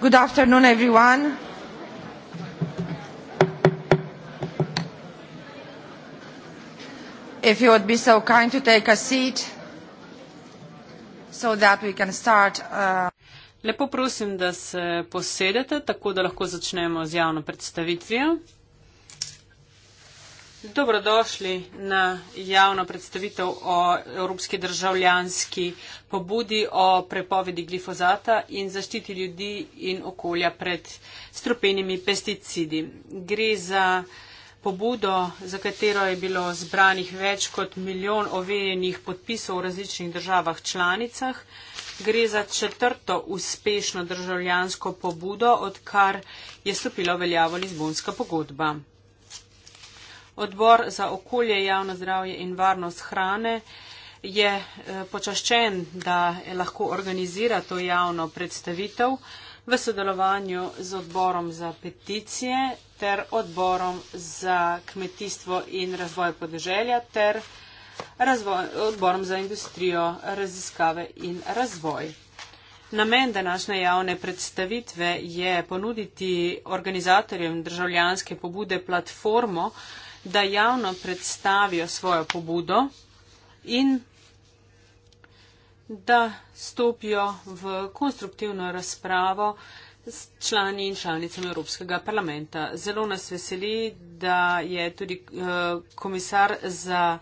Good afternoon, everyone. If you would be so kind to take a seat so that we can start. Uh, Lepo prosim, da se posedete, tako da lahko začnemo z javno predstavitvijo. Dobrodošli na javno predstavitev o Evropski državljanski pobudi o prepovedi glifozata in zaščiti ljudi in okolja pred strupenimi pesticidi. Gre za pobudo, za katero je bilo zbranih več kot milijon overjenih podpisov v različnih državah članicah. Gre za četrto uspešno državljansko pobudo, odkar je stopila veljavo Lizbonska pogodba. Odbor za okolje, javno zdravje in varnost hrane je eh, počaščen, da lahko organizira to javno predstavitev v sodelovanju z odborom za peticije ter odborom za kmetijstvo in razvoj podeželja ter razvoj, odborom za industrijo, raziskave in razvoj. Namen današnje javne predstavitve je ponuditi organizatorjem državljanske pobude platformo, da javno predstavijo svojo pobudo in da stopijo v konstruktivno razpravo s člani in članicami Evropskega parlamenta. Zelo nas veseli, da je tudi eh, komisar za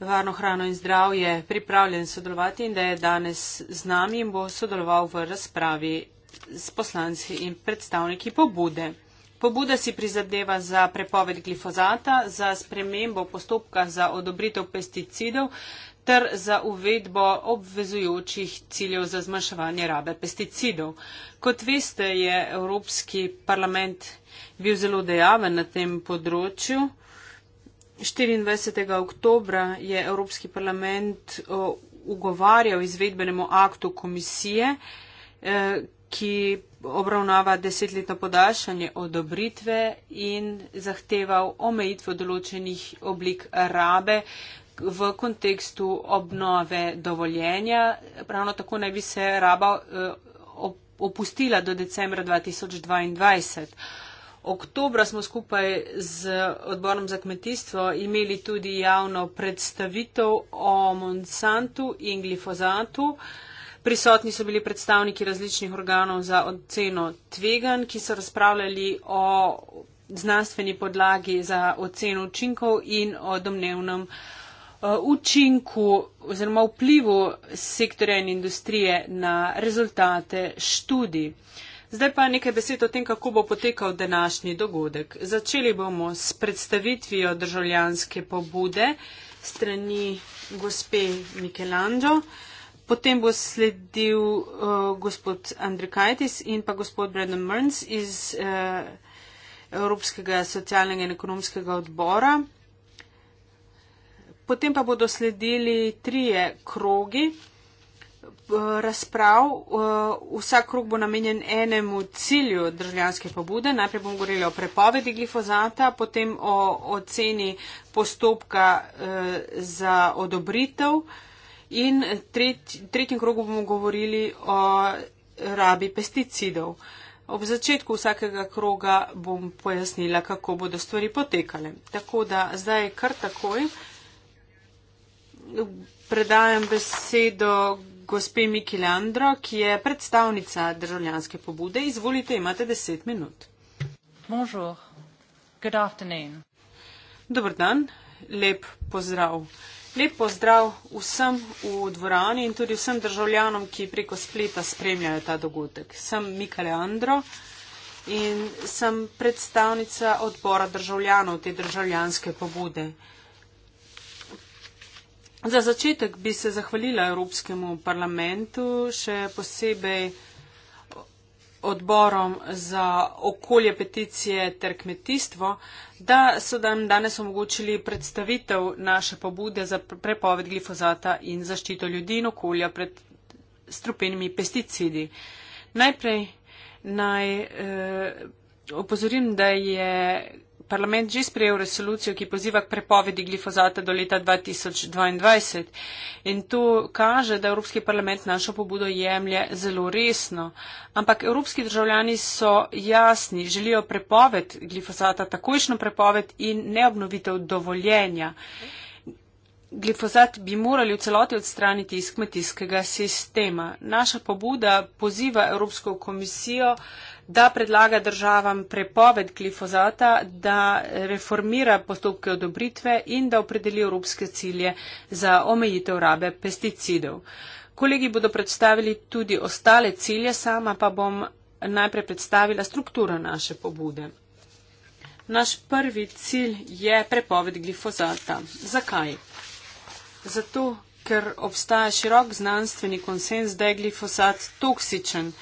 varno hrano in zdravje pripravljen sodelovati in da je danes z nami in bo sodeloval v razpravi s poslanci in predstavniki pobude. Pobuda si prizadeva za prepoved glifozata, za spremembo postopka za odobritev pesticidov ter za uvedbo obvezujočih ciljev za zmanjševanje rabe pesticidov. Kot veste, je Evropski parlament bil zelo dejaven na tem področju. 24. oktobra je Evropski parlament ugovarjal izvedbenemu aktu komisije, eh, ki obravnava desetletno podaljšanje odobritve in zahteval omejitvo določenih oblik rabe v kontekstu obnove dovoljenja. Pravno tako naj bi se raba eh, opustila do decembra 2022. Oktobra smo skupaj z odborom za kmetijstvo imeli tudi javno predstavitev o Monsantu in glifozatu. Uh, Prisotni so bili predstavniki različnih organov za oceno tvegan, ki so razpravljali o znanstveni podlagi za oceno učinkov in o domnevnem e, učinku oziroma vplivu sektorja in industrije na rezultate študij. Zdaj pa nekaj besed o tem, kako bo potekal današnji dogodek. Začeli bomo s predstavitvijo državljanske pobude strani gospe Michelangelo. Potem bo sledil uh, gospod Andrikajtis in pa gospod Brendan Mrns iz uh, Evropskega socialnega in ekonomskega odbora. Potem pa bodo sledili trije krogi uh, razprav. Uh, vsak krok bo namenjen enemu cilju državljanske pobude. Najprej bomo govorili o prepovedi glifozata, potem o oceni postopka uh, za odobritev In v tretjem krogu bomo govorili o rabi pesticidov. Ob začetku vsakega kroga bom pojasnila, kako bodo stvari potekale. Tako da zdaj kar takoj predajam besedo gospe Mikilandro, ki je predstavnica državljanske pobude. Izvolite, imate deset minut. Dobro dan, lep pozdrav. Lep pozdrav vsem v dvorani in tudi vsem državljanom, ki preko spleta spremljajo ta dogodek. Sem Mika Leandro in sem predstavnica odbora državljanov te državljanske pobude. Za začetek bi se zahvalila Evropskemu parlamentu, še posebej odborom za okolje, peticije ter kmetijstvo, da so nam danes omogočili predstavitev naše pobude za prepoved glifozata in zaščito ljudi in okolja pred strupenimi pesticidi. Najprej naj eh, opozorim, da je parlament že sprejel resolucijo, ki poziva k prepovedi glifozata do leta 2022. In to kaže, da Evropski parlament našo pobudo jemlje zelo resno. Ampak evropski državljani so jasni, želijo prepoved glifozata, takojšno prepoved in neobnovitev dovoljenja. Glifozat bi morali v celoti odstraniti iz kmetijskega sistema. Naša pobuda poziva Evropsko komisijo, da predlaga državam prepoved glifozata, da reformira postopke odobritve in da opredeli evropske cilje za omejitev rabe pesticidov. Kolegi bodo predstavili tudi ostale cilje, sama pa bom najprej predstavila strukturo naše pobude. Naš prvi cilj je prepoved glifozata. Zakaj? Zato, ker obstaja širok znanstveni konsens, da je glifosat toksičen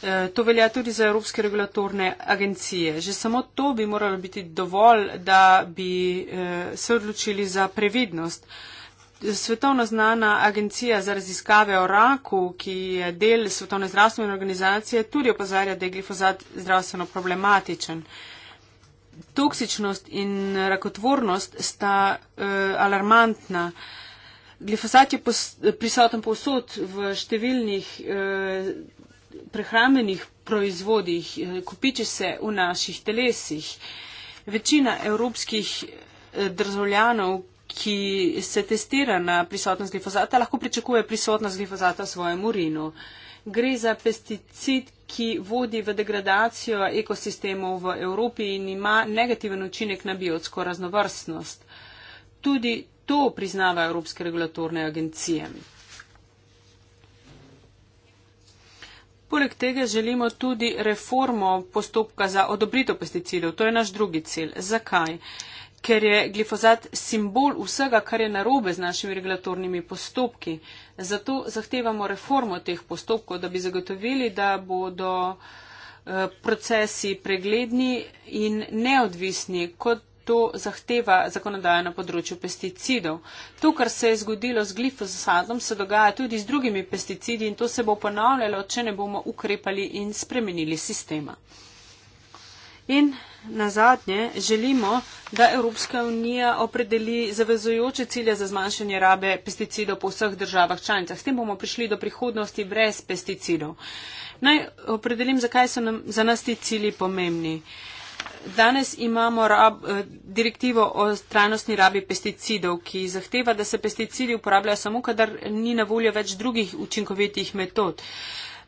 Eh, to velja tudi za Evropske regulatorne agencije. Že samo to bi moralo biti dovolj, da bi eh, se odločili za previdnost. Svetovno znana agencija za raziskave o raku, ki je del Svetovne zdravstvene organizacije, tudi opozarja, da je glifozat zdravstveno problematičen. Toksičnost in rakotvornost sta eh, alarmantna. Glifosat je pos, prisoten posod v številnih eh, prehrambenih proizvodih, eh, kopiči se v naših telesih. Večina evropskih eh, državljanov, ki se testira na prisotnost glifozata, lahko pričakuje prisotnost glifozata v svojem urinu. Gre za pesticid, ki vodi v degradacijo ekosistemov v Evropi in ima negativen učinek na biotsko raznovrstnost. Tudi to priznava Evropske regulatorne agencije. Poleg tega želimo tudi reformo postopka za odobritev pesticidov. To je naš drugi cilj. Zakaj? Ker je glifozat simbol vsega, kar je narobe z našimi regulatornimi postopki. Zato zahtevamo reformo teh postopkov, da bi zagotovili, da bodo eh, procesi pregledni in neodvisni, kot to zahteva zakonodaja na področju pesticidov. To, kar se je zgodilo z glifosatom, se dogaja tudi z drugimi pesticidi in to se bo ponavljalo, če ne bomo ukrepali in spremenili sistema. In na zadnje želimo, da Evropska unija opredeli zavezujoče cilje za zmanjšanje rabe pesticidov po vseh državah članicah. S tem bomo prišli do prihodnosti brez pesticidov. Naj opredelim, zakaj so nam, za nas ti cilji pomembni. Uh, Danes imamo rab, eh, direktivo o trajnostni rabi pesticidov, ki zahteva, da se pesticidi uporabljajo samo, kadar ni na voljo več drugih učinkovitih metod.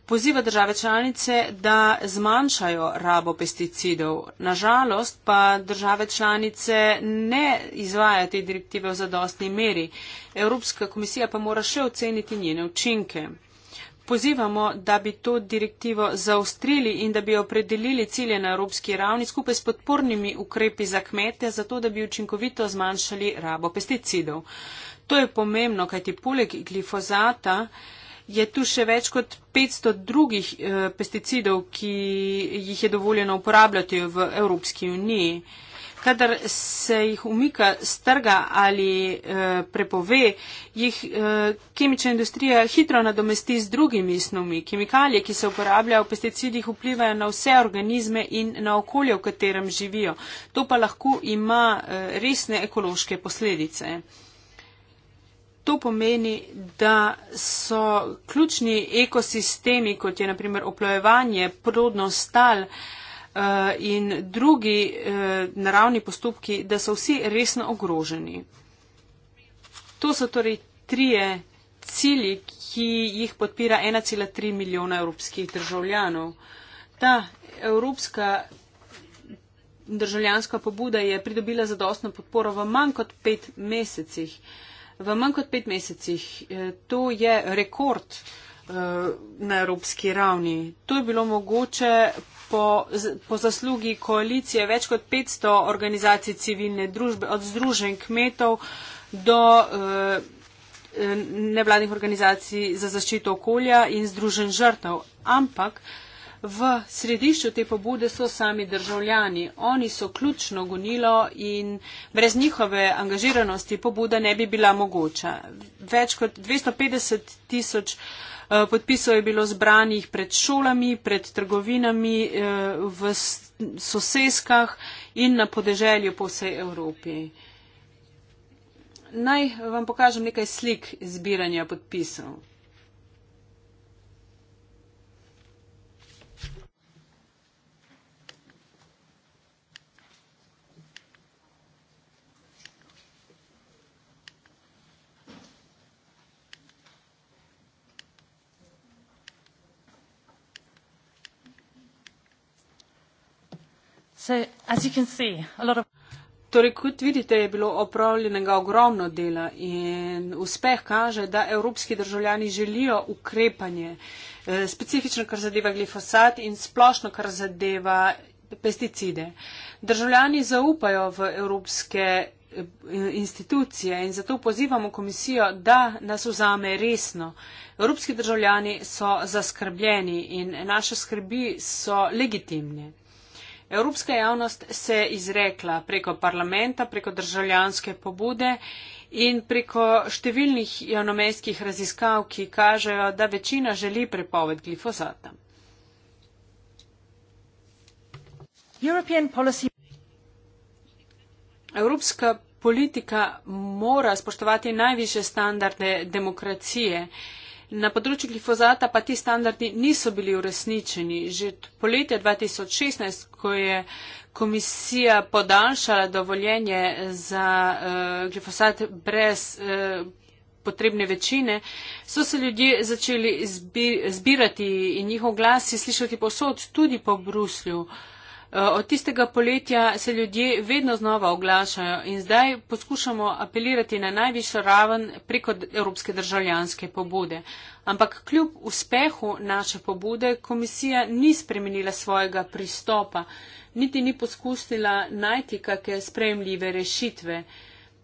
Poziva države članice, da zmanjšajo rabo pesticidov. Nažalost pa države članice ne izvajajo te direktive v zadostni meri. Evropska komisija pa mora še oceniti njene učinke pozivamo, da bi to direktivo zaustrili in da bi opredelili cilje na evropski ravni skupaj s podpornimi ukrepi za kmete, zato da bi učinkovito zmanjšali rabo pesticidov. To je pomembno, kajti poleg glifozata je tu še več kot 500 drugih eh, pesticidov, ki jih je dovoljeno uporabljati v Evropski uniji kadar se jih umika z trga ali eh, prepove, jih eh, kemična industrija hitro nadomesti z drugimi snovmi. Kemikalije, ki se uporabljajo v pesticidih, vplivajo na vse organizme in na okolje, v katerem živijo. To pa lahko ima eh, resne ekološke posledice. To pomeni, da so ključni ekosistemi, kot je naprimer oplojevanje, prodnost stal, eh, Eh, in drugi eh, naravni postopki, da so vsi resno ogroženi. To so torej trije cilji, ki jih podpira 1,3 milijona evropskih državljanov. Ta evropska državljanska pobuda je pridobila zadostno podporo v manj kot pet mesecih. V manj kot pet mesecih. Eh, to je rekord na evropski ravni. To je bilo mogoče po, po zaslugi koalicije več kot 500 organizacij civilne družbe, od združenj kmetov do eh, eh nevladnih organizacij za zaščito okolja in združen žrtev. Ampak v središču te pobude so sami državljani. Oni so ključno gonilo in brez njihove angažiranosti pobuda ne bi bila mogoča. Več kot 250 tisoč Eh, podpisov je bilo zbranih pred šolami, pred trgovinami, eh, v soseskah in na podeželju po vsej Evropi. Naj vam pokažem nekaj slik zbiranja podpisov. Torej, kot vidite, je bilo opravljenega ogromno dela in uspeh kaže, da evropski državljani želijo ukrepanje, eh, specifično kar zadeva glifosat in splošno kar zadeva pesticide. Državljani zaupajo v evropske eh, institucije in zato pozivamo komisijo, da nas vzame resno. Evropski državljani so zaskrbljeni in naše skrbi so legitimne. Evropska javnost se je izrekla preko parlamenta, preko državljanske pobude in preko številnih javnomestkih raziskav, ki kažejo, da večina želi prepoved glifosata. Evropska politika mora spoštovati najviše standarde demokracije. Na področju glifozata pa ti standardi niso bili uresničeni. Že poletje 2016, ko je komisija podaljšala dovoljenje za uh, glifosat brez uh, potrebne večine, so se ljudje začeli zbi zbirati in njihov glas je slišati posod tudi po Bruslju. Uh, Eh, od tistega poletja se ljudje vedno znova oglašajo in zdaj poskušamo apelirati na najvišjo raven preko Evropske državljanske pobude. Ampak kljub uspehu naše pobude komisija ni spremenila svojega pristopa, niti ni poskusila najti kakšne sprejemljive rešitve.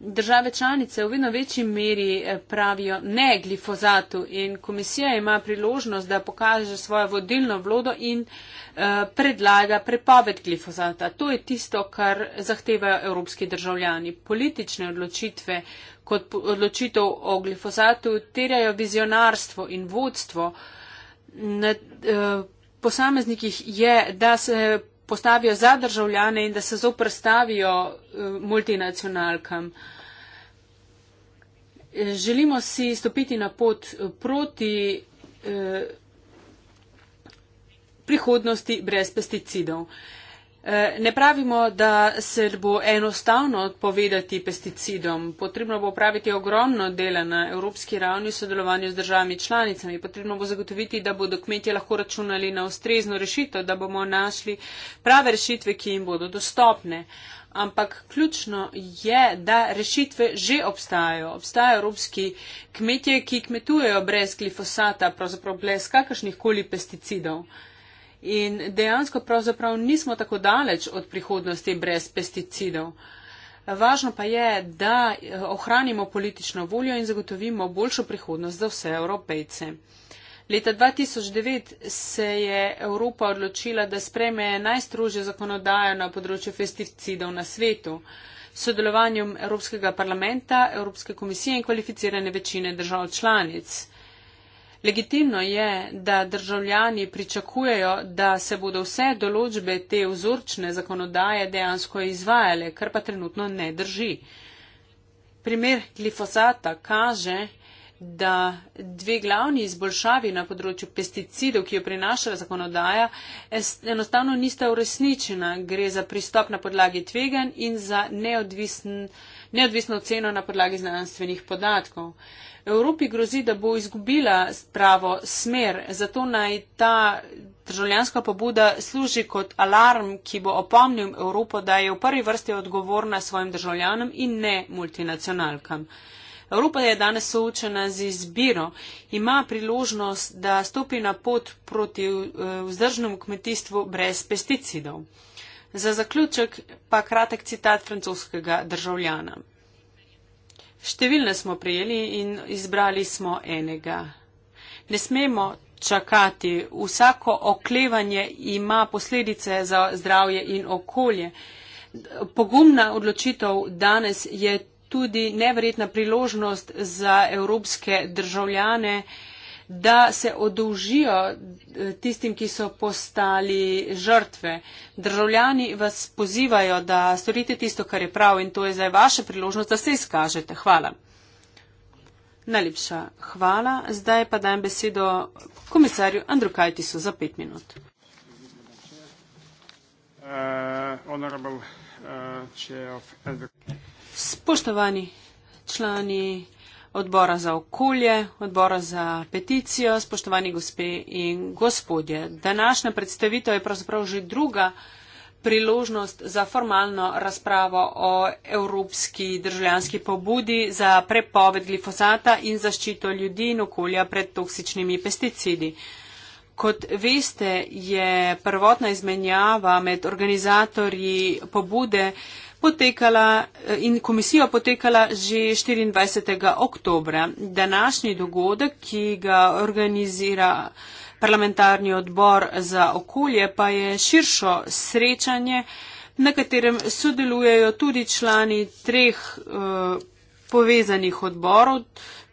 Države članice v vedno večji meri eh, pravijo ne glifozatu in komisija ima priložnost, da pokaže svojo vodilno vlodo in eh, predlaga prepoved glifozata. To je tisto, kar zahtevajo evropski državljani. Politične odločitve kot odločitev o glifozatu terjajo vizionarstvo in vodstvo. Na eh, posameznikih je, da se postavijo za državljane in da se zoprstavijo eh, multinacionalkam. Eh, želimo si stopiti na pot eh, proti eh, prihodnosti brez pesticidov. Eh, Eh, ne pravimo, da se bo enostavno odpovedati pesticidom. Potrebno bo upraviti ogromno dela na evropski ravni v sodelovanju z državami članicami. Potrebno bo zagotoviti, da bodo kmetje lahko računali na ustrezno rešitev, da bomo našli prave rešitve, ki jim bodo dostopne. Ampak ključno je, da rešitve že obstajajo. Obstajajo evropski kmetje, ki kmetujejo brez glifosata, pravzaprav brez kakršnih koli pesticidov. In dejansko pravzaprav nismo tako daleč od prihodnosti brez pesticidov. Važno pa je, da eh, ohranimo politično voljo in zagotovimo boljšo prihodnost za vse evropejce. Leta 2009 se je Evropa odločila, da spreme najstrožje zakonodajo na področju pesticidov na svetu. S sodelovanjem Evropskega parlamenta, Evropske komisije in kvalificirane večine držav članic. Legitimno je, da državljani pričakujejo, da se bodo vse določbe te vzorčne zakonodaje dejansko izvajale, kar pa trenutno ne drži. Primer glifosata kaže, da dve glavni izboljšavi na področju pesticidov, ki jo prinaša zakonodaja, enostavno nista uresničena. Gre za pristop na podlagi tvegan in za neodvisn, neodvisno oceno na podlagi znanstvenih podatkov. Evropi grozi, da bo izgubila pravo smer, zato naj ta državljanska pobuda služi kot alarm, ki bo opomnil Evropo, da je v prvi vrsti odgovorna svojim državljanom in ne multinacionalkam. Evropa je danes soočena z izbiro, ima priložnost, da stopi na pot proti eh, vzdržnemu kmetijstvu brez pesticidov. Za zaključek pa kratek citat francoskega državljana. Številne smo prijeli in izbrali smo enega. Ne smemo čakati. Vsako oklevanje ima posledice za zdravje in okolje. Pogumna odločitev danes je tudi neverjetna priložnost za evropske državljane, da se odolžijo eh, tistim, ki so postali žrtve. Državljani vas pozivajo, da storite tisto, kar je prav in to je zdaj vaša priložnost, da se izkažete. Hvala. Najlepša hvala. Zdaj pa dajem besedo komisarju Andru Kajtisu za pet minut. Uh, uh, Spoštovani člani odbora za okolje, odbora za peticijo, spoštovani gospe in gospodje. Današnja predstavitev je pravzaprav že druga priložnost za formalno razpravo o evropski državljanski pobudi za prepoved glifosata in zaščito ljudi in okolja pred toksičnimi pesticidi. Kot veste, je prvotna izmenjava med organizatorji pobude potekala eh, in komisijo potekala že 24. oktobra. Današnji dogodek, ki ga organizira parlamentarni odbor za okolje, pa je širšo srečanje, na katerem sodelujejo tudi člani treh eh, povezanih odborov,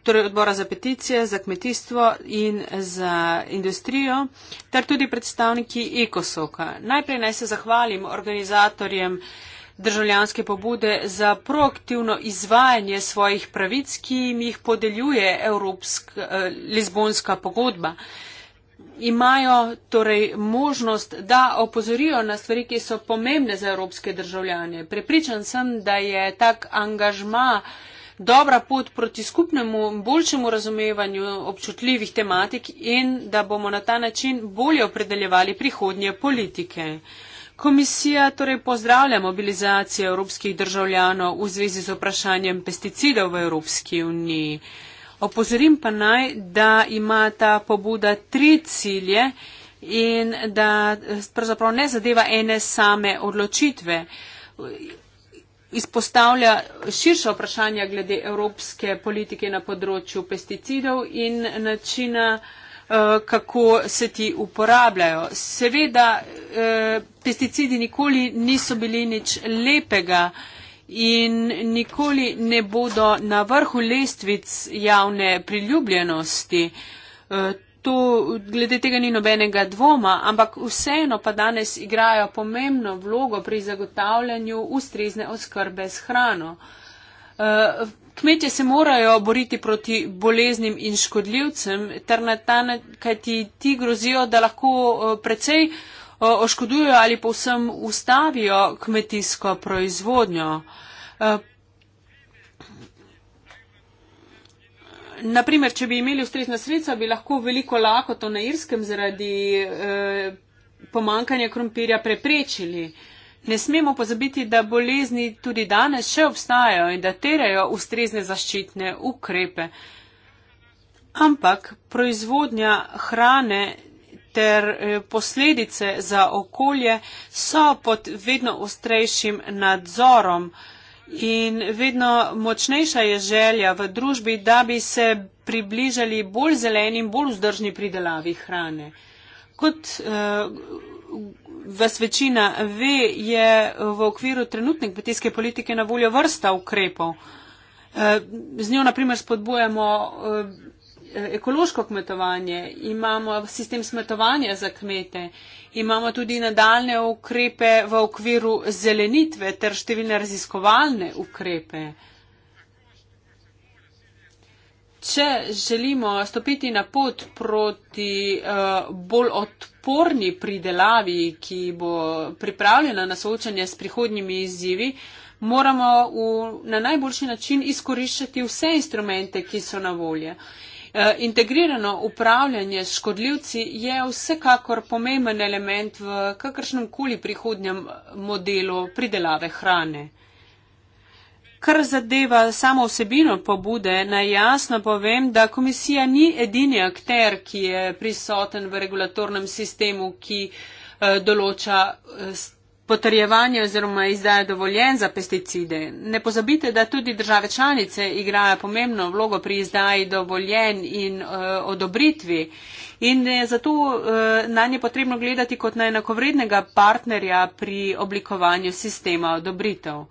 torej odbora za peticije, za kmetijstvo in za industrijo, ter tudi predstavniki Ekosoka. Najprej naj se zahvalim organizatorjem državljanske pobude za proaktivno izvajanje svojih pravic, ki jim jih podeljuje Evropska eh, Lizbonska pogodba. Imajo torej možnost, da opozorijo na stvari, ki so pomembne za evropske državljane. Prepričan sem, da je tak angažma dobra pot proti skupnemu boljšemu razumevanju občutljivih tematik in da bomo na ta način bolje opredeljevali prihodnje politike. Komisija torej pozdravlja mobilizacijo evropskih državljanov v zvezi z vprašanjem pesticidov v Evropski uniji. Opozorim pa naj, da ima ta pobuda tri cilje in da pravzaprav ne zadeva ene same odločitve. Izpostavlja širša vprašanja glede evropske politike na področju pesticidov in načina, Eh, kako se ti uporabljajo. Seveda, eh, pesticidi nikoli niso bili nič lepega in nikoli ne bodo na vrhu lestvic javne priljubljenosti. Eh, to glede tega ni nobenega dvoma, ampak vseeno pa danes igrajo pomembno vlogo pri zagotavljanju ustrezne oskrbe s hrano. Kmetje se morajo boriti proti boleznim in škodljivcem, ter na ta način ti grozijo, da lahko eh, precej eh, oškodujo ali pa vsem ustavijo kmetijsko proizvodnjo. Eh, Naprimer, če bi imeli ustrezna sredstva, bi lahko veliko lahko to na Irskem zaradi eh, pomankanja krompirja preprečili. Eh, Ne smemo pozabiti, da bolezni tudi danes še obstajajo in da terajo ustrezne zaščitne ukrepe. Ampak proizvodnja hrane ter eh, posledice za okolje so pod vedno ostrejšim nadzorom in vedno močnejša je želja v družbi, da bi se približali bolj zelenim, bolj vzdržni pridelavi hrane. Kot, uh, vas večina ve, je v okviru trenutne kmetijske politike na voljo vrsta ukrepov. Eh, z njo, naprimer, spodbujamo eh, ekološko kmetovanje, imamo sistem smetovanja za kmete, imamo tudi nadaljne ukrepe v okviru zelenitve ter številne raziskovalne ukrepe. Če želimo stopiti na pot proti uh, bolj odporni pridelavi, ki bo pripravljena na soočanje s prihodnjimi izzivi, moramo v, na najboljši način izkoriščati vse instrumente, ki so na volje. Eh, integrirano upravljanje s škodljivci je vsekakor pomemben element v kakršnem koli prihodnjem modelu pridelave hrane. Kar zadeva samo vsebino pobude, naj jasno povem, da komisija ni edini akter, ki je prisoten v regulatornem sistemu, ki eh, določa eh, potrjevanje oziroma izdaje dovoljen za pesticide. Ne pozabite, da tudi države članice igrajo pomembno vlogo pri izdaji dovoljen in uh, odobritvi in je zato uh, na nje potrebno gledati kot na enakovrednega partnerja pri oblikovanju sistema odobritev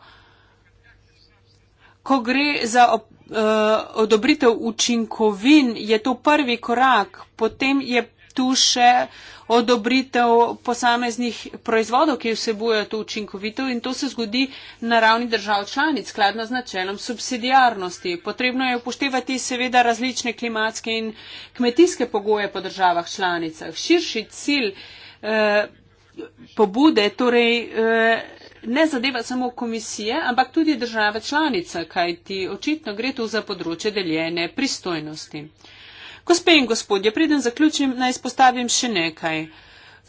ko gre za op, uh, eh, odobritev učinkovin, je to prvi korak, potem je tu še odobritev posameznih proizvodov, ki vsebujejo to učinkovito in to se zgodi na ravni držav članic, skladno z načelom subsidijarnosti. Potrebno je upoštevati seveda različne klimatske in kmetijske pogoje po državah članicah. Širši cilj eh, pobude, torej eh, ne zadeva samo komisije, ampak tudi države članice, kajti očitno gre tu za področje deljene pristojnosti. Gospe in gospodje, preden zaključim, naj izpostavim še nekaj.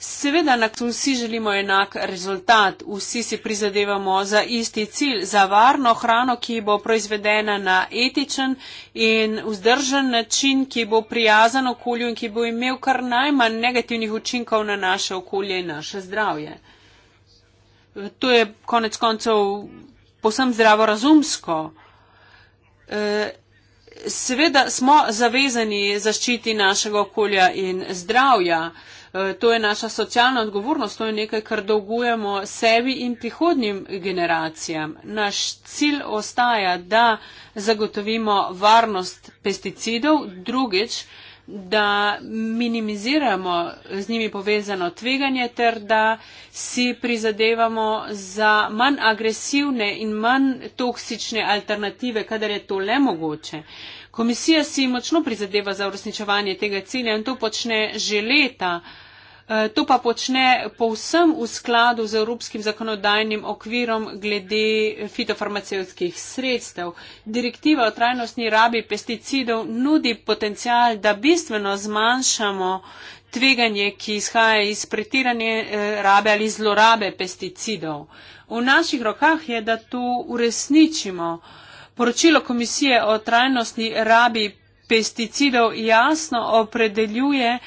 Seveda, na koncu vsi želimo enak rezultat, vsi si prizadevamo za isti cilj, za varno hrano, ki bo proizvedena na etičen in vzdržen način, ki bo prijazen okolju in ki bo imel kar najmanj negativnih učinkov na naše okolje in naše zdravje. To je konec koncev posem zdravo razumsko. E, seveda smo zavezani zaščiti našega okolja in zdravja. E, to je naša socialna odgovornost, to je nekaj, kar dolgujemo sebi in prihodnjim generacijam. Naš cilj ostaja, da zagotovimo varnost pesticidov, drugič, da minimiziramo z njimi povezano tveganje ter da si prizadevamo za manj agresivne in manj toksične alternative, kadar je to le mogoče. Komisija si močno prizadeva za uresničevanje tega cilja in to počne že leta. Eh, to pa počne povsem v skladu z evropskim zakonodajnim okvirom glede fitofarmacevskih sredstev. Direktiva o trajnostni rabi pesticidov nudi potencial, da bistveno zmanjšamo tveganje, ki izhaja iz pretirane eh, rabe ali zlorabe pesticidov. V naših rokah je, da to uresničimo. Poročilo komisije o trajnostni rabi pesticidov jasno opredeljuje,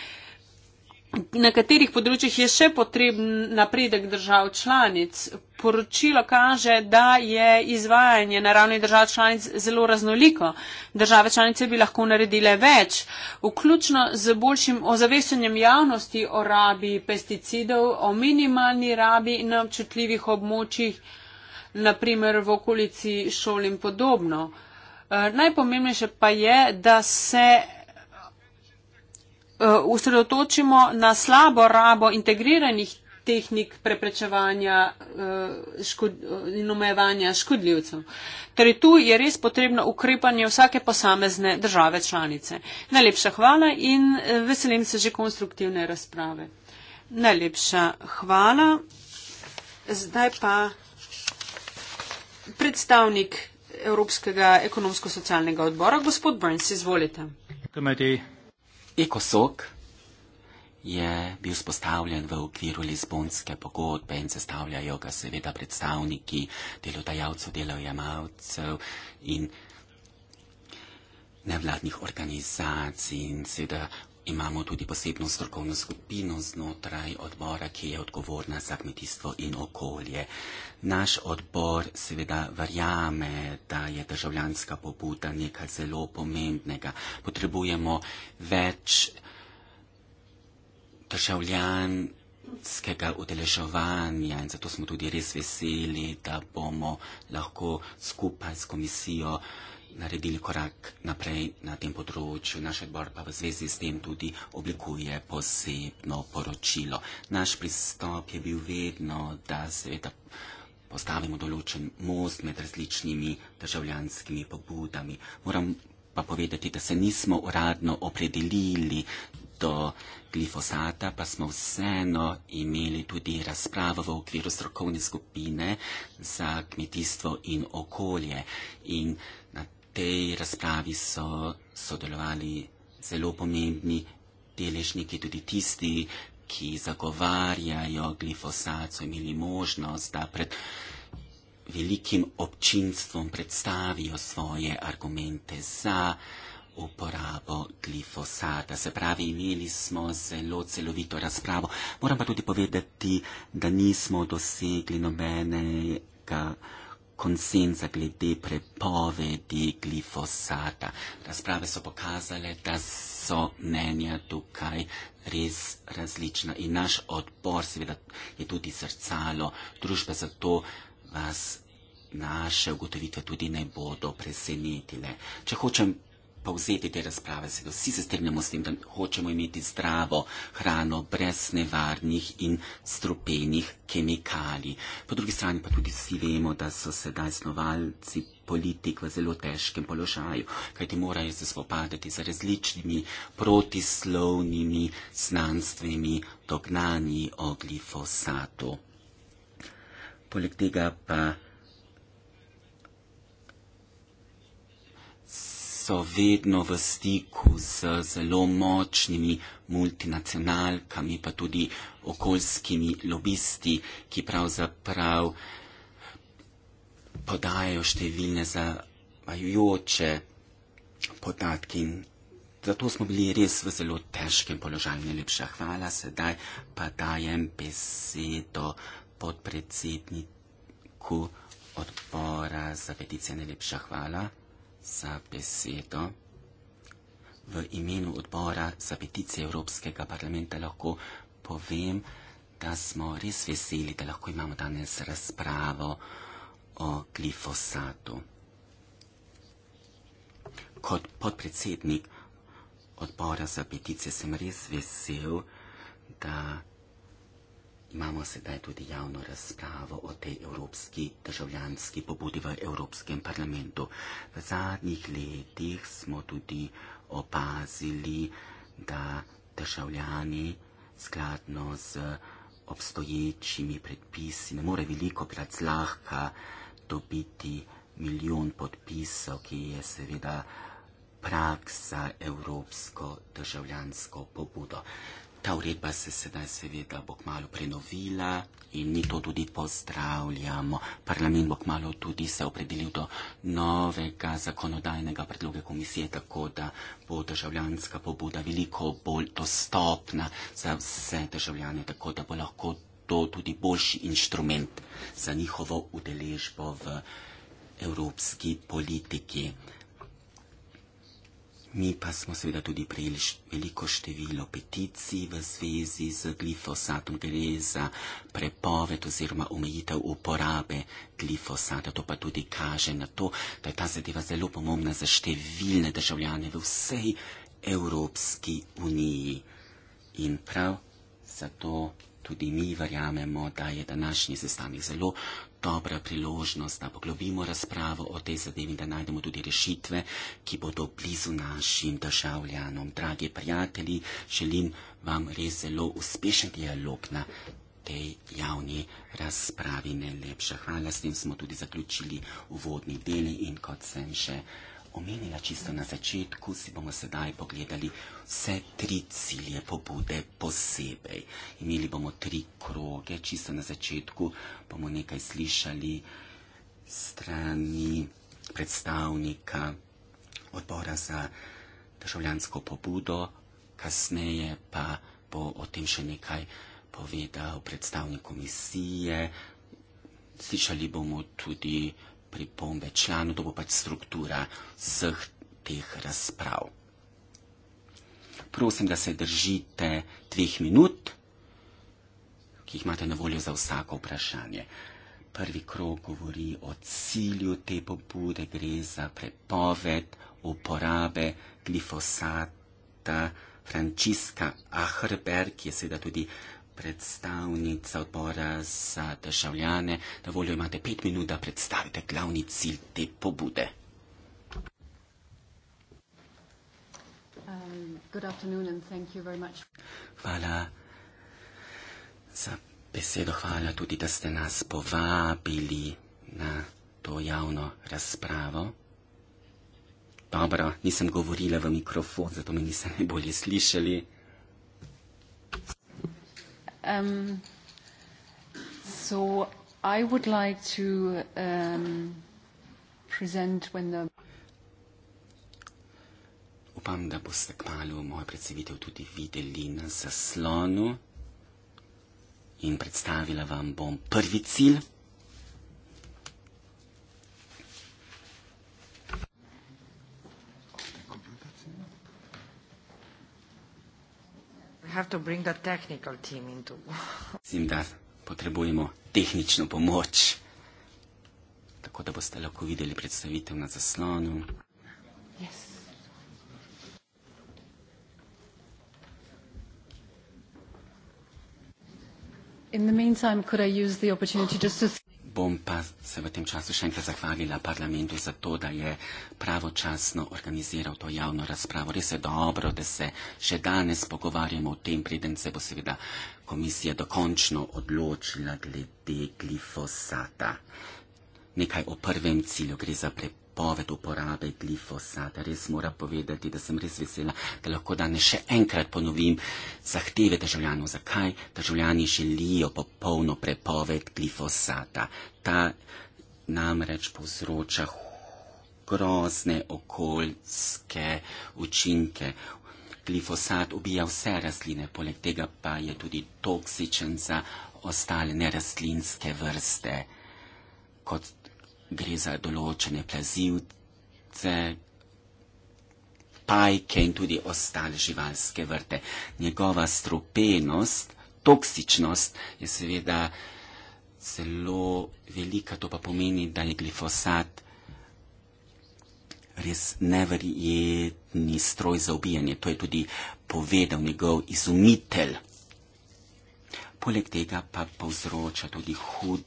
na katerih področjih je še potreben napredek držav članic. Poročilo kaže, da je izvajanje na ravni držav članic zelo raznoliko. Države članice bi lahko naredile več, vključno z boljšim ozaveščanjem javnosti o rabi pesticidov, o minimalni rabi na občutljivih območjih, naprimer v okolici šol in podobno. Eh, najpomembnejše pa je, da se usredotočimo eh, na slabo rabo integriranih tehnik preprečevanja eh, škod, eh, in omejevanja škodljivcev. Torej tu je res potrebno ukrepanje vsake posamezne države članice. Najlepša hvala in veselim se že konstruktivne razprave. Najlepša hvala. Zdaj pa predstavnik Evropskega ekonomsko-socialnega odbora, gospod Burns, izvolite. Komedij. Ekosok je bil spostavljen v okviru Lizbonske pogodbe in sestavljajo ga seveda predstavniki delodajalcev, delojemalcev in nevladnih organizacij in seveda imamo tudi posebno strokovno skupino znotraj odbora, ki je odgovorna za kmetijstvo in okolje. Naš odbor seveda verjame, da je državljanska pobuda nekaj zelo pomembnega. Potrebujemo več državljan skega udeleževanja in zato smo tudi res veseli, da bomo lahko skupaj s komisijo naredili korak naprej na tem področju. Naš odbor pa v zvezi s tem tudi oblikuje posebno poročilo. Naš pristop je bil vedno, da seveda postavimo določen most med različnimi državljanskimi pobudami. Moram pa povedati, da se nismo uradno opredelili do glifosata, pa smo vseeno imeli tudi razpravo v okviru strokovne skupine za kmetijstvo in okolje. In tej razpravi so sodelovali zelo pomembni deležniki, tudi tisti, ki zagovarjajo glifosat, so imeli možnost, da pred velikim občinstvom predstavijo svoje argumente za uporabo glifosata. Se pravi, imeli smo zelo celovito razpravo. Moram pa tudi povedati, da nismo dosegli nobenega konsenza glede prepovedi glifosata. Razprave so pokazale, da so mnenja tukaj res različna in naš odbor seveda je tudi srcalo družbe, zato vas naše ugotovitve tudi ne bodo presenetile. Če hočem povzeti te razprave. Se, vsi se strinjamo s tem, da hočemo imeti zdravo hrano brez nevarnih in strupenih kemikalij. Po drugi strani pa tudi vsi vemo, da so sedaj snovalci politik v zelo težkem položaju, kajti morajo se spopadati z različnimi protislovnimi znanstvenimi dognanji o glifosatu. Poleg tega pa so vedno v stiku z zelo močnimi multinacionalkami, pa tudi okoljskimi lobisti, ki pravzaprav podajo številne zavajujoče podatke. Zato smo bili res v zelo težkem položaju. Najlepša hvala, sedaj pa dajem besedo podpredsedniku odbora za peticije. Najlepša hvala za besedo. V imenu odbora za peticije Evropskega parlamenta lahko povem, da smo res veseli, da lahko imamo danes razpravo o glifosatu. Kot podpredsednik odbora za peticije sem res vesel, da Imamo sedaj tudi javno razpravo o tej evropski državljanski pobudi v Evropskem parlamentu. V zadnjih letih smo tudi opazili, da državljani skladno z obstoječimi predpisi ne more veliko krat zlahka dobiti milijon podpisov, ki je seveda praksa evropsko državljansko pobudo ta uredba se sedaj seveda bo kmalo prenovila in mi to tudi pozdravljamo. Parlament bo kmalo tudi se opredelil do novega zakonodajnega predloga komisije, tako da bo državljanska pobuda veliko bolj dostopna za vse državljane, tako da bo lahko to tudi boljši inštrument za njihovo udeležbo v evropski politiki. Mi pa smo seveda tudi prejeli veliko število peticij v zvezi z glifosatom, gre za prepoved oziroma omejitev uporabe glifosata. To pa tudi kaže na to, da je ta zadeva zelo pomembna za številne državljane v vsej Evropski uniji. In prav zato tudi mi verjamemo, da je današnji sestanek zelo dobra priložnost, da poglobimo razpravo o tej zadevi in da najdemo tudi rešitve, ki bodo blizu našim državljanom. Dragi prijatelji, želim vam res zelo uspešen dialog na tej javni razpravi. Najlepša hvala, s tem smo tudi zaključili uvodni deli in kot sem že omenila čisto na začetku, si bomo sedaj pogledali vse tri cilje pobude posebej. Imeli bomo tri kroge, čisto na začetku bomo nekaj slišali strani predstavnika odbora za državljansko pobudo, kasneje pa bo o tem še nekaj povedal predstavnik komisije. Slišali bomo tudi pripombe članov, to bo pač struktura vseh teh razprav. Prosim, da se držite dveh minut, ki jih imate na voljo za vsako vprašanje. Prvi krog govori o cilju te pobude, gre za prepoved uporabe glifosata. Frančiska Ahrberg je seveda tudi predstavnica odbora za državljane. Na voljo imate pet minut, da predstavite glavni cilj te pobude. Um, hvala za besedo, hvala tudi, da ste nas povabili na to javno razpravo. Dobro, nisem govorila v mikrofon, zato me niste najbolje slišali. Um, so I would like to um, present when the. Upam, da boste kmalo mojo predstavitev tudi videli na zaslonu in predstavila vam bom prvi cilj. Mislim, da potrebujemo tehnično pomoč, tako da boste lahko videli predstavitev na zaslonu. Yes. In the meantime, could I use the opportunity just to bom pa se v tem času še enkrat zahvalila parlamentu za to, da je pravočasno organiziral to javno razpravo. Res je dobro, da se še danes pogovarjamo o tem, preden se bo seveda komisija dokončno odločila glede glifosata. Nekaj o prvem cilju gre za prepričanje prepoved uporabe glifosata. Res moram povedati, da sem res vesela, da lahko danes še enkrat ponovim zahteve državljanov. Zakaj državljani želijo popolno prepoved glifosata? Ta namreč povzroča grozne okoljske učinke. Glifosat ubija vse rastline, poleg tega pa je tudi toksičen za ostale nerastlinske vrste, kot gre za določene plazivce, pajke in tudi ostale živalske vrte. Njegova strupenost, toksičnost je seveda zelo velika, to pa pomeni, da je glifosat res neverjetni stroj za ubijanje. To je tudi povedal njegov izumitelj. Poleg tega pa povzroča tudi hud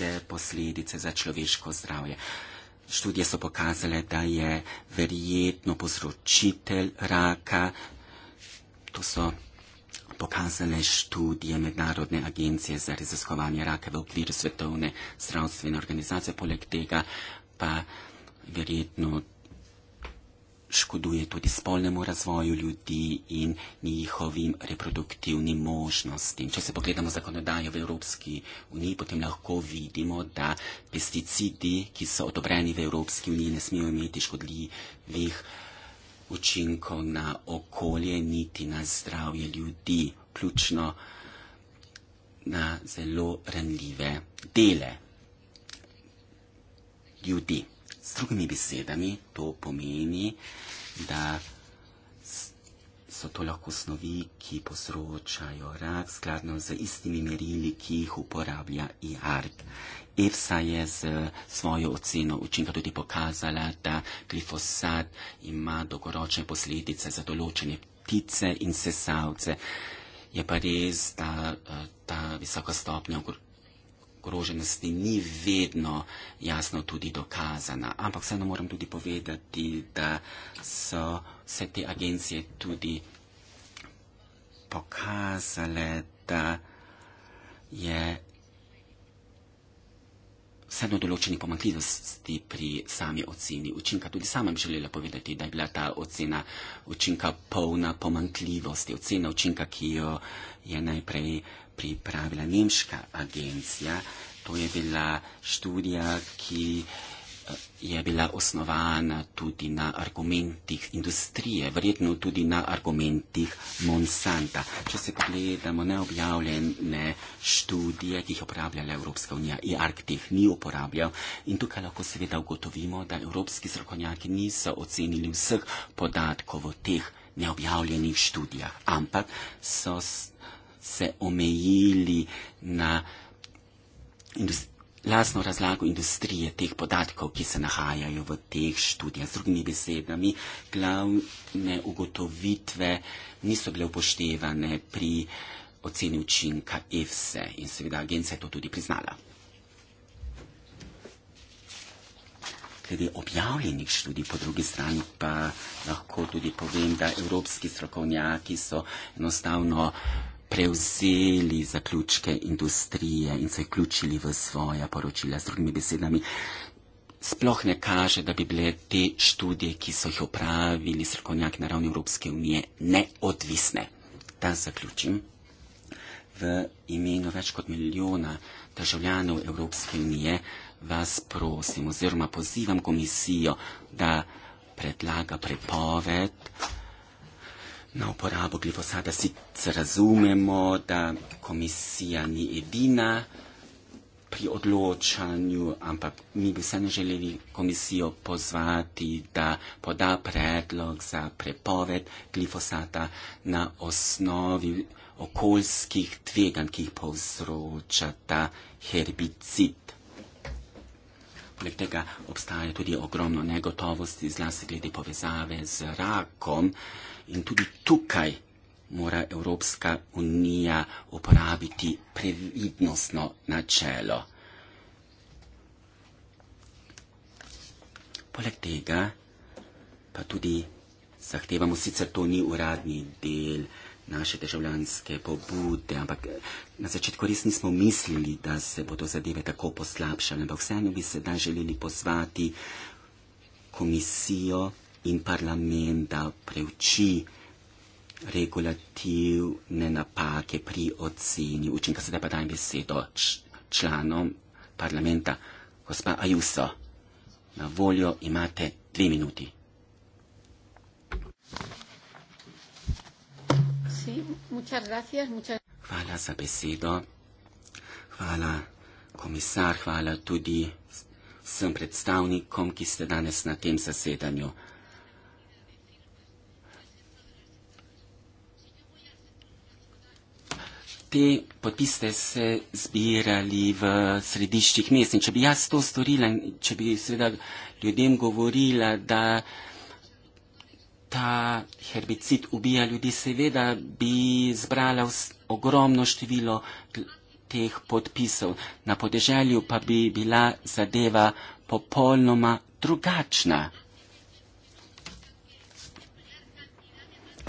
hude posledice za človeško zdravje. Študije so pokazale, da je verjetno povzročitelj raka, to so pokazale študije Mednarodne agencije za raziskovanje raka v okviru Svetovne zdravstvene organizacije, poleg tega pa verjetno škoduje tudi spolnemu razvoju ljudi in njihovim reproduktivnim možnostim. Če se pogledamo zakonodajo v Evropski uniji, potem lahko vidimo, da pesticidi, ki so odobreni v Evropski uniji, ne smejo imeti škodljivih učinkov na okolje, niti na zdravje ljudi, ključno na zelo ranljive dele ljudi. S drugimi besedami to pomeni, da so to lahko snovi, ki posročajo rak, skladno z istimi merili, ki jih uporablja IARP. EFSA je z svojo oceno učinka tudi pokazala, da glifosat ima dolgoročne posledice za določene ptice in sesalce. Je pa res, da eh, ta visoka stopnja ogroženosti ni vedno jasno tudi dokazana. Ampak vseeno moram tudi povedati, da so vse te agencije tudi pokazale, da je vseeno določeni pomakljivosti pri sami oceni učinka. Tudi sama bi želela povedati, da je bila ta ocena učinka polna pomakljivosti. Ocena učinka, ki jo je najprej pripravila nemška agencija. To je bila študija, ki eh, je bila osnovana tudi na argumentih industrije, verjetno tudi na argumentih Monsanta. Če se pogledamo neobjavljene študije, ki jih uporabljala Evropska unija, i Arktih ni uporabljal in tukaj lahko seveda ugotovimo, da evropski strokovnjaki niso ocenili vseh podatkov v teh neobjavljenih študijah, ampak so se omejili na lasno razlago industrije teh podatkov, ki se nahajajo v teh študijah. Z drugimi besedami, glavne ugotovitve niso bile upoštevane pri oceni učinka EFSE in seveda agencija je to tudi priznala. Glede objavljenih študij po drugi strani pa lahko tudi povem, da evropski strokovnjaki so enostavno prevzeli zaključke industrije in se vključili v svoja poročila. Z drugimi besedami, sploh ne kaže, da bi bile te študije, ki so jih opravili srkonjaki na ravni Evropske unije, neodvisne. Da zaključim. V imenu več kot milijona državljanov Evropske unije vas prosim oziroma pozivam komisijo, da predlaga prepoved uh, na uporabo glifosata. Sicer razumemo, da komisija ni edina pri odločanju, ampak mi bi vseeno želeli komisijo pozvati, da poda predlog za prepoved glifosata na osnovi okoljskih tvegan, ki jih povzroča ta herbicid. Poleg tega obstaja tudi ogromno negotovosti, zlasti glede povezave z rakom. Uh, In tudi tukaj mora Evropska unija uporabiti previdnostno načelo. Poleg tega pa tudi zahtevamo, sicer to ni uradni del naše državljanske pobude, ampak na začetku res nismo mislili, da se bodo zadeve tako poslabšale, ampak vseeno bi se da želeli pozvati komisijo in parlament, da preuči regulativne napake pri oceni učinka. Sedaj pa dajem besedo članom parlamenta. Gospa Ajuso, na voljo imate dve minuti. Hvala za besedo. Hvala, komisar, hvala tudi vsem predstavnikom, ki ste danes na tem zasedanju. te podpise se zbirali v središčih mest. In če bi jaz to storila in če bi seveda ljudem govorila, da ta herbicid ubija ljudi, seveda bi zbrala ogromno število teh podpisov. Na podeželju pa bi bila zadeva popolnoma drugačna.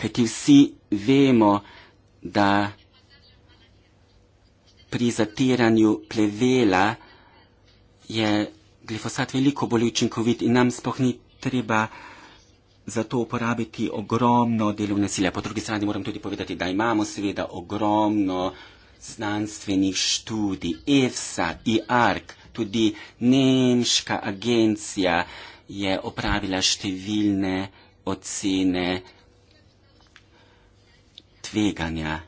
Kajti vsi vemo, da pri zatiranju plevela je glifosat veliko bolj učinkovit in nam sploh ni treba za to uporabiti ogromno delovne sile. Po drugi strani moram tudi povedati, da imamo seveda ogromno znanstvenih študij, EFSA, IARC, tudi nemška agencija je opravila številne ocene tveganja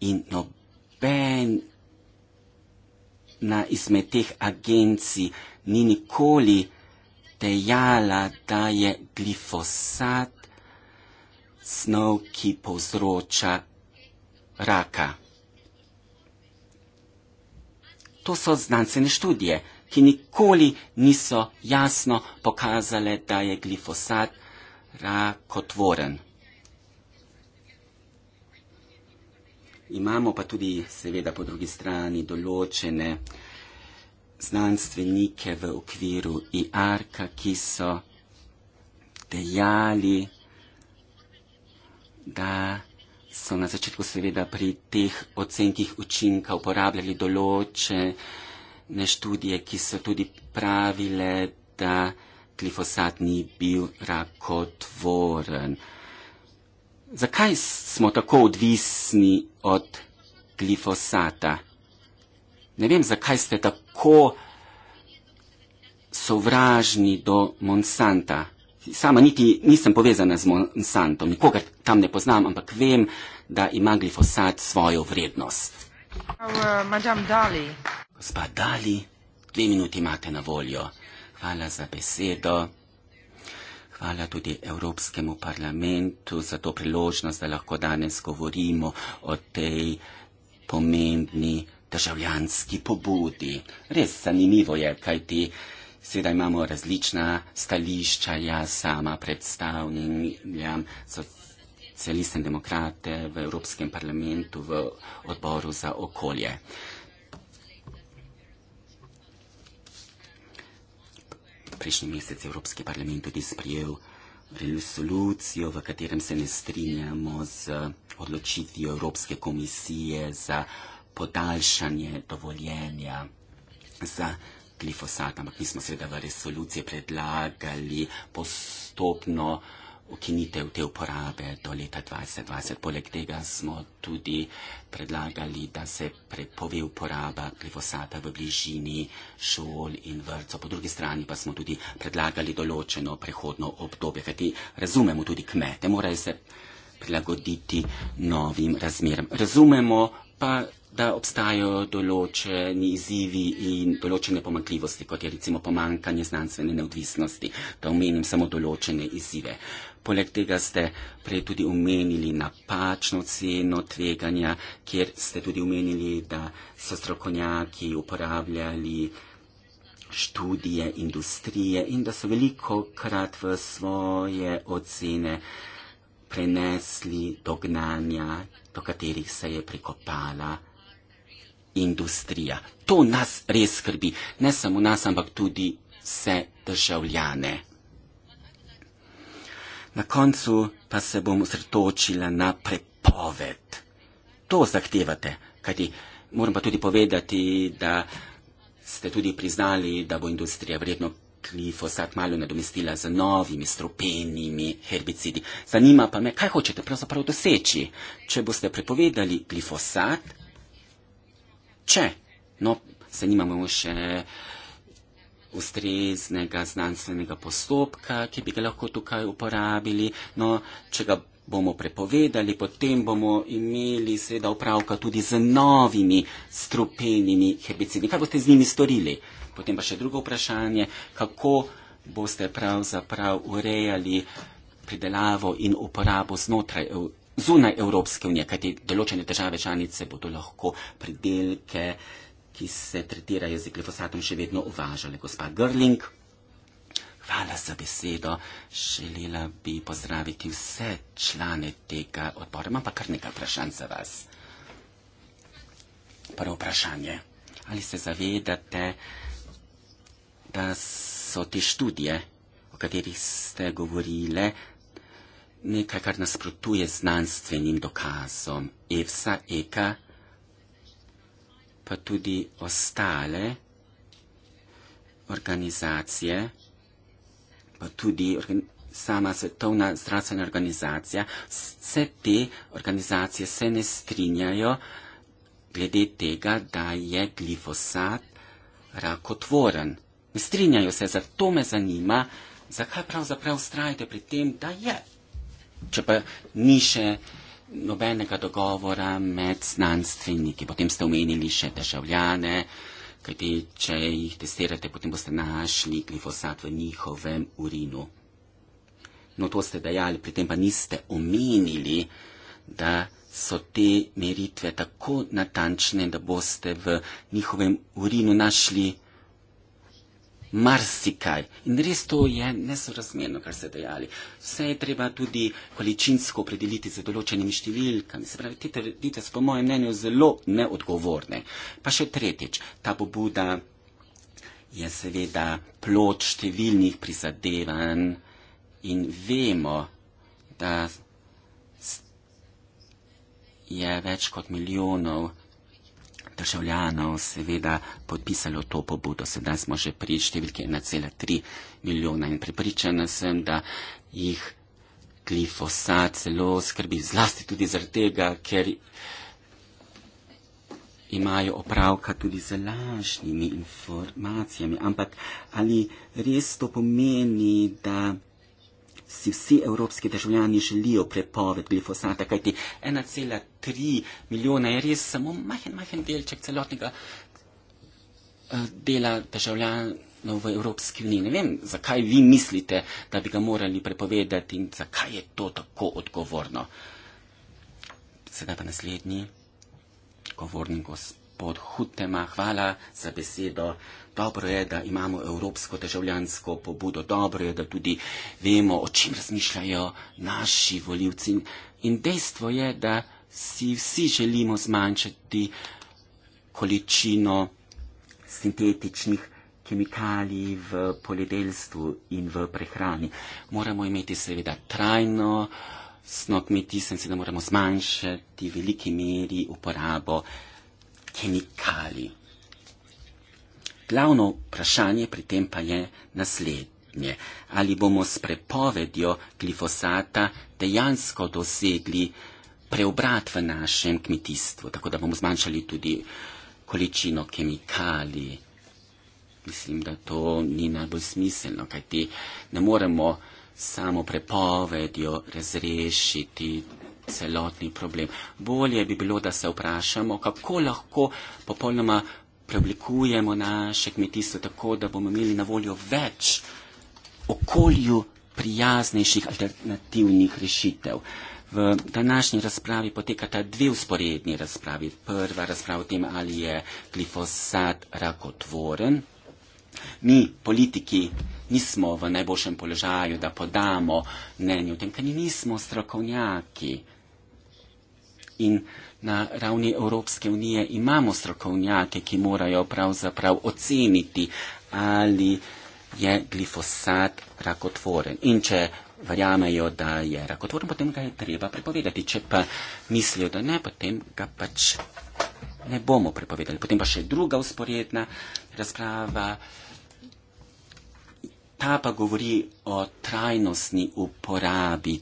in noben ena izmed teh agencij ni nikoli dejala, da je glifosat snov, ki povzroča raka. To so znanstvene študije, ki nikoli niso jasno pokazale, da je glifosat rakotvoren. Imamo pa tudi, seveda, po drugi strani določene znanstvenike v okviru IARK-a, ki so dejali, da so na začetku seveda pri teh ocenkih učinka uporabljali določene študije, ki so tudi pravile, da glifosat ni bil rakotvoren. Zakaj smo tako odvisni od glifosata? Ne vem, zakaj ste tako sovražni do Monsanta. Sama niti nisem povezana z Monsantom, nikogar tam ne poznam, ampak vem, da ima glifosat svojo vrednost. Eh, Gospa Dali, dve minuti imate na voljo. Hvala za besedo. Hvala tudi Evropskemu parlamentu za to priložnost, da lahko danes govorimo o tej pomembni državljanski pobudi. Res zanimivo je, kaj ti sedaj imamo različna stališča, jaz sama predstavljam socialiste in demokrate v Evropskem parlamentu v odboru za okolje. prejšnji mesec Evropski parlament tudi sprijel resolucijo, v katerem se ne strinjamo z odločitvijo Evropske komisije za podaljšanje dovoljenja za glifosat, ampak mi smo seveda v resoluciji predlagali postopno uh, ukinitev te uporabe do leta 2020. Poleg tega smo tudi predlagali, da se prepove uporaba glifosata v bližini šol in vrtcev. Po drugi strani pa smo tudi predlagali določeno prehodno obdobje, kajti razumemo tudi kmete, morajo se prilagoditi novim razmeram. Razumemo pa da obstajajo določeni izzivi in določene pomankljivosti, kot je recimo pomankanje znanstvene neodvisnosti, da omenim samo določene izzive. Uh, Poleg tega ste prej tudi omenili napačno ceno tveganja, kjer ste tudi omenili, da so strokovnjaki uporabljali študije industrije in da so veliko krat v svoje ocene prenesli dognanja, do katerih se je prikopala industrija. To nas res skrbi, ne samo nas, ampak tudi vse državljane na koncu pa se bom osredotočila na prepoved. To zahtevate, kajti moram pa tudi povedati, da ste tudi priznali, da bo industrija vredno glifosat malo nadomestila z novimi stropenimi herbicidi. Zanima pa me, kaj hočete pravzaprav doseči, če boste prepovedali glifosat, če, no, zanimamo še ustreznega znanstvenega postopka, ki bi ga lahko tukaj uporabili. No, če ga bomo prepovedali, potem bomo imeli seveda upravka tudi z novimi strupenimi herbicidi. Kaj boste z njimi storili? Potem pa še drugo vprašanje, kako boste pravzaprav urejali pridelavo in uporabo znotraj, zunaj Evropske unije, kajti določene države članice bodo lahko pridelke ki se tretirajo z glifosatom, še vedno uvažale. Gospa Grling, hvala za besedo. Želela bi pozdraviti vse člane tega odbora. Imam pa kar nekaj vprašanj za vas. Prvo vprašanje. Ali se zavedate, da so te študije, o katerih ste govorile, nekaj, kar nasprotuje znanstvenim dokazom EFSA, EKA, pa tudi ostale organizacije, pa tudi sama svetovna zdravstvena organizacija, vse te organizacije se ne strinjajo glede tega, da je glifosat rakotvoren. Ne strinjajo se, zato me zanima, zakaj pravzaprav ustrajate pri tem, da je. Če pa ni še nobenega dogovora med znanstveniki. Potem ste omenili še državljane, kajti če jih testirate, potem boste našli glifosat v njihovem urinu. No, to ste dejali, pri tem pa niste omenili, da so te meritve tako natančne, da boste v njihovem urinu našli glifosat marsikaj. In res to je nesorazmerno, kar ste dejali. Vse je treba tudi količinsko opredeliti z določenimi številkami. Se pravi, te trditve so po mojem mnenju zelo neodgovorne. Pa še tretjič, ta pobuda je seveda plod številnih prizadevanj in vemo, da je več kot milijonov državljanov seveda podpisalo to pobudo. Sedaj smo že pri številki 1,3 milijona in pripričana sem, da jih glifosat celo skrbi zlasti tudi zaradi tega, ker imajo opravka tudi z lažnimi informacijami. Ampak ali res to pomeni, da si vsi evropski državljani želijo prepoved glifosata, kajti 1,3 milijona je res samo majhen, majhen delček celotnega eh, dela državljanov v Evropski uniji. Ne vem, zakaj vi mislite, da bi ga morali prepovedati in zakaj je to tako odgovorno. Sedaj pa naslednji govornik gospod gospod Hutema, hvala za besedo. Dobro je, da imamo evropsko državljansko pobudo, dobro je, da tudi vemo, o čem razmišljajo naši voljivci. In dejstvo je, da si vsi želimo zmanjšati količino sintetičnih kemikalij v poljedelstvu in v prehrani. Moramo imeti seveda trajno snog kmetijstva in seveda moramo zmanjšati v veliki meri uporabo kemikalij. Glavno vprašanje pri tem pa je naslednje. Ali bomo s prepovedjo glifosata dejansko dosegli preobrat v našem kmetijstvu, tako da bomo zmanjšali tudi količino kemikalij? Mislim, da to ni najbolj smiselno, kajti ne moremo samo prepovedjo razrešiti celotni problem. Bolje bi bilo, da se vprašamo, kako lahko popolnoma preoblikujemo naše kmetijstvo tako, da bomo imeli na voljo več okolju prijaznejših alternativnih rešitev. V današnji razpravi potekata dve usporedni razpravi. Prva razprava o tem, ali je glifosat rakotvoren. Mi, politiki, nismo v najboljšem položaju, da podamo mnenje o tem, ker nismo strokovnjaki in na ravni Evropske unije imamo strokovnjake, ki morajo pravzaprav oceniti, ali je glifosat rakotvoren. In če verjamejo, da je rakotvoren, potem ga je treba prepovedati. Če pa mislijo, da ne, potem ga pač ne bomo prepovedali. Potem pa še druga usporedna razprava. Ta pa govori o trajnostni uporabi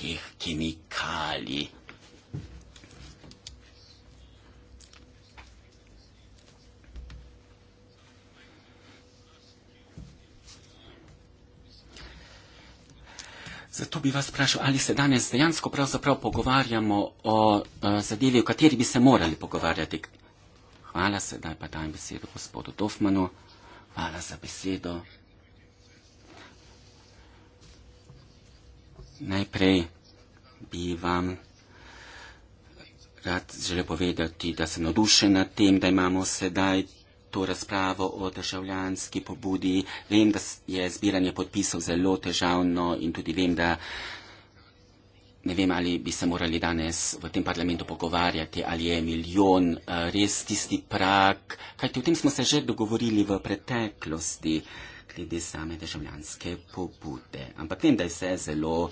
teh kemikalij. Zato bi vas vprašal, ali se danes dejansko pravzaprav pogovarjamo o, o eh, zadevi, o kateri bi se morali pogovarjati. Hvala se, daj pa dajem besedo gospodu Dofmanu. Hvala za besedo. Najprej bi vam rad želel povedati, da sem nadušen nad tem, da imamo sedaj to razpravo o državljanski pobudi. Vem, da je zbiranje podpisov zelo težavno in tudi vem, da ne vem, ali bi se morali danes v tem parlamentu pogovarjati, ali je milijon eh, res tisti prak, kajti o tem smo se že dogovorili v preteklosti glede same državljanske pobude. Ampak vem, da je vse zelo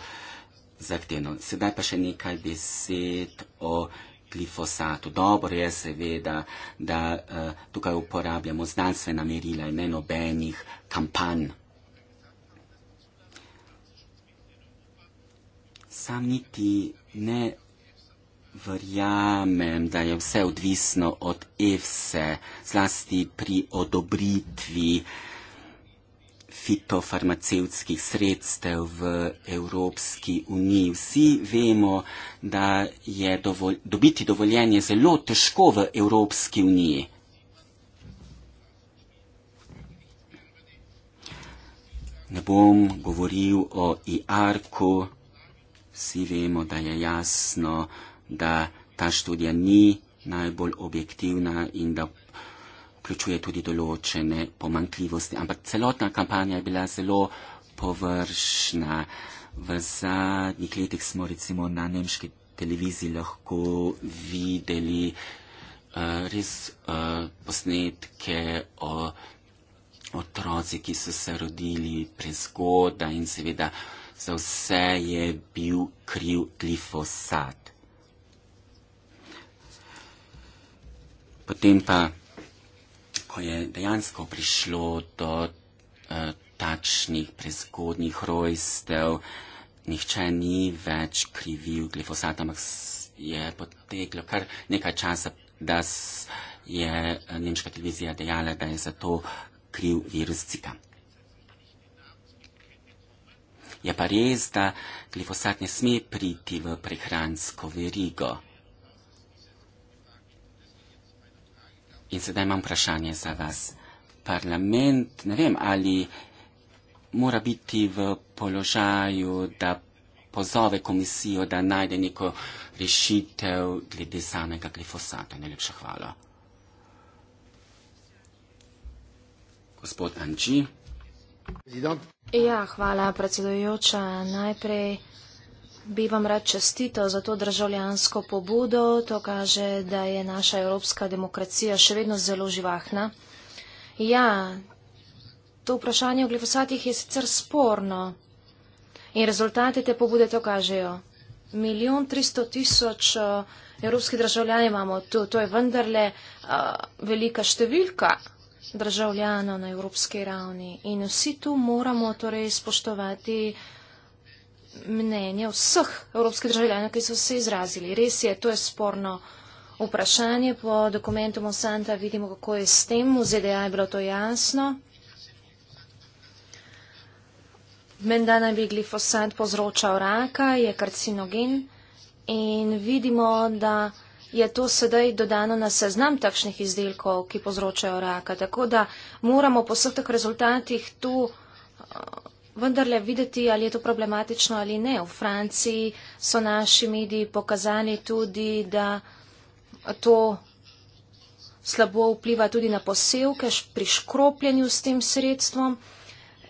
zahtevno. Sedaj pa še nekaj deset o glifosatu. Dobro je seveda, da eh, tukaj uporabljamo znanstvena merila in ne nobenih kampanj. Sam niti ne verjamem, da je vse odvisno od EFSE, zlasti pri odobritvi uh, fitofarmacevtskih sredstev v Evropski uniji. Vsi vemo, da je dovol dobiti dovoljenje zelo težko v Evropski uniji. Ne bom govoril o IARC-u, vsi vemo, da je jasno, da ta študija ni najbolj objektivna in da vključuje tudi določene pomankljivosti. Ampak celotna kampanja je bila zelo površna. V zadnjih letih smo recimo na nemški televiziji lahko videli uh, res uh, posnetke o otroci, ki so se rodili prezgoda in seveda za vse je bil kriv glifosat. Potem pa ko je dejansko prišlo do uh, eh, tačnih prezgodnih rojstev, nihče ni več krivil glifosata, ampak je poteklo kar nekaj časa, da je eh, nemška televizija dejala, da je za to kriv virus cika. Je pa res, da glifosat ne sme priti v prehransko verigo. In zdaj imam vprašanje za vas. Parlament, ne vem, ali mora biti v položaju, da pozove komisijo, da najde neko rešitev glede samega glifosata. Najlepša hvala. Gospod Anči. Ja, hvala, predsedujoča. Najprej bi vam rad čestito za to državljansko pobudo. To kaže, da je naša evropska demokracija še vedno zelo živahna. Ja, to vprašanje o glifosatih je sicer sporno in rezultate te pobude to kažejo. Milijon tristo tisoč eh, evropskih državljanov imamo tu. To je vendarle uh, velika številka državljanov na evropski ravni in vsi tu moramo torej spoštovati uh, mnenje vseh evropskih državljanov, ki so se izrazili. Res je, to je sporno vprašanje. Po dokumentu Monsanta vidimo, kako je s tem. V ZDA je bilo to jasno. Menda naj bi glifosat povzročal raka, je karcinogen in vidimo, da je to sedaj dodano na seznam takšnih izdelkov, ki povzročajo raka. Tako da moramo po vseh teh rezultatih to vendarle videti, ali je to problematično ali ne. V Franciji so naši mediji pokazani tudi, da to slabo vpliva tudi na posevke pri škropljenju s tem sredstvom.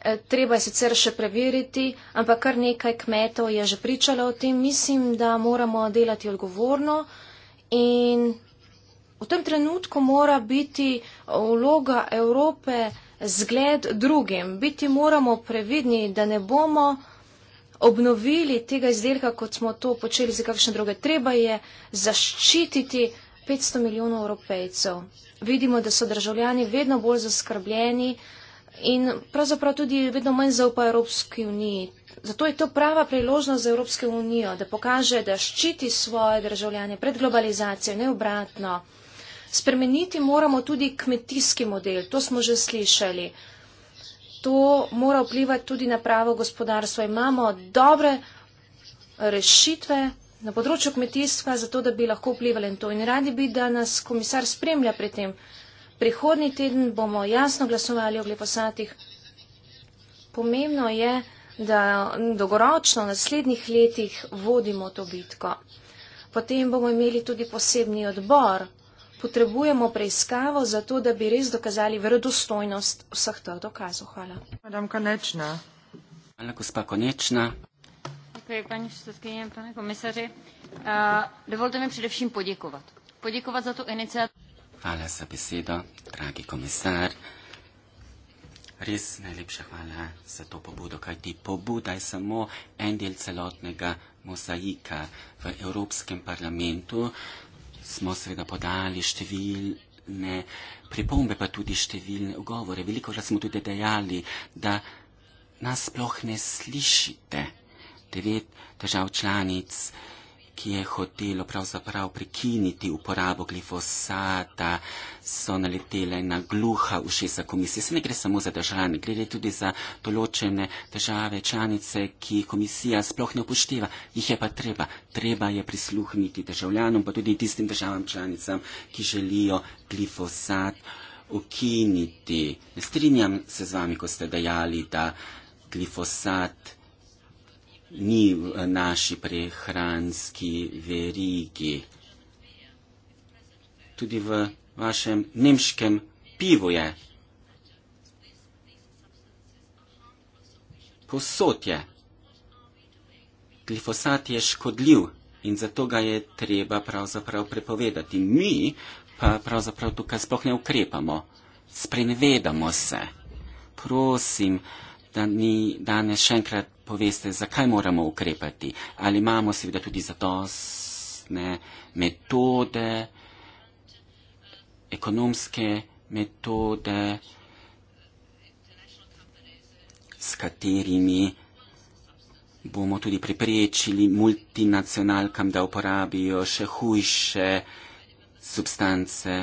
E, treba je sicer še preveriti, ampak kar nekaj kmetov je že pričalo o tem. Mislim, da moramo delati odgovorno in v tem trenutku mora biti vloga Evrope zgled drugim. Biti moramo previdni, da ne bomo obnovili tega izdelka, kot smo to počeli za kakšne druge. Treba je zaščititi 500 milijonov evropejcev. Vidimo, da so državljani vedno bolj zaskrbljeni in pravzaprav tudi vedno manj zaupa Evropski uniji. Zato je to prava priložnost za Evropsko unijo, da pokaže, da ščiti svoje državljane pred globalizacijo, ne obratno. Spremeniti moramo tudi kmetijski model, to smo že slišali. To mora vplivati tudi na pravo gospodarstvo. Imamo dobre rešitve na področju kmetijstva, zato da bi lahko vplivali na to. In radi bi, da nas komisar spremlja pri tem. Prihodni teden bomo jasno glasovali o glifosatih. Pomembno je, da dogoročno v naslednjih letih vodimo to bitko. Potem bomo imeli tudi posebni odbor potrebujemo preiskavo za to, da bi res dokazali verodostojnost vseh teh dokazov. Hvala. Madam Konečna. Hvala, gospa Konečna. Děkuji, paní předsedkyně, pane komisaři. Uh, dovolte mi především poděkovat. Poděkovat za tu iniciativu. Hvala za besedo, dragi komisar. Res najlepša hvala za to pobudo, kaj ti pobuda je samo en del celotnega mozaika v Evropskem parlamentu, smo seveda podali številne pripombe, pa tudi številne ugovore. Veliko krat smo tudi dejali, da nas sploh ne slišite. Devet držav članic ki je hotelo pravzaprav prekiniti uporabo glifosata, so naletele na gluha ušesa komisije. Se ne gre samo za državljane, gre tudi za določene države, članice, ki komisija sploh ne upošteva. Jih je pa treba. Treba je prisluhniti državljanom, pa tudi tistim državam članicam, ki želijo glifosat ukiniti. Ne strinjam se z vami, ko ste dejali, da glifosat ni v naši prehranski verigi. Tudi v vašem nemškem pivu je. Posod je. Glifosat je škodljiv in zato ga je treba pravzaprav prepovedati. Mi pa pravzaprav tukaj sploh ne ukrepamo. Sprenvedamo se. Prosim, da ni danes še enkrat poveste, zakaj moramo ukrepati? Ali imamo seveda tudi zadostne metode, ekonomske metode, s katerimi bomo tudi preprečili multinacionalkam, da uporabijo še hujše substance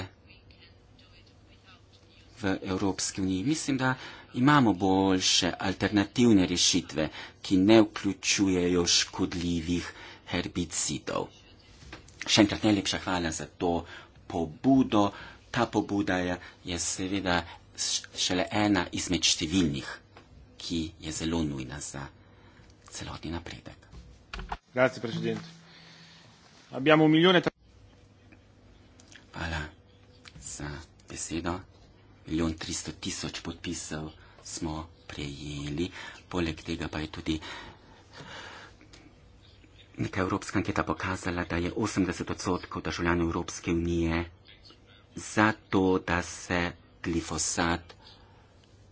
v Evropski uniji. Mislim, da Imamo boljše alternativne rešitve, ki ne vključujejo škodljivih herbicidov. Še enkrat najlepša hvala za to pobudo. Ta pobuda je, je seveda šele ena izmed številnih, ki je zelo nujna za celotni napredek. Grazie, Hvala za besedo. Milijon tristo tisoč podpisov smo prejeli. Poleg tega pa je tudi neka evropska anketa pokazala, da je 80 odstotkov državljanov Evropske unije za to, da se glifosat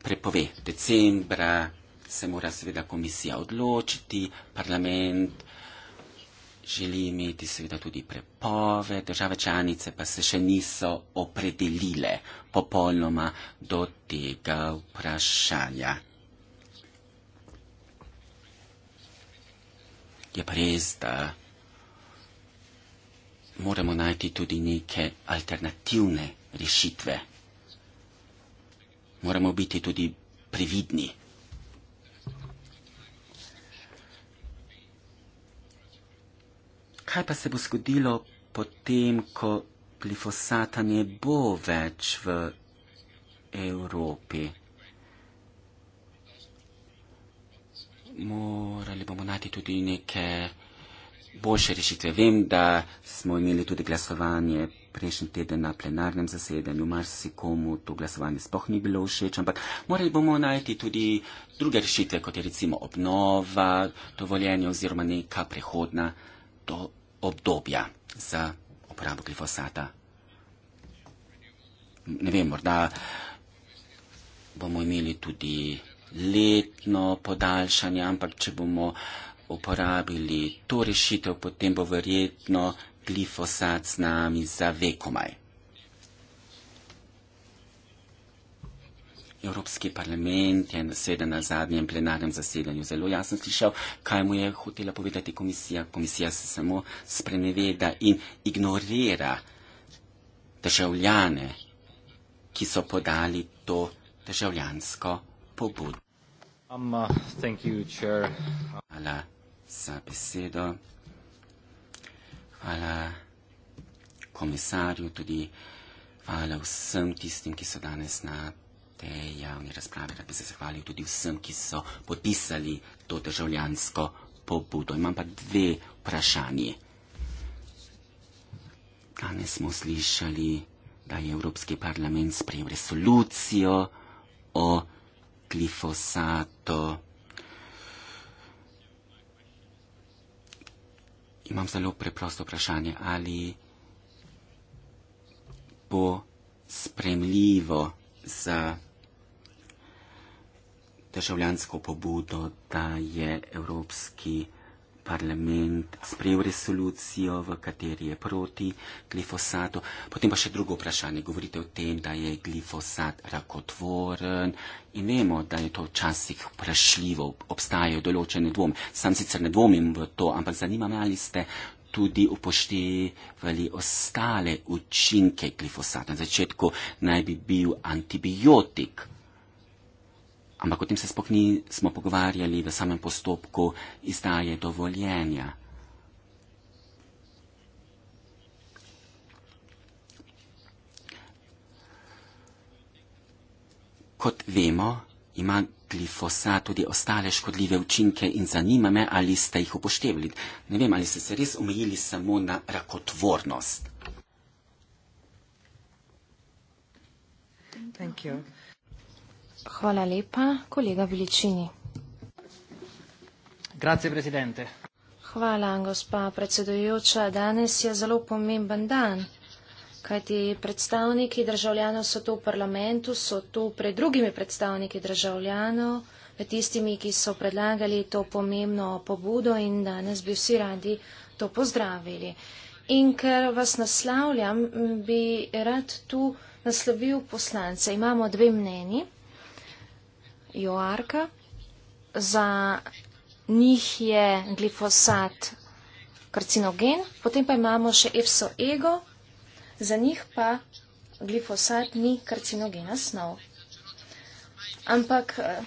prepove. Decembra se mora seveda komisija odločiti, parlament želi imeti seveda tudi prepove, države članice pa se še niso opredelile popolnoma do tega vprašanja. Je pa res, da moramo najti tudi neke alternativne rešitve. Moramo biti tudi previdni. kaj pa se bo zgodilo potem, ko glifosata ne bo več v Evropi? Morali bomo najti tudi neke boljše rešitve. Vem, da smo imeli tudi glasovanje prejšnji teden na plenarnem zasedanju. Marsikomu to glasovanje spoh ni bilo všeč, ampak morali bomo najti tudi druge rešitve, kot je recimo obnova, dovoljenje oziroma neka prehodna do obdobja za uporabo glifosata. Ne vem, morda bomo imeli tudi letno podaljšanje, ampak če bomo uporabili to rešitev, potem bo verjetno glifosat z nami za vekomaj. Evropski parlament je seveda na zadnjem plenarnem zasedanju zelo jasno slišal, kaj mu je hotela povedati komisija. Komisija se samo spreneveda in ignorira državljane, ki so podali to državljansko pobud. Um, uh, you, Hvala za besedo. Hvala komisarju, tudi hvala vsem tistim, ki so danes na tej javni razpravi, da bi se zahvalil tudi vsem, ki so podpisali to državljansko pobudo. Imam pa dve vprašanje. Danes smo slišali, da je Evropski parlament sprejel resolucijo o glifosato. Imam zelo preprosto vprašanje, ali bo spremljivo za državljansko pobudo, da je Evropski parlament sprejel resolucijo, v kateri je proti glifosatu. Potem pa še drugo vprašanje. Govorite o tem, da je glifosat rakotvoren in vemo, da je to včasih vprašljivo, obstajajo določene dvome. Sam sicer ne dvomim v to, ampak zanima me, ali ste tudi upoštevali ostale učinke glifosata. Na začetku naj bi bil antibiotik Ampak o tem se spokni smo pogovarjali v samem postopku izdaje dovoljenja. Kot vemo, ima glifosat tudi ostale škodljive učinke in zanima me, ali ste jih upoštevali. Ne vem, ali ste se res omejili samo na rakotvornost. Thank you. Hvala lepa. Kolega Viličini. Grazie, presidente. Hvala, gospa predsedujoča. Danes je zelo pomemben dan, kajti predstavniki državljanov so tu v parlamentu, so tu pred drugimi predstavniki državljanov, med tistimi, ki so predlagali to pomembno pobudo in danes bi vsi radi to pozdravili. In ker vas naslavljam, bi rad tu naslovil poslance. Imamo dve mneni joarka. Za njih je glifosat karcinogen, potem pa imamo še EFSO-EGO, za njih pa glifosat ni karcinogena snov. Ampak eh,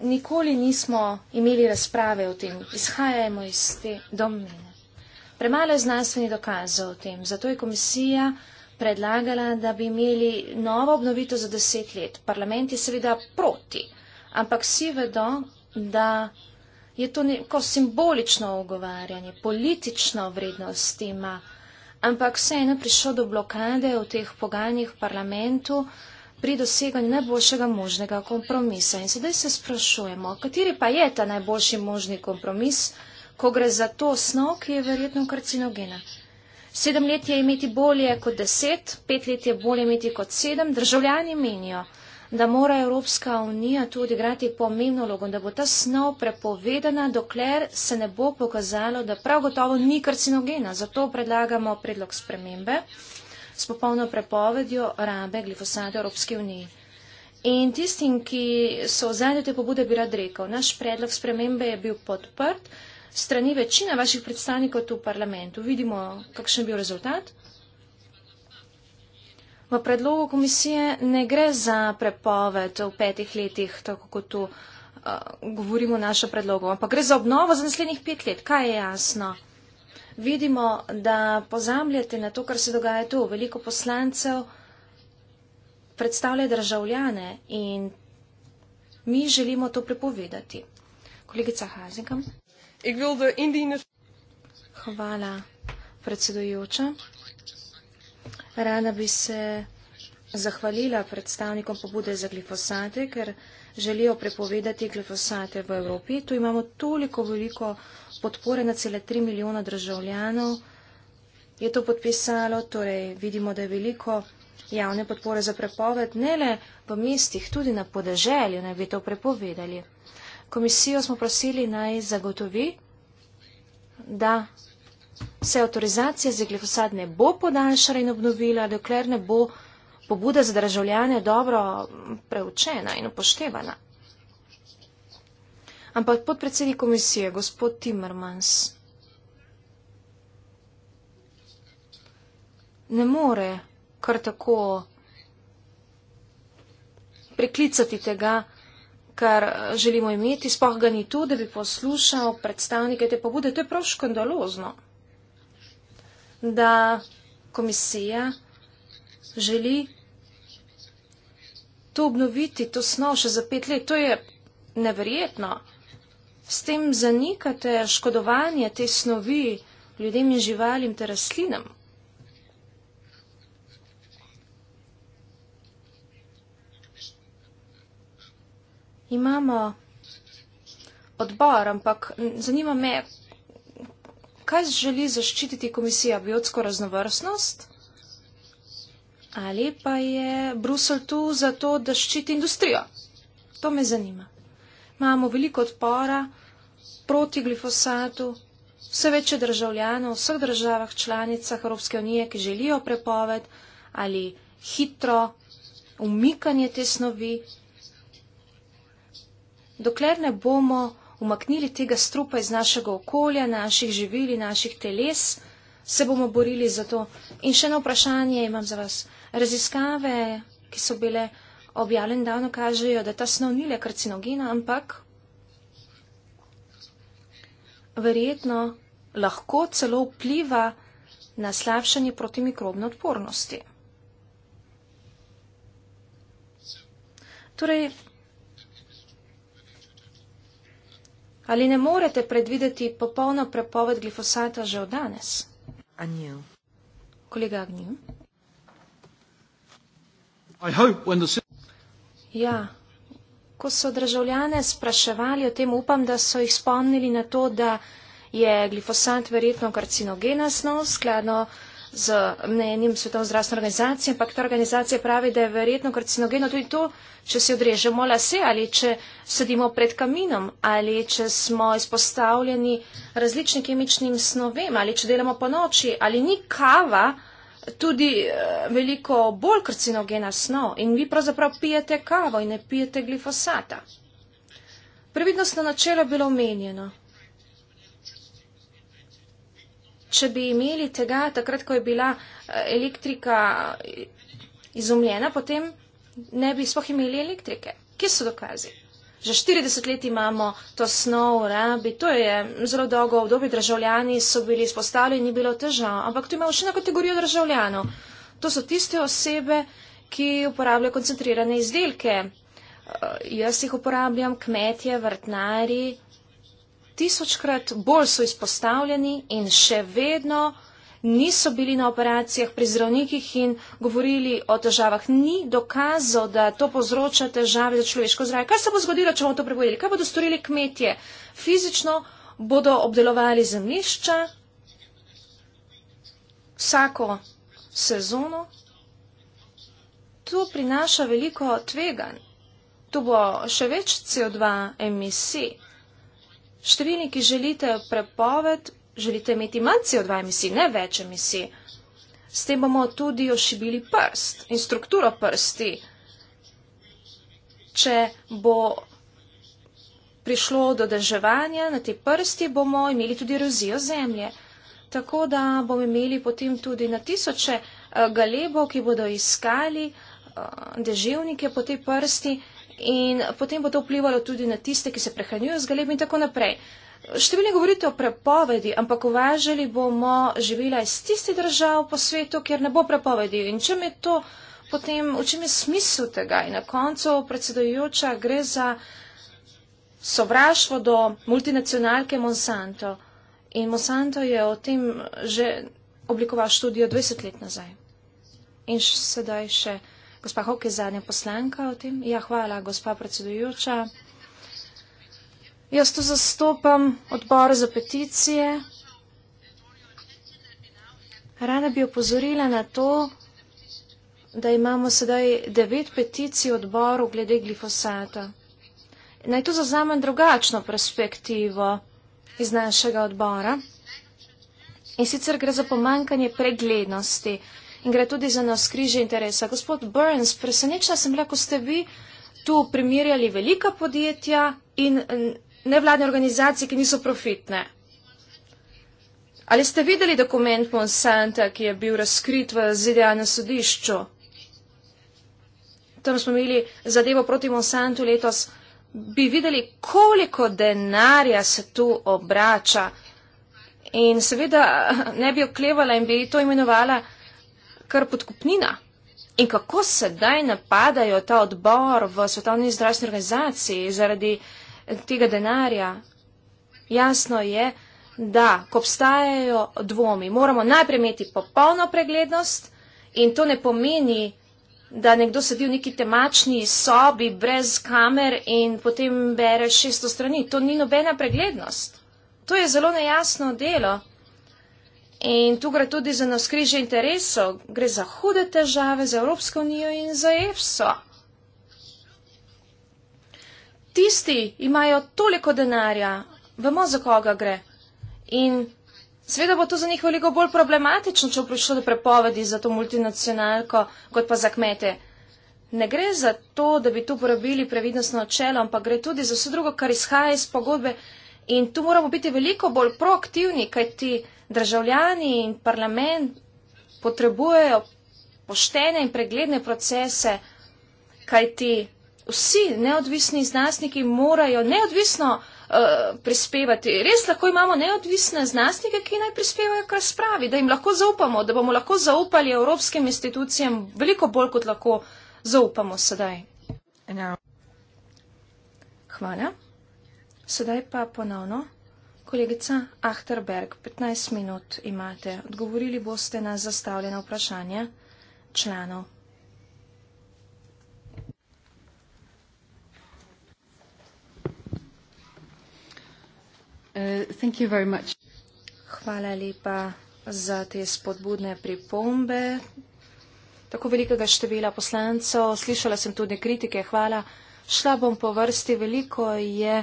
nikoli nismo imeli razprave o tem, izhajajmo iz te domnine. Premalo je znanstvenih dokazov o tem, zato je komisija predlagala, da bi imeli novo obnovitev za deset let. Parlament je seveda proti ampak vsi vedo, da je to neko simbolično ogovarjanje, politično vrednost ima, ampak vseeno prišlo do blokade v teh pogajanjih v parlamentu pri doseganju najboljšega možnega kompromisa. In sedaj se sprašujemo, kateri pa je ta najboljši možni kompromis, ko gre za to snov, ki je verjetno karcinogena. Sedem let je imeti bolje kot deset, pet let je bolje imeti kot sedem, državljani menijo da mora Evropska unija tu odigrati pomembno vlogo, da bo ta snov prepovedana, dokler se ne bo pokazalo, da prav gotovo ni karcinogena. Zato predlagamo predlog spremembe s popolno prepovedjo rabe glifosata Evropske unije. In tistim, ki so vzadnje te pobude, bi rad rekel, naš predlog spremembe je bil podprt strani večina vaših predstavnikov tu v parlamentu. Vidimo, kakšen je bil rezultat. V predlogu komisije ne gre za prepoved v petih letih, tako kot tu uh, govorimo v našem predlogu, ampak gre za obnovo za naslednjih pet let. Kaj je jasno? Vidimo, da pozamljate na to, kar se dogaja tu. Veliko poslancev predstavlja državljane in mi želimo to prepovedati. Kolegica Hazenka. Er Hvala, predsedujoča. Rada bi se zahvalila predstavnikom pobude za glifosate, ker želijo prepovedati glifosate v Evropi. Tu imamo toliko veliko podpore na cele 3 milijona državljanov. Je to podpisalo, torej vidimo, da je veliko javne podpore za prepoved, ne le v mestih, tudi na podeželju naj bi to prepovedali. Komisijo smo prosili naj zagotovi, da Vse avtorizacije za glifosat ne bo podaljšala in obnovila, dokler ne bo pobuda za državljane dobro preučena in upoštevana. Ampak podpredsednik komisije, gospod Timmermans, ne more kar tako preklicati tega, kar eh, želimo imeti, spoh ga ni tu, da bi poslušal predstavnike te pobude. To je prav škandalozno da komisija želi to obnoviti, to snov še za pet let. To je neverjetno. S tem zanikate škodovanje te snovi ljudem in živalim ter rastlinam. Imamo odbor, ampak zanima me, kaj želi zaščititi komisija? Biotsko raznovrstnost? Ali pa je Brusel tu zato, da ščiti industrijo? To me zanima. Imamo veliko odpora proti glifosatu, vse večje državljane v vseh državah članicah Evropske unije, ki želijo prepoved ali hitro umikanje te snovi. Dokler ne bomo umaknili tega strupa iz našega okolja, naših živil in naših teles, se bomo borili za to. In še eno vprašanje imam za vas. Raziskave, ki so bile objavljene davno, kažejo, da ta snov ni le karcinogena, ampak verjetno lahko celo vpliva na slabšanje protimikrobne odpornosti. Torej, Ali ne morete predvideti popolno prepoved glifosata že od danes? Agnew. Kolega Agnew. Ja, ko so državljane spraševali o tem, upam, da so jih spomnili na to, da je glifosat verjetno karcinogena snov, skladno z mnenjem Svetovne zdravstvene organizacije, ampak ta organizacija pravi, da je verjetno karcinogeno tudi to, če si odrežemo lase ali če sedimo pred kaminom ali če smo izpostavljeni različnim kemičnim snovem ali če delamo po noči ali ni kava tudi eh, veliko bolj karcinogena snov in vi pravzaprav pijete kavo in ne pijete glifosata. Previdnostno načelo je bilo omenjeno. če bi imeli tega takrat, ko je bila eh, elektrika eh, izumljena, potem ne bi sploh imeli elektrike. Kje so dokazi? Že 40 let imamo to snov v rabi, to je zelo dolgo obdobje, državljani so bili izpostavljeni, bilo težav, ampak tu imamo še eno kategorijo državljanov. To so tiste osebe, ki uporabljajo koncentrirane izdelke. Uh, jaz jih uporabljam, kmetje, vrtnari, tisočkrat bolj so izpostavljeni in še vedno niso bili na operacijah pri zdravnikih in govorili o težavah. Ni dokazal, da to povzroča težave za človeško zdravje. Kaj se bo zgodilo, če bomo to prebojili? Kaj bodo storili kmetje? Fizično bodo obdelovali zemlišča vsako sezono. To prinaša veliko tveganj. Tu bo še več CO2 emisij. Številni, ki želite prepoved, želite imeti manj CO2 emisij, ne več emisij. S tem bomo tudi ošibili prst in strukturo prsti. Če bo prišlo do deževanja na te prsti, bomo imeli tudi erozijo zemlje. Tako da bomo imeli potem tudi na tisoče eh, galebov, ki bodo iskali eh, deževnike po tej prsti in potem bo to vplivalo tudi na tiste, ki se prehranjujejo z galebi in tako naprej. Številni govorite o prepovedi, ampak uvažali bomo živela iz tistih držav po svetu, kjer ne bo prepovedi. In čem je to potem, v čem je smisel tega? In na koncu, predsedojoča, gre za sovraštvo do multinacionalke Monsanto. In Monsanto je o tem že oblikoval študijo 20 let nazaj. In sedaj še. Gospa Hoke, zadnja poslanka o tem. Ja, hvala, gospa predsedujoča. Jaz tu zastopam odbor za peticije. Rana bi opozorila na to, da imamo sedaj devet peticij odboru glede glifosata. Naj tu zaznamem drugačno perspektivo iz našega odbora. In sicer gre za pomankanje preglednosti in gre tudi za nas križe interesa. Gospod Burns, presenečena sem bila, ko ste vi tu primerjali velika podjetja in nevladne organizacije, ki niso profitne. Ali ste videli dokument Monsanta, ki je bil razkrit v ZDA na sodišču? Tam smo imeli zadevo proti Monsantu letos. Bi videli, koliko denarja se tu obrača. In seveda ne bi oklevala in bi to imenovala uh, kar podkupnina. In kako sedaj napadajo ta odbor v Svetovni zdravstveni organizaciji zaradi tega denarja? Jasno je, da ko obstajajo dvomi, moramo najprej imeti popolno preglednost in to ne pomeni, da nekdo sedi v neki temačni sobi brez kamer in potem bere 600 strani. To ni nobena preglednost. To je zelo nejasno delo. In tu gre tudi za navskrižje interesov, gre za hude težave za Evropsko unijo in za EFSO. Tisti imajo toliko denarja, vemo, za koga gre. In seveda bo to za njih veliko bolj problematično, če bo prišlo do prepovedi za to multinacionalko, kot pa za kmete. Ne gre za to, da bi tu porabili previdnostno načelo, ampak gre tudi za vse drugo, kar izhaja iz pogodbe. In tu moramo biti veliko bolj proaktivni, kajti državljani in parlament potrebujejo poštene in pregledne procese, kajti vsi neodvisni znanstveniki morajo neodvisno eh, prispevati. Res lahko imamo neodvisne znanstvenike, ki naj prispevajo k razpravi, da jim lahko zaupamo, da bomo lahko zaupali evropskim institucijam veliko bolj, kot lahko zaupamo sedaj. Hvala. Sedaj pa ponovno. Kolegica Achterberg, 15 minut imate. Odgovorili boste na zastavljena vprašanja članov. Uh, thank you very much. Hvala lepa za te spodbudne pripombe. Tako velikega števila poslancev, slišala sem tudi kritike, hvala. Šla bom po vrsti, veliko je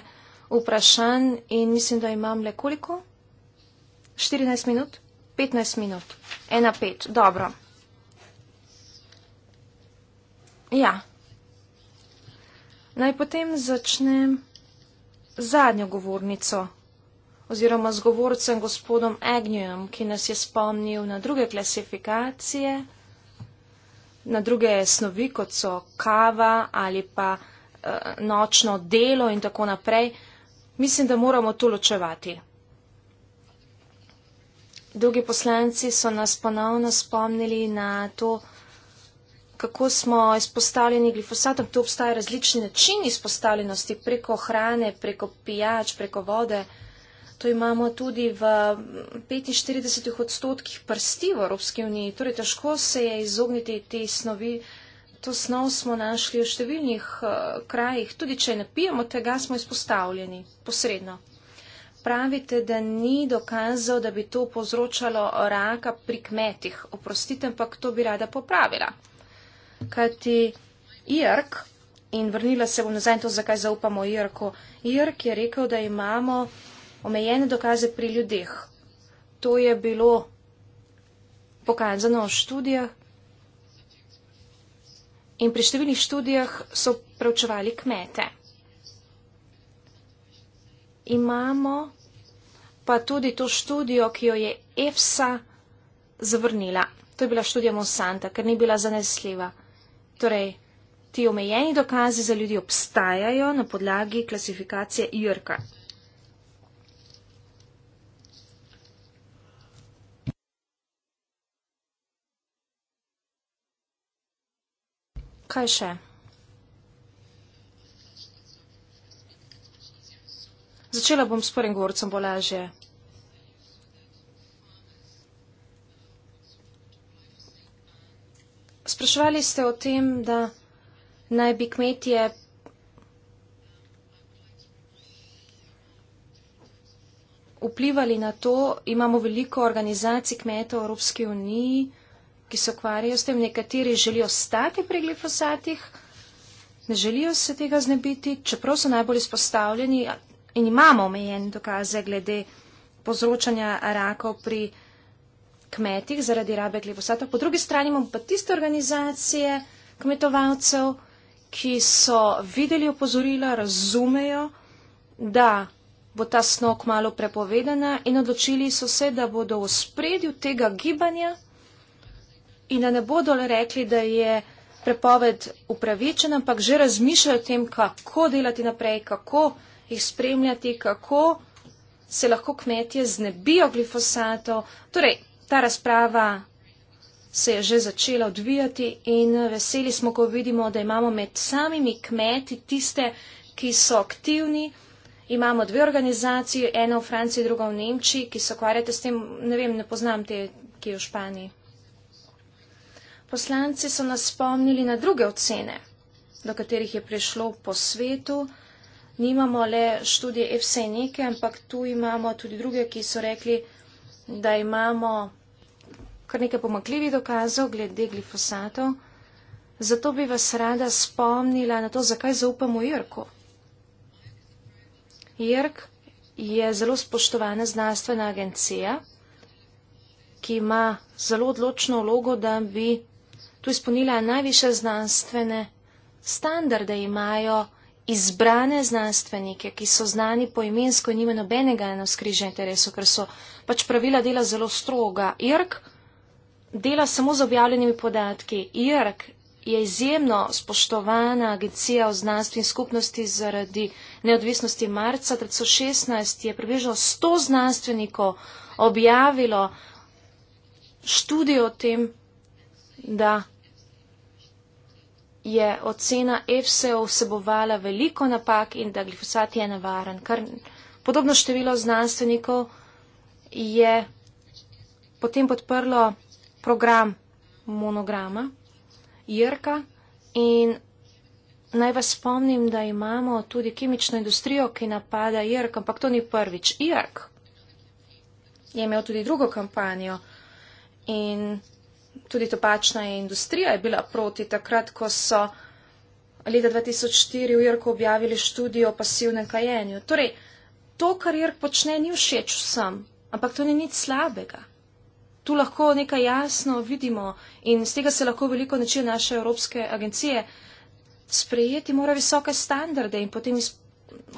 vprašanj in mislim, da imam le koliko? 14 minut? 15 minut. 1-5. Dobro. Ja. Naj potem začnem zadnjo govornico oziroma z govorcem gospodom Agnewom, ki nas je spomnil na druge klasifikacije, na druge snovi, kot so kava ali pa e, nočno delo in tako naprej. Mislim, da moramo to ločevati. Drugi poslanci so nas ponovno spomnili na to, kako smo izpostavljeni glifosatom. Tu obstajajo različni načini izpostavljenosti preko hrane, preko pijač, preko vode. To imamo tudi v 45 odstotkih prsti v Evropski uniji. Torej, težko se je izogniti te snovi, to snov smo našli v številnih uh, krajih, tudi če ne pijemo tega, smo izpostavljeni posredno. Pravite, da ni dokazal, da bi to povzročalo raka pri kmetih. Oprostite, ampak to bi rada popravila. Kajti Irk, in vrnila se bom nazaj to, zakaj zaupamo Irku, Irk je rekel, da imamo omejene dokaze pri ljudeh. To je bilo pokazano v študijah, in pri številnih študijah so preučevali kmete. Imamo pa tudi to študijo, ki jo je EFSA zavrnila. To je bila študija Monsanta, ker ni bila zanesljiva. Torej, ti omejeni dokazi za ljudi obstajajo na podlagi klasifikacije Jrka. kaj še? Začela bom s prvim govorcem, bo lažje. Spraševali ste o tem, da naj bi kmetje vplivali na to, imamo veliko organizacij kmetov Evropske unije, ki se ukvarjajo s tem, nekateri želijo stati pri glifosatih, ne želijo se tega znebiti, čeprav so najbolj izpostavljeni in imamo omejene dokaze glede povzročanja rakov pri kmetih zaradi rabe glifosata. Po drugi strani imamo pa tiste organizacije kmetovalcev, ki so videli opozorila, razumejo, da bo ta snok malo prepovedana in odločili so se, da bodo v spredju tega gibanja in da ne bodo le rekli, da je prepoved upravičena, ampak že razmišljajo o tem, kako delati naprej, kako jih spremljati, kako se lahko kmetje znebijo glifosato. Torej, ta razprava se je že začela odvijati in veseli smo, ko vidimo, da imamo med samimi kmeti tiste, ki so aktivni. Imamo dve organizacije, eno v Franciji, drugo v Nemčiji, ki se ukvarjate s tem, ne vem, ne poznam te, ki je v Španiji. Poslanci so nas spomnili na druge ocene, do katerih je prišlo po svetu. Nimamo le študije FSE neke, e, ampak tu imamo tudi druge, ki so rekli, da imamo kar nekaj pomakljivih dokazov glede glifosatov. Zato bi vas rada spomnila na to, zakaj zaupamo Jrku. Jrk je zelo spoštovana znanstvena agencija, ki ima zelo odločno vlogo, da bi tu izpolnila najviše znanstvene standarde, imajo izbrane znanstvenike, ki so znani po imensko in nima nobenega eno skrižne interesu, ker so pač pravila dela zelo stroga. IRK dela samo z objavljenimi podatki. IRK je izjemno spoštovana agencija v znanstveni skupnosti zaradi neodvisnosti marca 2016, je približno 100 znanstvenikov objavilo študijo o tem, da je ocena EFSE-o vsebovala veliko napak in da glifosat je nevaren. Kar podobno število znanstvenikov je potem podprlo program monograma Jrka in naj vas spomnim, da imamo tudi kemično industrijo, ki napada Jrk, ampak to ni prvič. Jrk je imel tudi drugo kampanjo in tudi topačna industrija je bila proti takrat, ko so leta 2004 v Jirku objavili študijo o pasivnem kajenju. Torej, to, kar Jirk počne, ni všeč vsem, ampak to ni nič slabega. Tu lahko nekaj jasno vidimo in z tega se lahko veliko nauči naše evropske agencije. Sprejeti mora visoke standarde in potem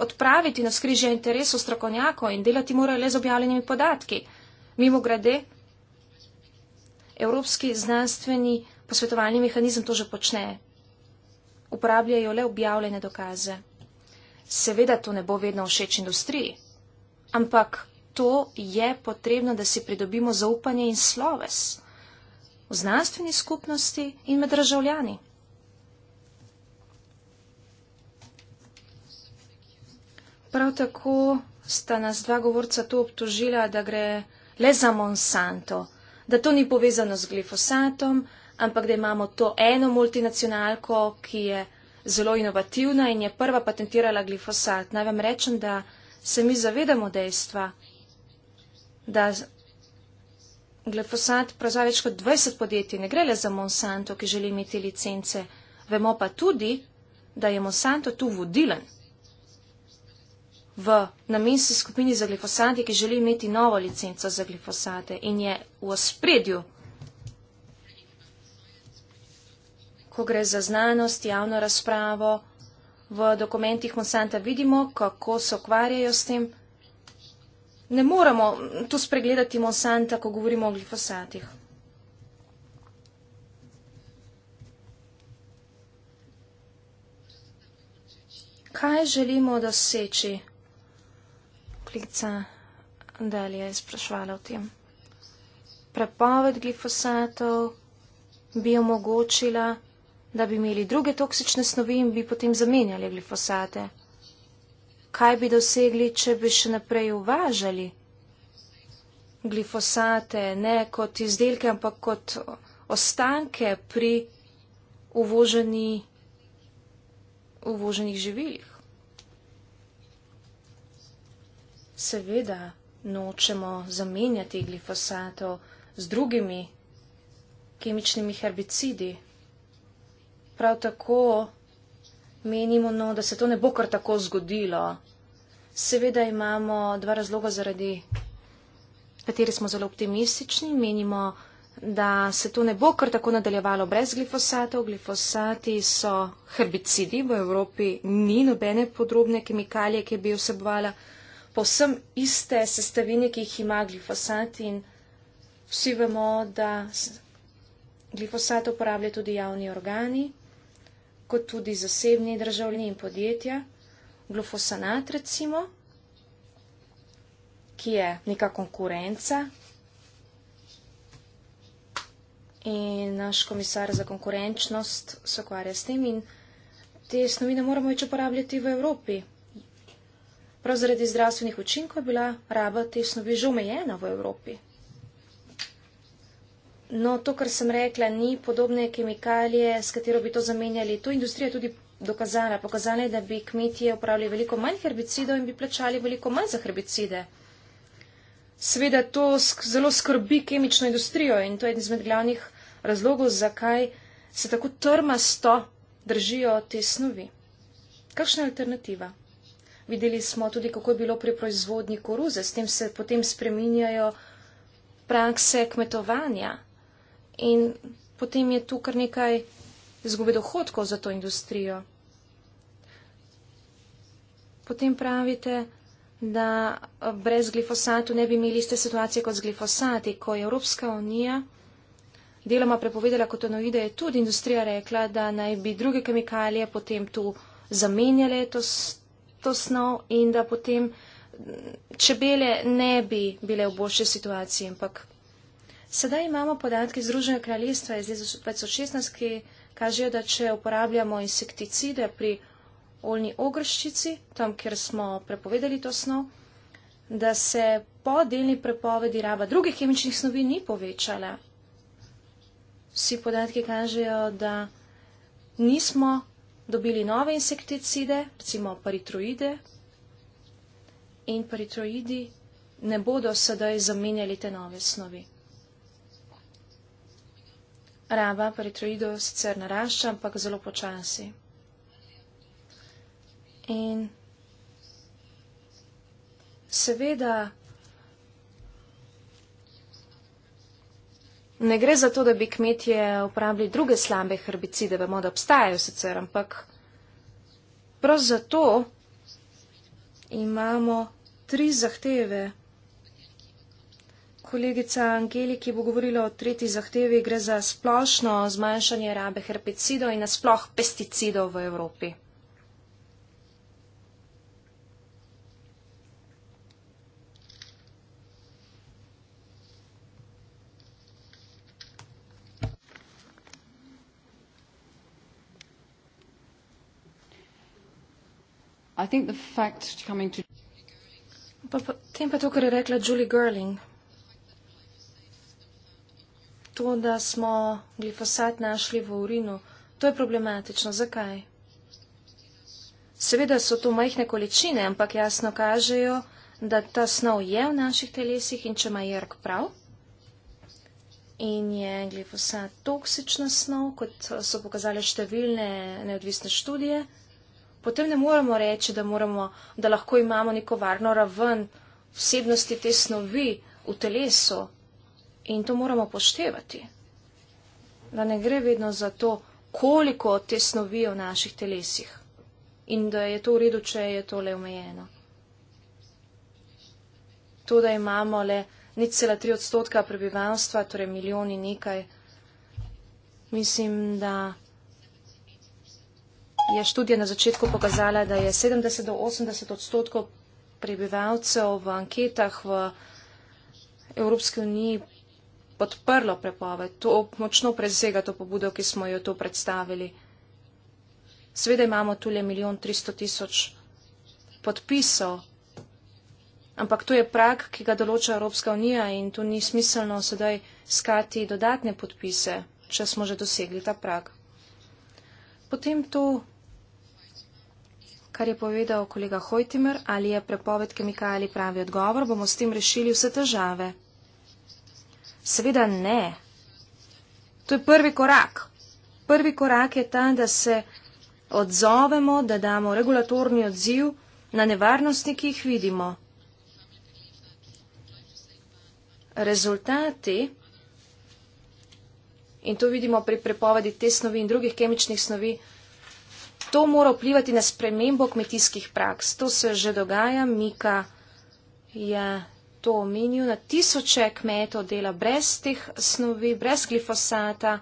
odpraviti na skrižje interesov strokovnjakov in delati mora le z objavljenimi podatki. Mimo grede, evropski znanstveni posvetovalni mehanizem to že počne. Uporabljajo le objavljene dokaze. Seveda to ne bo vedno všeč industriji, ampak to je potrebno, da si pridobimo zaupanje in sloves v znanstveni skupnosti in med državljani. Prav tako sta nas dva govorca to obtožila, da gre le za Monsanto da to ni povezano z glifosatom, ampak da imamo to eno multinacionalko, ki je zelo inovativna in je prva patentirala glifosat. Naj vam rečem, da se mi zavedamo dejstva, da glifosat pravzaprav več kot 20 podjetij, ne gre le za Monsanto, ki želi imeti licence, vemo pa tudi, da je Monsanto tu vodilen v namenski skupini za glifosate, ki želi imeti novo licenco za glifosate in je v ospredju, ko gre za znanost, javno razpravo, v dokumentih Monsanta vidimo, kako se okvarjajo s tem. Ne moramo tu spregledati Monsanta, ko govorimo o glifosatih. Kaj želimo doseči? kapljica Delija je sprašvala o tem. Prepoved glifosatov bi omogočila, da bi imeli druge toksične snovi in bi potem zamenjali glifosate. Kaj bi dosegli, če bi še naprej uvažali glifosate ne kot izdelke, ampak kot ostanke pri uvoženi, uvoženih živilih? seveda nočemo zamenjati glifosatov z drugimi kemičnimi herbicidi. Prav tako menimo, no, da se to ne bo kar tako zgodilo. Seveda imamo dva razloga, zaradi katerih smo zelo optimistični. Menimo, da se to ne bo kar tako nadaljevalo brez glifosatov. Glifosati so herbicidi, v Evropi ni nobene podrobne kemikalije, ki bi vsebovala povsem iste sestavine, ki jih ima glifosat in vsi vemo, da glifosat uporablja tudi javni organi, kot tudi zasebni državni in podjetja. Glufosanat recimo, ki je neka konkurenca. In naš komisar za konkurenčnost se ukvarja s tem in te snovi ne moramo več uporabljati v Evropi. Prav zaradi zdravstvenih učinkov je bila raba te snovi že omejena v Evropi. No, to, kar sem rekla, ni podobne kemikalije, s katero bi to zamenjali. To industrija tudi dokazala. Pokazala je, da bi kmetije upravljali veliko manj herbicidov in bi plačali veliko manj za herbicide. Seveda to sk zelo skrbi kemično industrijo in to je eden izmed glavnih razlogov, zakaj se tako trmasto držijo te snovi. Kakšna je alternativa? Videli smo tudi, kako je bilo pri proizvodnji koruze, s tem se potem spreminjajo prakse kmetovanja in potem je tu kar nekaj izgube dohodkov za to industrijo. Potem pravite, da brez glifosatu ne bi imeli iste situacije kot z glifosati, ko je Evropska unija deloma prepovedala kotonoide, je tudi industrija rekla, da naj bi druge kemikalije potem tu zamenjale to stvar to snov in da potem čebele ne bi bile v boljši situaciji. Ampak sedaj imamo podatke iz Združenja kraljestva iz leta 2016, ki kažejo, da če uporabljamo insekticide pri oljni ogrščici, tam, kjer smo prepovedali to snov, da se po delni prepovedi raba drugih kemičnih snovi ni povečala. Vsi podatki kažejo, da nismo dobili nove insekticide, recimo paritroide, in paritroidi ne bodo sedaj zamenjali te nove snovi. Raba paritroidov sicer narašča, ampak zelo počasi. In seveda, Ne gre za to, da bi kmetje uporabljali druge slabe herbicide, vemo, da obstajajo sicer, ampak prav zato imamo tri zahteve. Kolegica Angeli, ki bo govorila o tretji zahtevi, gre za splošno zmanjšanje rabe herbicidov in nasploh pesticidov v Evropi. Pa potem pa to, kar je rekla Julie Girling. To, da smo glifosat našli v urinu, to je problematično. Zakaj? Seveda so to majhne količine, ampak jasno kažejo, da ta snov je v naših telesih in če ima jerk prav. In je glifosat toksična snov, kot so pokazale številne neodvisne študije potem ne moremo reči, da, moramo, da lahko imamo neko varno raven vsebnosti te snovi v telesu in to moramo poštevati. Da ne gre vedno za to, koliko te snovi je v naših telesih in da je to v redu, če je to le omejeno. To, da imamo le necela tri odstotka prebivalstva, torej milijoni nekaj, mislim, da je študija na začetku pokazala, da je 70 do 80 odstotkov prebivalcev v anketah v Evropski uniji podprlo prepoved. To močno presega to pobudo, ki smo jo tu predstavili. Sveda imamo tule milijon 300 tisoč podpisov, ampak to je prak, ki ga določa Evropska unija in tu ni smiselno sedaj skati dodatne podpise, če smo že dosegli ta prak. Potem tu kar je povedal kolega Hojtimer, ali je prepoved kemikalij pravi odgovor, bomo s tem rešili vse težave. Seveda ne. To je prvi korak. Prvi korak je ta, da se odzovemo, da damo regulatorni odziv na nevarnosti, ki jih vidimo. Rezultati, in to vidimo pri prepovedi te snovi in drugih kemičnih snovi, to mora vplivati na spremembo kmetijskih praks. To se že dogaja, Mika je to omenil, na tisoče kmetov dela brez teh snovi, brez glifosata,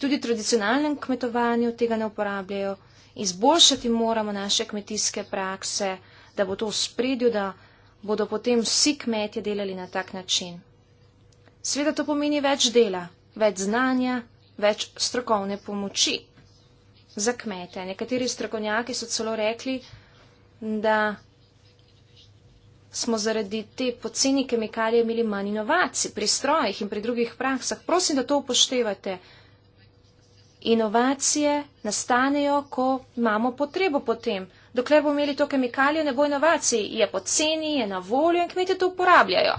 tudi tradicionalnem kmetovanju tega ne uporabljajo. Izboljšati moramo naše kmetijske prakse, da bo to v spredju, da bodo potem vsi kmetje delali na tak način. Sveda to pomeni več dela, več znanja, več strokovne pomoči za kmete. Nekateri strokovnjaki so celo rekli, da smo zaradi te poceni kemikalije imeli manj inovacij pri strojih in pri drugih praksah. Prosim, da to upoštevate. Inovacije nastanejo, ko imamo potrebo potem. Dokler bomo imeli to kemikalijo, ne bo inovacij. Je poceni, je na voljo in kmetje to uporabljajo.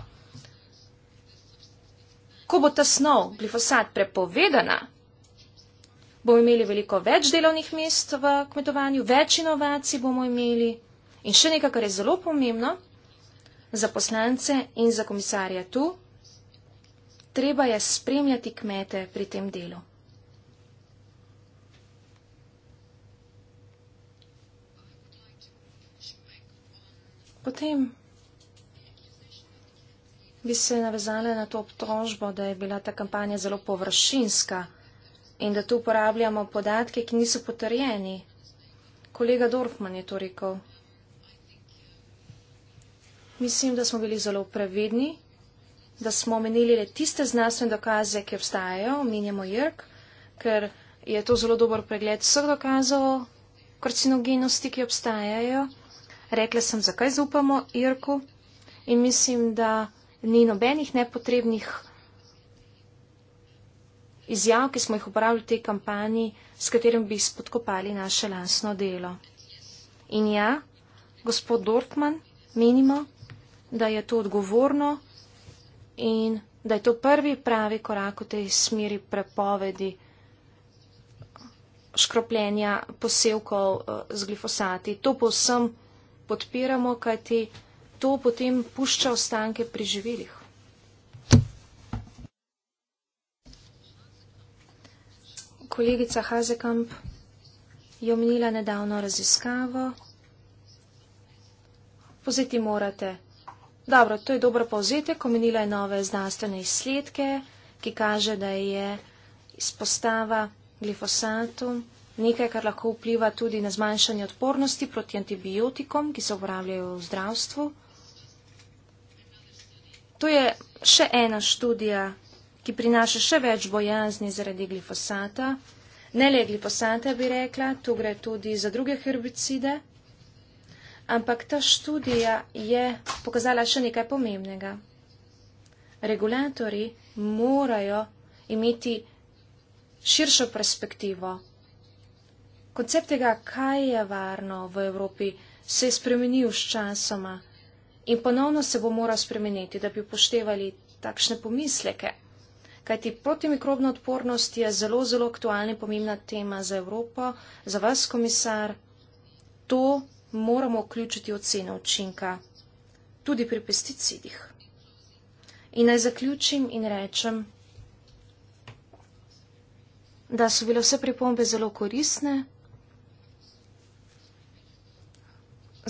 Ko bo ta snov glifosat prepovedana, bomo imeli veliko več delovnih mest v kmetovanju, več inovacij bomo imeli in še nekaj, kar je zelo pomembno za poslance in za komisarja tu, treba je spremljati kmete pri tem delu. Potem bi se navezala na to obtožbo, da je bila ta kampanja zelo površinska in da tu uporabljamo podatke, ki niso potrjeni. Kolega Dorfman je to rekel. Mislim, da smo bili zelo previdni, da smo omenili le tiste znanstvene dokaze, ki obstajajo, omenjamo Jrk, ker je to zelo dober pregled vseh dokazov karcinogenosti, ki obstajajo. Rekla sem, zakaj zaupamo Jrku in mislim, da ni nobenih nepotrebnih izjav, ki smo jih uporabljali v tej kampanji, s katerim bi spodkopali naše lasno delo. In ja, gospod Dortman, menimo, da je to odgovorno in da je to prvi pravi korak v tej smeri prepovedi škropljenja posevkov eh, z glifosati. To povsem podpiramo, kajti to potem pušča ostanke pri živilih. kolegica Hazekamp je omenila nedavno raziskavo. Pozeti morate. Dobro, to je dobro povzetek, omenila je nove znanstvene izsledke, ki kaže, da je izpostava glifosatu nekaj, kar lahko vpliva tudi na zmanjšanje odpornosti proti antibiotikom, ki se uporabljajo v zdravstvu. To je še ena študija ki prinaša še več bojazni zaradi glifosata. Ne le glifosata, bi rekla, tu gre tudi za druge herbicide. Ampak ta študija je pokazala še nekaj pomembnega. Regulatori morajo imeti širšo perspektivo. Koncept tega, kaj je varno v Evropi, se je spremenil s časoma in ponovno se bo moral spremeniti, da bi upoštevali takšne pomisleke kajti protimikrobna odpornost je zelo, zelo aktualna in pomembna tema za Evropo. Za vas, komisar, to moramo vključiti ocene učinka tudi pri pesticidih. In naj zaključim in rečem, da so bile vse pripombe zelo koristne.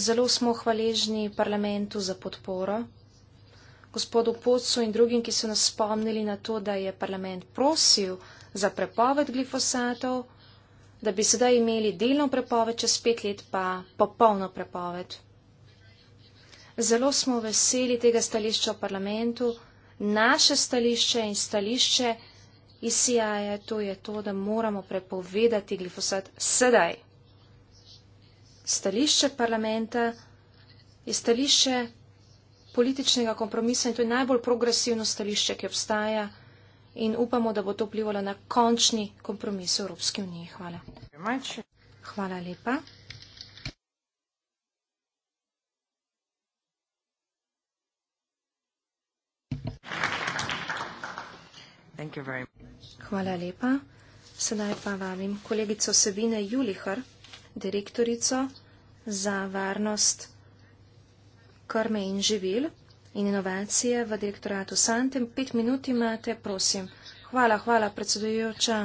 Zelo smo hvaležni parlamentu za podporo gospodu Pocu in drugim, ki so nas spomnili na to, da je parlament prosil za prepoved glifosatov, da bi sedaj imeli delno prepoved, čez pet let pa popolno prepoved. Zelo smo veseli tega stališča v parlamentu. Naše stališče in stališče ICIA je to, je to, da moramo prepovedati glifosat sedaj. Stališče parlamenta je stališče političnega kompromisa in to je najbolj progresivno stališče, ki obstaja in upamo, da bo to vplivalo na končni kompromis v Evropski uniji. Hvala. Hvala lepa. Hvala lepa. Sedaj pa vabim kolegico Sevine Julihar, direktorico za varnost krme in živil in inovacije v direktoratu Santem. Pet minut imate, prosim. Hvala, hvala, predsedujoča.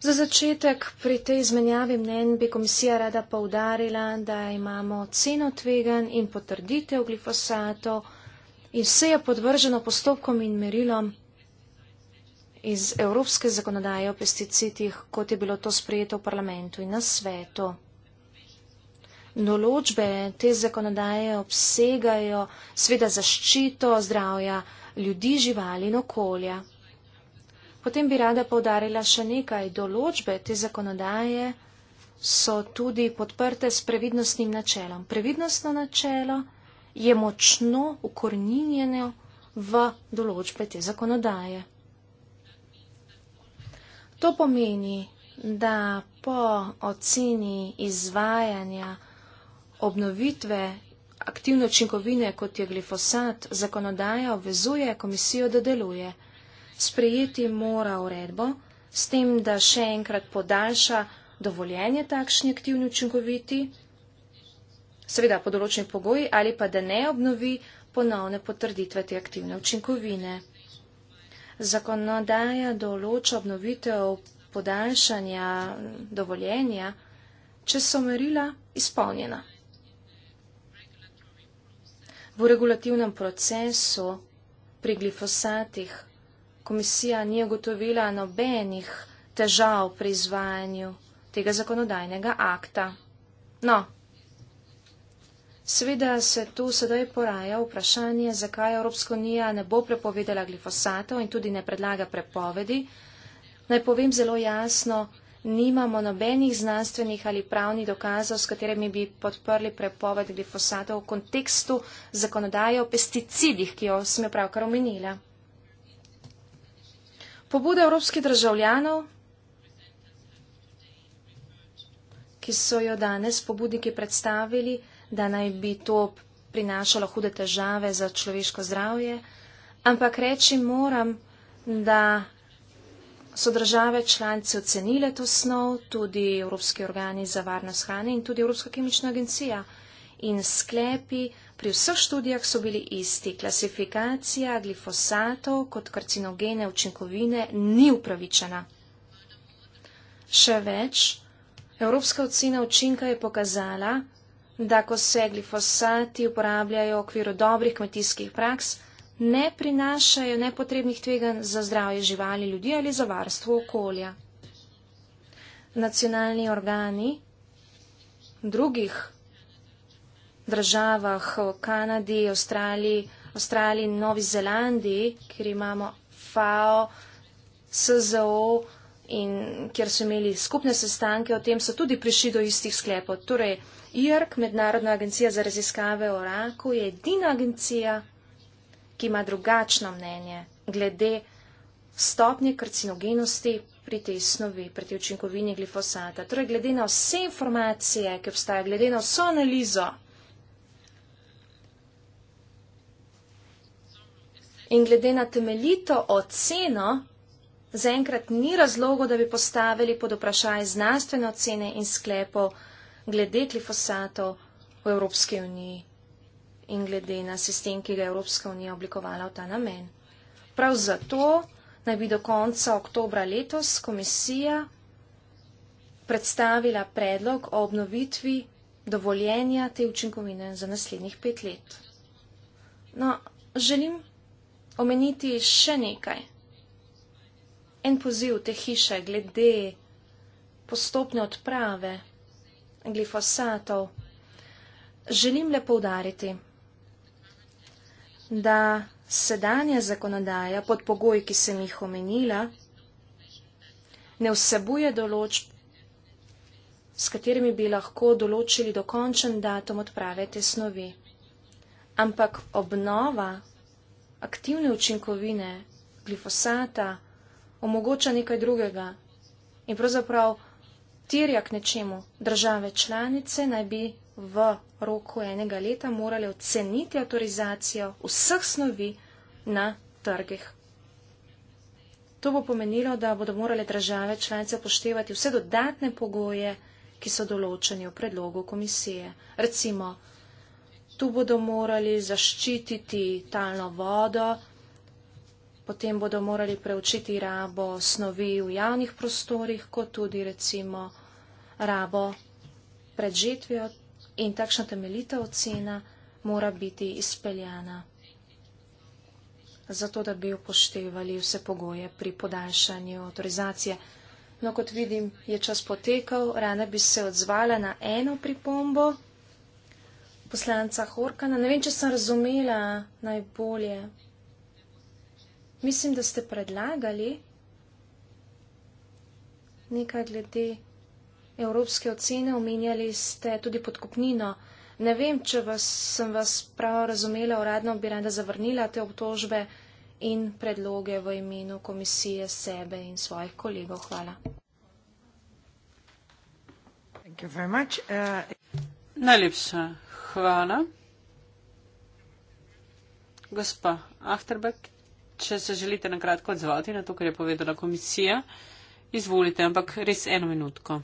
Za začetek pri tej izmenjavi mnen bi komisija rada poudarila, da imamo ceno tvegan in potrditev glifosato in vse je podvrženo postopkom in merilom iz evropske zakonodaje o pesticidih, kot je bilo to sprejeto v parlamentu in na svetu določbe te zakonodaje obsegajo sveda zaščito zdravja ljudi, živali in okolja. Potem bi rada povdarila še nekaj. Določbe te zakonodaje so tudi podprte s previdnostnim načelom. Previdnostno načelo je močno ukorninjeno v določbe te zakonodaje. To pomeni, da po oceni izvajanja obnovitve aktivne učinkovine, kot je glifosat, zakonodaja obvezuje komisijo, da deluje. Sprejeti mora uredbo, s tem, da še enkrat podaljša dovoljenje takšni aktivni učinkoviti, seveda po določeni pogoji, ali pa da ne obnovi ponovne potrditve te aktivne učinkovine. Zakonodaja določa obnovitev podaljšanja dovoljenja, če so merila izpolnjena v regulativnem procesu pri glifosatih komisija ni ugotovila nobenih težav pri izvajanju tega zakonodajnega akta. No, seveda se tu sedaj poraja vprašanje, zakaj Evropska unija ne bo prepovedala glifosatov in tudi ne predlaga prepovedi. Naj povem zelo jasno, nimamo nobenih znanstvenih ali pravnih dokazov, s katerimi bi podprli prepoved glifosata v kontekstu zakonodaje o pesticidih, ki jo sem jo pravkar omenila. Pobude evropskih državljanov, ki so jo danes pobudniki predstavili, da naj bi to prinašalo hude težave za človeško zdravje, ampak reči moram, da so države članice ocenile to snov, tudi Evropski organi za varnost hrane in tudi Evropska kemična agencija. In sklepi pri vseh študijah so bili isti. Klasifikacija glifosatov kot karcinogene učinkovine ni upravičena. Še več, Evropska ocena učinka je pokazala, da ko se glifosati uporabljajo v okviru dobrih kmetijskih praks, ne prinašajo nepotrebnih tveganj za zdravje živali, ljudi ali za varstvo okolja. Nacionalni organi v drugih državah, v Kanadi, Avstraliji, Avstraliji, Novi Zelandiji, kjer imamo FAO, SZO in kjer so imeli skupne sestanke o tem, so tudi prišli do istih sklepov. Torej, IRK, Mednarodna agencija za raziskave o raku, je edina agencija, ki ima drugačno mnenje glede stopnje karcinogenosti pri tej snovi, pri tej učinkovini glifosata. Torej, glede na vse informacije, ki obstajajo, glede na vso analizo in glede na temeljito oceno, zaenkrat ni razlogo, da bi postavili pod vprašaj znanstvene ocene in sklepov glede glifosatov v Evropski uniji in glede na sistem, ki ga je Evropska unija oblikovala v ta namen. Prav zato naj bi do konca oktobra letos komisija predstavila predlog o obnovitvi dovoljenja te učinkovine za naslednjih pet let. No, želim omeniti še nekaj. En poziv te hiše glede postopne odprave glifosatov. Želim le poudariti, da sedanja zakonodaja pod pogoji, ki sem jih omenila, ne vsebuje določb, s katerimi bi lahko določili dokončen datum odprave te snovi. Ampak obnova aktivne učinkovine glifosata omogoča nekaj drugega in pravzaprav tirja k nečemu. Države članice naj bi v roku enega leta morale oceniti avtorizacijo vseh snovi na trgih. To bo pomenilo, da bodo morale države članice poštevati vse dodatne pogoje, ki so določeni v predlogu komisije. Recimo, tu bodo morali zaščititi talno vodo, potem bodo morali preučiti rabo snovi v javnih prostorih, kot tudi recimo rabo pred žetvijo in takšna temeljita ocena mora biti izpeljana, zato da bi upoštevali vse pogoje pri podaljšanju avtorizacije. No, kot vidim, je čas potekal, rada bi se odzvala na eno pripombo poslanca Horkana. Ne vem, če sem razumela najbolje. Mislim, da ste predlagali nekaj glede evropske ocene, omenjali ste tudi podkupnino. Ne vem, če vas, sem vas prav razumela, uradno bi rada zavrnila te obtožbe in predloge v imenu komisije sebe in svojih kolegov. Hvala. Uh, Najlepša hvala. Gospa Achterbeck, če se želite na kratko odzvati na to, kar je povedala komisija, izvolite, ampak res eno minutko.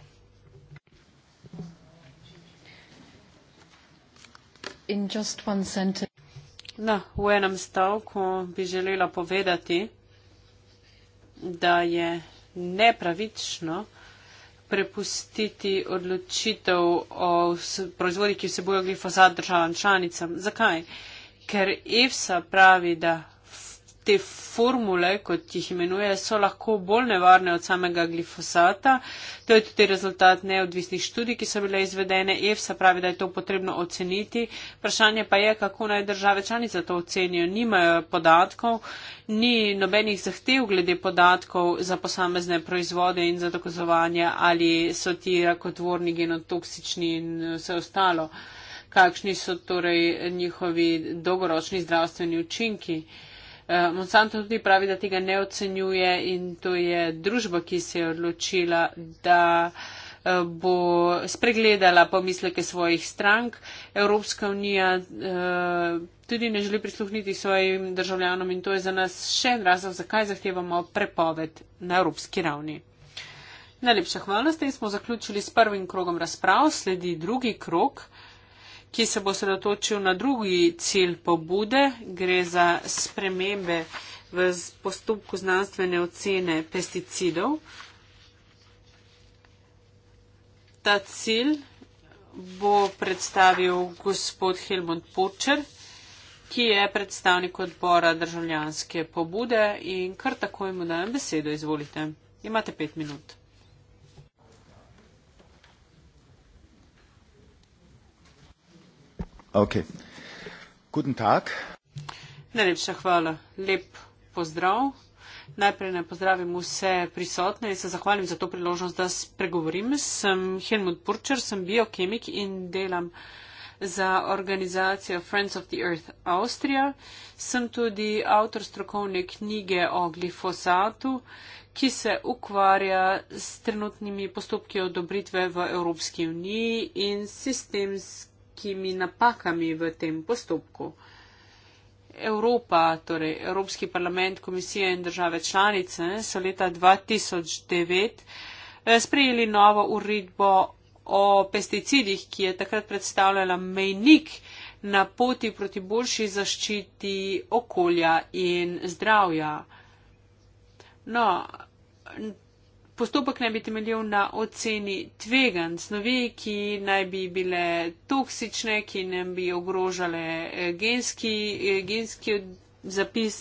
Na, v enem stavku bi želela povedati, da je nepravično prepustiti odločitev o proizvodih, ki vsebojo glifosat državam članicam. Zakaj? Ker EFSA pravi, da te formule, kot jih imenuje, so lahko bolj nevarne od samega glifosata. To je tudi rezultat neodvisnih študij, ki so bile izvedene. EFSA pravi, da je to potrebno oceniti. Vprašanje pa je, kako naj države članice to ocenijo. Nimajo podatkov, ni nobenih zahtev glede podatkov za posamezne proizvode in za dokazovanje, ali so ti rakotvorni genotoksični in vse ostalo. Kakšni so torej njihovi dolgoročni zdravstveni učinki? Eh, Monsanto tudi pravi, da tega ne ocenjuje in to je družba, ki se je odločila, da eh, bo spregledala pomisleke svojih strank. Evropska unija eh, tudi ne želi prisluhniti svojim državljanom in to je za nas še en razlog, zakaj zahtevamo prepoved na evropski ravni. Najlepša hvala, s tem smo zaključili s prvim krogom razprav, sledi drugi krog ki se bo sredotočil na drugi cilj pobude. Gre za spremembe v postopku znanstvene ocene pesticidov. Ta cilj bo predstavil gospod Helmut Počer, ki je predstavnik odbora državljanske pobude in kar takoj mu dajem besedo, izvolite. Imate pet minut. Najlepša hvala. Lep pozdrav. Najprej naj pozdravim vse prisotne in se zahvalim za to priložnost, da spregovorim. Sem Helmut Purčer, sem biokemik in delam za organizacijo Friends of the Earth Austria. Sem tudi avtor strokovne knjige o glifosatu, ki se ukvarja s trenutnimi postopki odobritve v Evropski uniji in sistemski velikimi napakami v tem postopku. Evropa, torej Evropski parlament, komisija in države članice so leta 2009 eh, sprejeli novo uredbo o pesticidih, ki je takrat predstavljala mejnik na poti proti boljši zaščiti okolja in zdravja. No, Postopek naj bi temeljil na oceni tvegan snovi, ki naj bi bile toksične, ki nam bi ogrožale eh, genski, eh, genski zapis,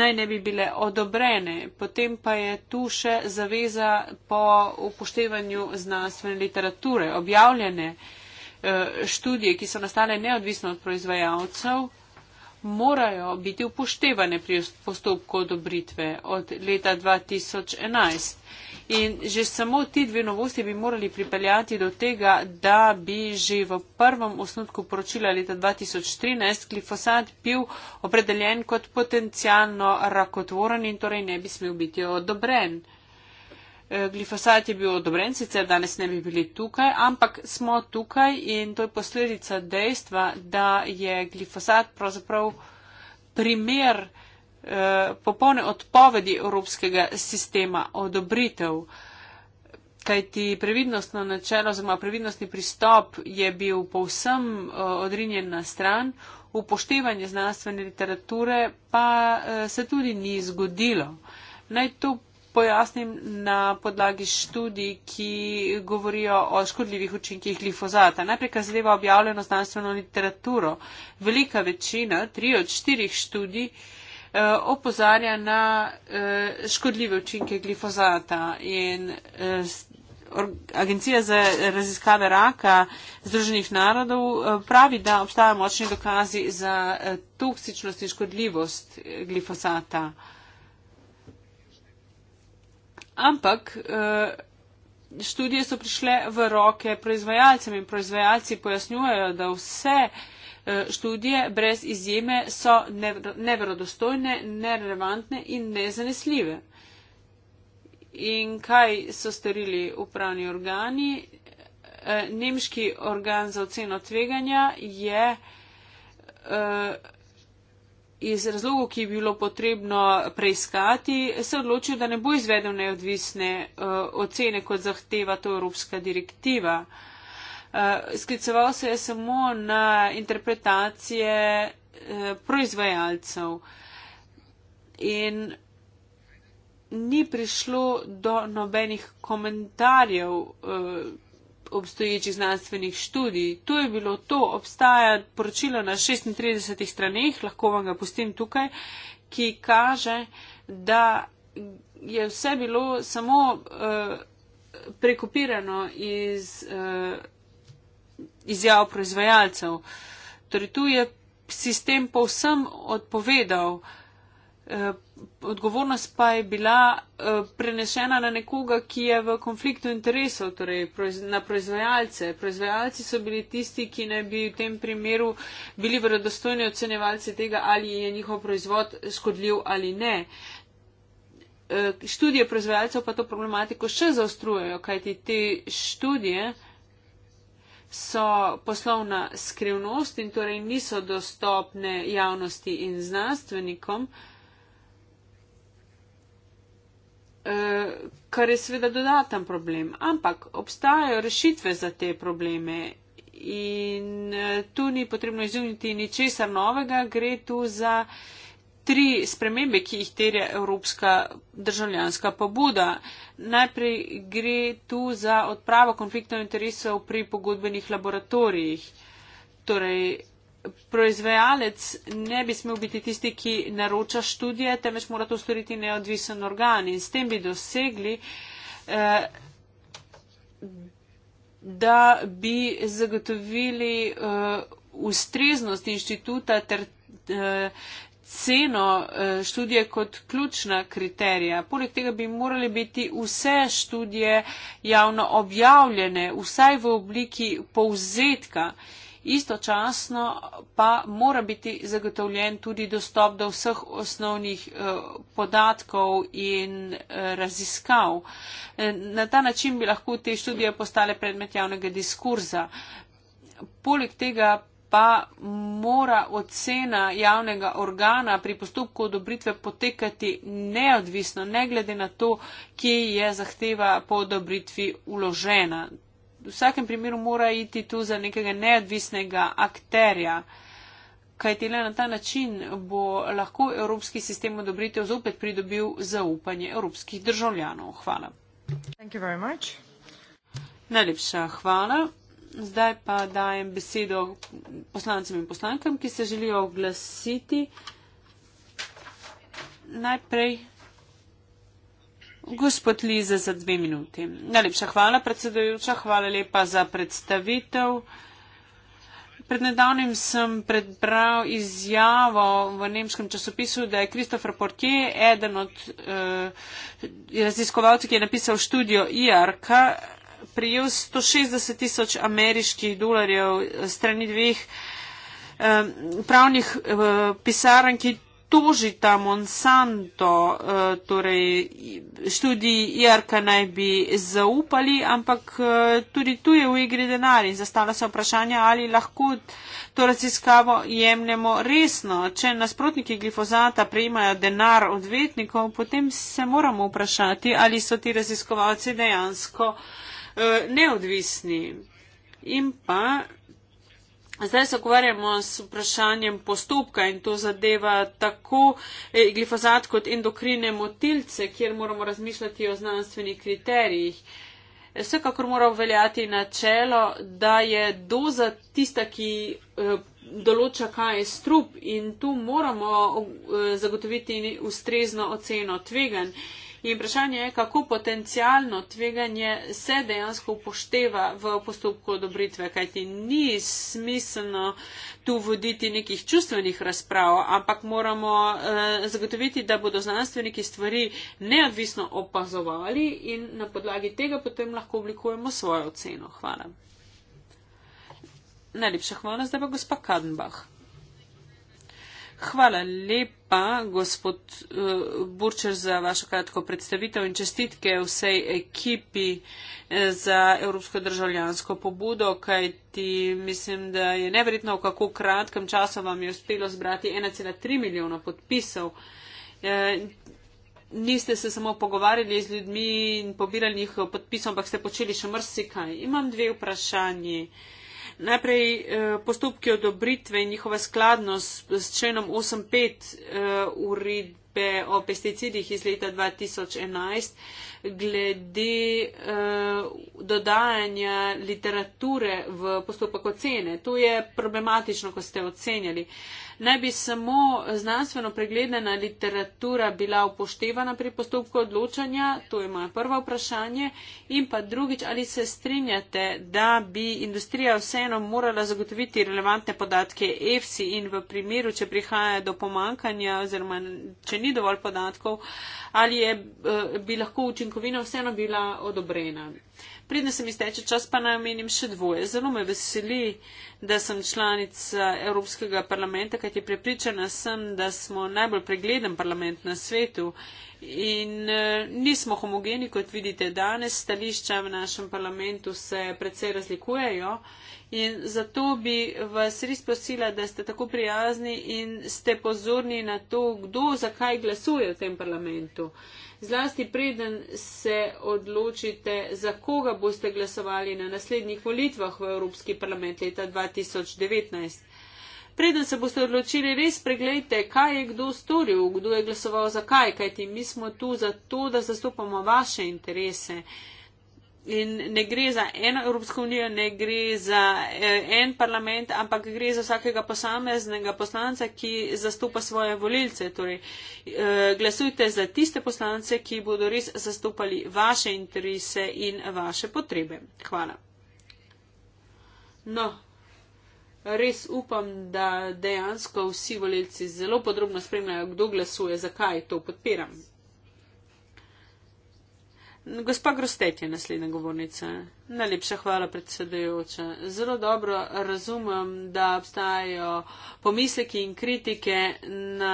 naj ne bi bile odobrene. Potem pa je tu še zaveza po upoštevanju znanstvene literature, objavljene eh, študije, ki so nastale neodvisno od proizvajalcev morajo biti upoštevane pri postopku odobritve od leta 2011. In že samo ti dve novosti bi morali pripeljati do tega, da bi že v prvem osnutku poročila leta 2013 glifosat bil opredeljen kot potencijalno rakotvoren in torej ne bi smel biti odobren. Eh, glifosat je bil odobren, sicer danes ne bi bili tukaj, ampak smo tukaj in to je posledica dejstva, da je glifosat pravzaprav primer eh, popolne odpovedi evropskega sistema odobritev. Kajti previdnostno načelo oziroma previdnostni pristop je bil povsem eh, odrinjen na stran, upoštevanje znanstvene literature pa eh, se tudi ni zgodilo. Naj to pojasnim na podlagi študij, ki govorijo o škodljivih učinkih glifozata. Najprej, kar zadeva objavljeno znanstveno literaturo, velika večina, tri od štirih študij, eh, opozarja na eh, škodljive učinke glifozata. In eh, Agencija za raziskave raka Združenih narodov pravi, da obstajajo močni dokazi za toksičnost in škodljivost glifosata. Uh, Ampak eh, študije so prišle v roke proizvajalcem in proizvajalci pojasnjujejo, da vse eh, študije brez izjeme so neverodostojne, nerelevantne in nezanesljive. In kaj so storili upravni organi? Eh, nemški organ za oceno tveganja je iz razlogov, ki je bilo potrebno preiskati, se odločil, da ne bo izvedel neodvisne uh, ocene, kot zahteva to Evropska direktiva. Uh, skliceval se je samo na interpretacije uh, proizvajalcev in ni prišlo do nobenih komentarjev. Uh, obstoječih znanstvenih študij. To je bilo to, obstaja poročilo na 36 straneh, lahko vam ga pustim tukaj, ki kaže, da je vse bilo samo uh, prekopirano iz uh, izjav proizvajalcev. Torej, tu je sistem povsem odpovedal uh, Eh, odgovornost pa je bila eh, prenešena na nekoga, ki je v konfliktu interesov, torej na proizvajalce. Proizvajalci so bili tisti, ki ne bi v tem primeru bili verodostojni ocenjevalci tega, ali je njihov proizvod škodljiv ali ne. Eh, študije proizvajalcev pa to problematiko še zaostrujejo, kajti te študije so poslovna skrivnost in torej niso dostopne javnosti in znanstvenikom. Uh, kar je seveda dodaten problem. Ampak obstajajo rešitve za te probleme in eh, tu ni potrebno izumiti ničesar novega, gre tu za tri spremembe, ki jih terja Evropska državljanska pobuda. Najprej gre tu za odpravo konfliktov interesov pri pogodbenih laboratorijih. Torej, proizvajalec ne bi smel biti tisti, ki naroča študije, temveč mora to storiti neodvisen organ in s tem bi dosegli, eh, da bi zagotovili eh, ustreznost inštituta ter eh, ceno študije kot ključna kriterija. Poleg tega bi morali biti vse študije javno objavljene, vsaj v obliki povzetka istočasno pa mora biti zagotovljen tudi dostop do vseh osnovnih eh, podatkov in eh, raziskav. Eh, na ta način bi lahko te študije postale predmet javnega diskurza. Poleg tega pa mora ocena javnega organa pri postopku odobritve potekati neodvisno, ne glede na to, kje je zahteva po odobritvi uložena v vsakem primeru mora iti tu za nekega neodvisnega akterja. Kaj tele na ta način bo lahko evropski sistem odobritev zopet pridobil zaupanje evropskih državljanov. Hvala. Najlepša hvala. Zdaj pa dajem besedo poslancem in poslankam, ki se želijo oglasiti. Najprej Gospod Lize za dve minuti. Najlepša hvala, predsedujoča, hvala lepa za predstavitev. Pred nedavnim sem predbral izjavo v nemškem časopisu, da je Kristofer Portier, eden od eh, raziskovalcev, ki je napisal študijo IRK, prijel 160 tisoč ameriških dolarjev strani dveh eh, pravnih eh, pisarn, ki tožita Monsanto, eh, torej študiji IRK-a naj bi zaupali, ampak eh, tudi tu je v igri denar in zastala se vprašanja, ali lahko to raziskavo jemljemo resno. Če nasprotniki glifozata prejmajo denar odvetnikov, potem se moramo vprašati, ali so ti raziskovalci dejansko eh, neodvisni. In pa. Zdaj se ukvarjamo s vprašanjem postopka in to zadeva tako eh, glifozat kot endokrine motilce, kjer moramo razmišljati o znanstvenih kriterijih. Vsekakor mora veljati načelo, da je doza tista, ki eh, določa, kaj je strup in tu moramo eh, zagotoviti ustrezno oceno tveganj. In vprašanje je, kako potencijalno tveganje se dejansko upošteva v postopku odobritve, kajti ni smiselno tu voditi nekih čustvenih razprav, ampak moramo eh, zagotoviti, da bodo znanstveniki stvari neodvisno opazovali in na podlagi tega potem lahko oblikujemo svojo oceno. Hvala. Najlepša hvala zdaj pa gospa Kadenbach. Hvala lepa, gospod eh, Burčer, za vašo kratko predstavitev in čestitke vsej ekipi eh, za Evropsko državljansko pobudo, kajti mislim, da je neverjetno, v kako kratkem času vam je uspelo zbrati 1,3 milijona podpisov. Eh, niste se samo pogovarjali z ljudmi in pobirali njihov podpis, ampak ste počeli še mrsikaj. Imam dve vprašanje. Najprej eh, postopki odobritve in njihova skladnost s členom 8.5 eh, uredbe o pesticidih iz leta 2011 glede uh, dodajanja literature v postopek ocene. To je problematično, ko ste ocenjali. Uh, Naj bi samo znanstveno pregledana literatura bila upoštevana pri postopku odločanja? To je moja prva vprašanje. In pa drugič, ali se strinjate, da bi industrija vseeno morala zagotoviti relevantne podatke EFSI in v primeru, če prihaja do pomankanja oziroma če ni dovolj podatkov, ali je, eh, bi lahko učinkovina vseeno bila odobrena? Pridne se mi steče čas, pa naj omenim še dvoje. Zelo me veseli, da sem članica Evropskega parlamenta, kajti prepričana sem, da smo najbolj pregleden parlament na svetu in eh, nismo homogeni, kot vidite danes. Stališča v našem parlamentu se precej razlikujejo in zato bi vas res prosila, da ste tako prijazni in ste pozorni na to, kdo zakaj glasuje v tem parlamentu zlasti preden se odločite, za koga boste glasovali na naslednjih volitvah v Evropski parlament leta 2019. Preden se boste odločili, res pregledajte, kaj je kdo storil, kdo je glasoval za kaj, kajti mi smo tu zato, da zastopamo vaše interese. In ne gre za eno Evropsko unijo, ne gre za eh, en parlament, ampak gre za vsakega posameznega poslanca, ki zastopa svoje volilce. Torej, eh, glasujte za tiste poslance, ki bodo res zastopali vaše interese in vaše potrebe. Hvala. No, res upam, da dejansko vsi volilci zelo podrobno spremljajo, kdo glasuje, zakaj to podpiram. Gospa Grostet je naslednja govornica. Najlepša hvala, predsedujoča. Zelo dobro razumem, da obstajajo pomisleki in kritike na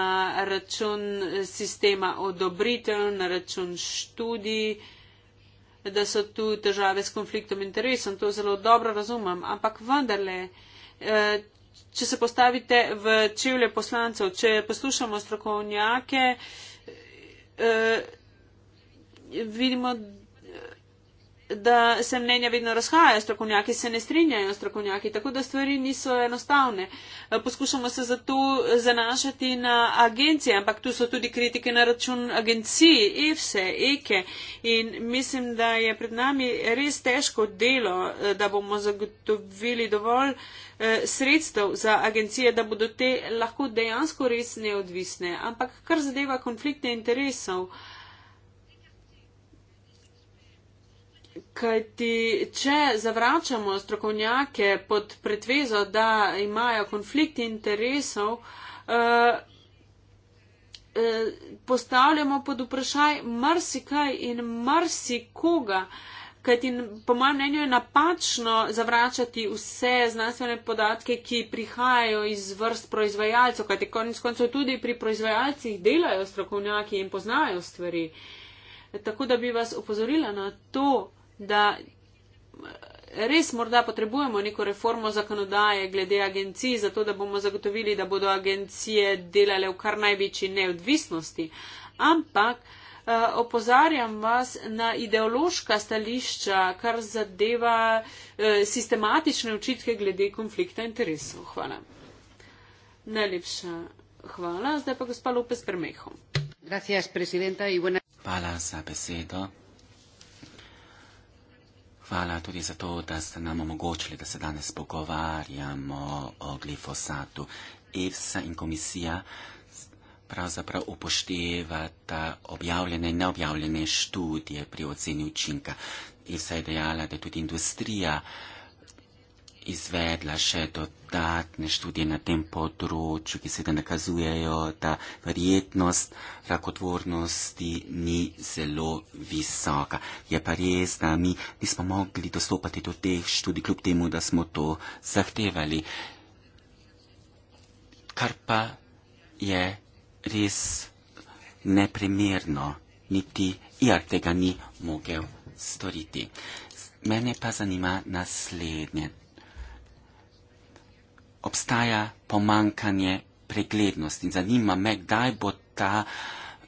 račun sistema odobritev, na račun študij, da so tu težave s konfliktom interesom. To zelo dobro razumem. Ampak vendarle, eh, če se postavite v čevlje poslancev, če poslušamo strokovnjake. Eh, vidimo, da se mnenja vedno razhajajo, strokovnjaki se ne strinjajo, strokovnjaki, tako da stvari niso enostavne. Poskušamo se zato zanašati na agencije, ampak tu so tudi kritike na račun agencij, EFSE, EKE in mislim, da je pred nami res težko delo, da bomo zagotovili dovolj eh, sredstev za agencije, da bodo te lahko dejansko res neodvisne. Ampak kar zadeva konflikte interesov, Kaj ti, če zavračamo strokovnjake pod pretvezo, da imajo konflikt interesov, eh, eh, postavljamo pod vprašaj marsikaj in marsikoga. Kaj ti, po mojem mnenju, je napačno zavračati vse znanstvene podatke, ki prihajajo iz vrst proizvajalcev, kaj ti konec koncev tudi pri proizvajalcih delajo strokovnjaki in poznajo stvari. Tako da bi vas opozorila na to, da res morda potrebujemo neko reformo zakonodaje glede agencij, zato da bomo zagotovili, da bodo agencije delale v kar največji neodvisnosti. Ampak eh, opozarjam vas na ideološka stališča, kar zadeva eh, sistematične očitke glede konflikta interesov. Hvala. Najlepša hvala. Zdaj pa gospa Lopez Premeho. Hvala za besedo. Hvala tudi za to, da ste nam omogočili, da se danes pogovarjamo o glifosatu. EFSA in komisija pravzaprav upoštevata objavljene in neobjavljene študije pri oceni učinka. EFSA je dejala, da je tudi industrija izvedla še dodatne študije na tem področju, ki seveda nakazujejo, da verjetnost rakotvornosti ni zelo visoka. Je pa res, da mi nismo mogli dostopati do teh študij, kljub temu, da smo to zahtevali. Kar pa je res neprimerno, niti IR tega ni mogel storiti. Mene pa zanima naslednje obstaja pomankanje preglednosti in zanima me, kdaj bo ta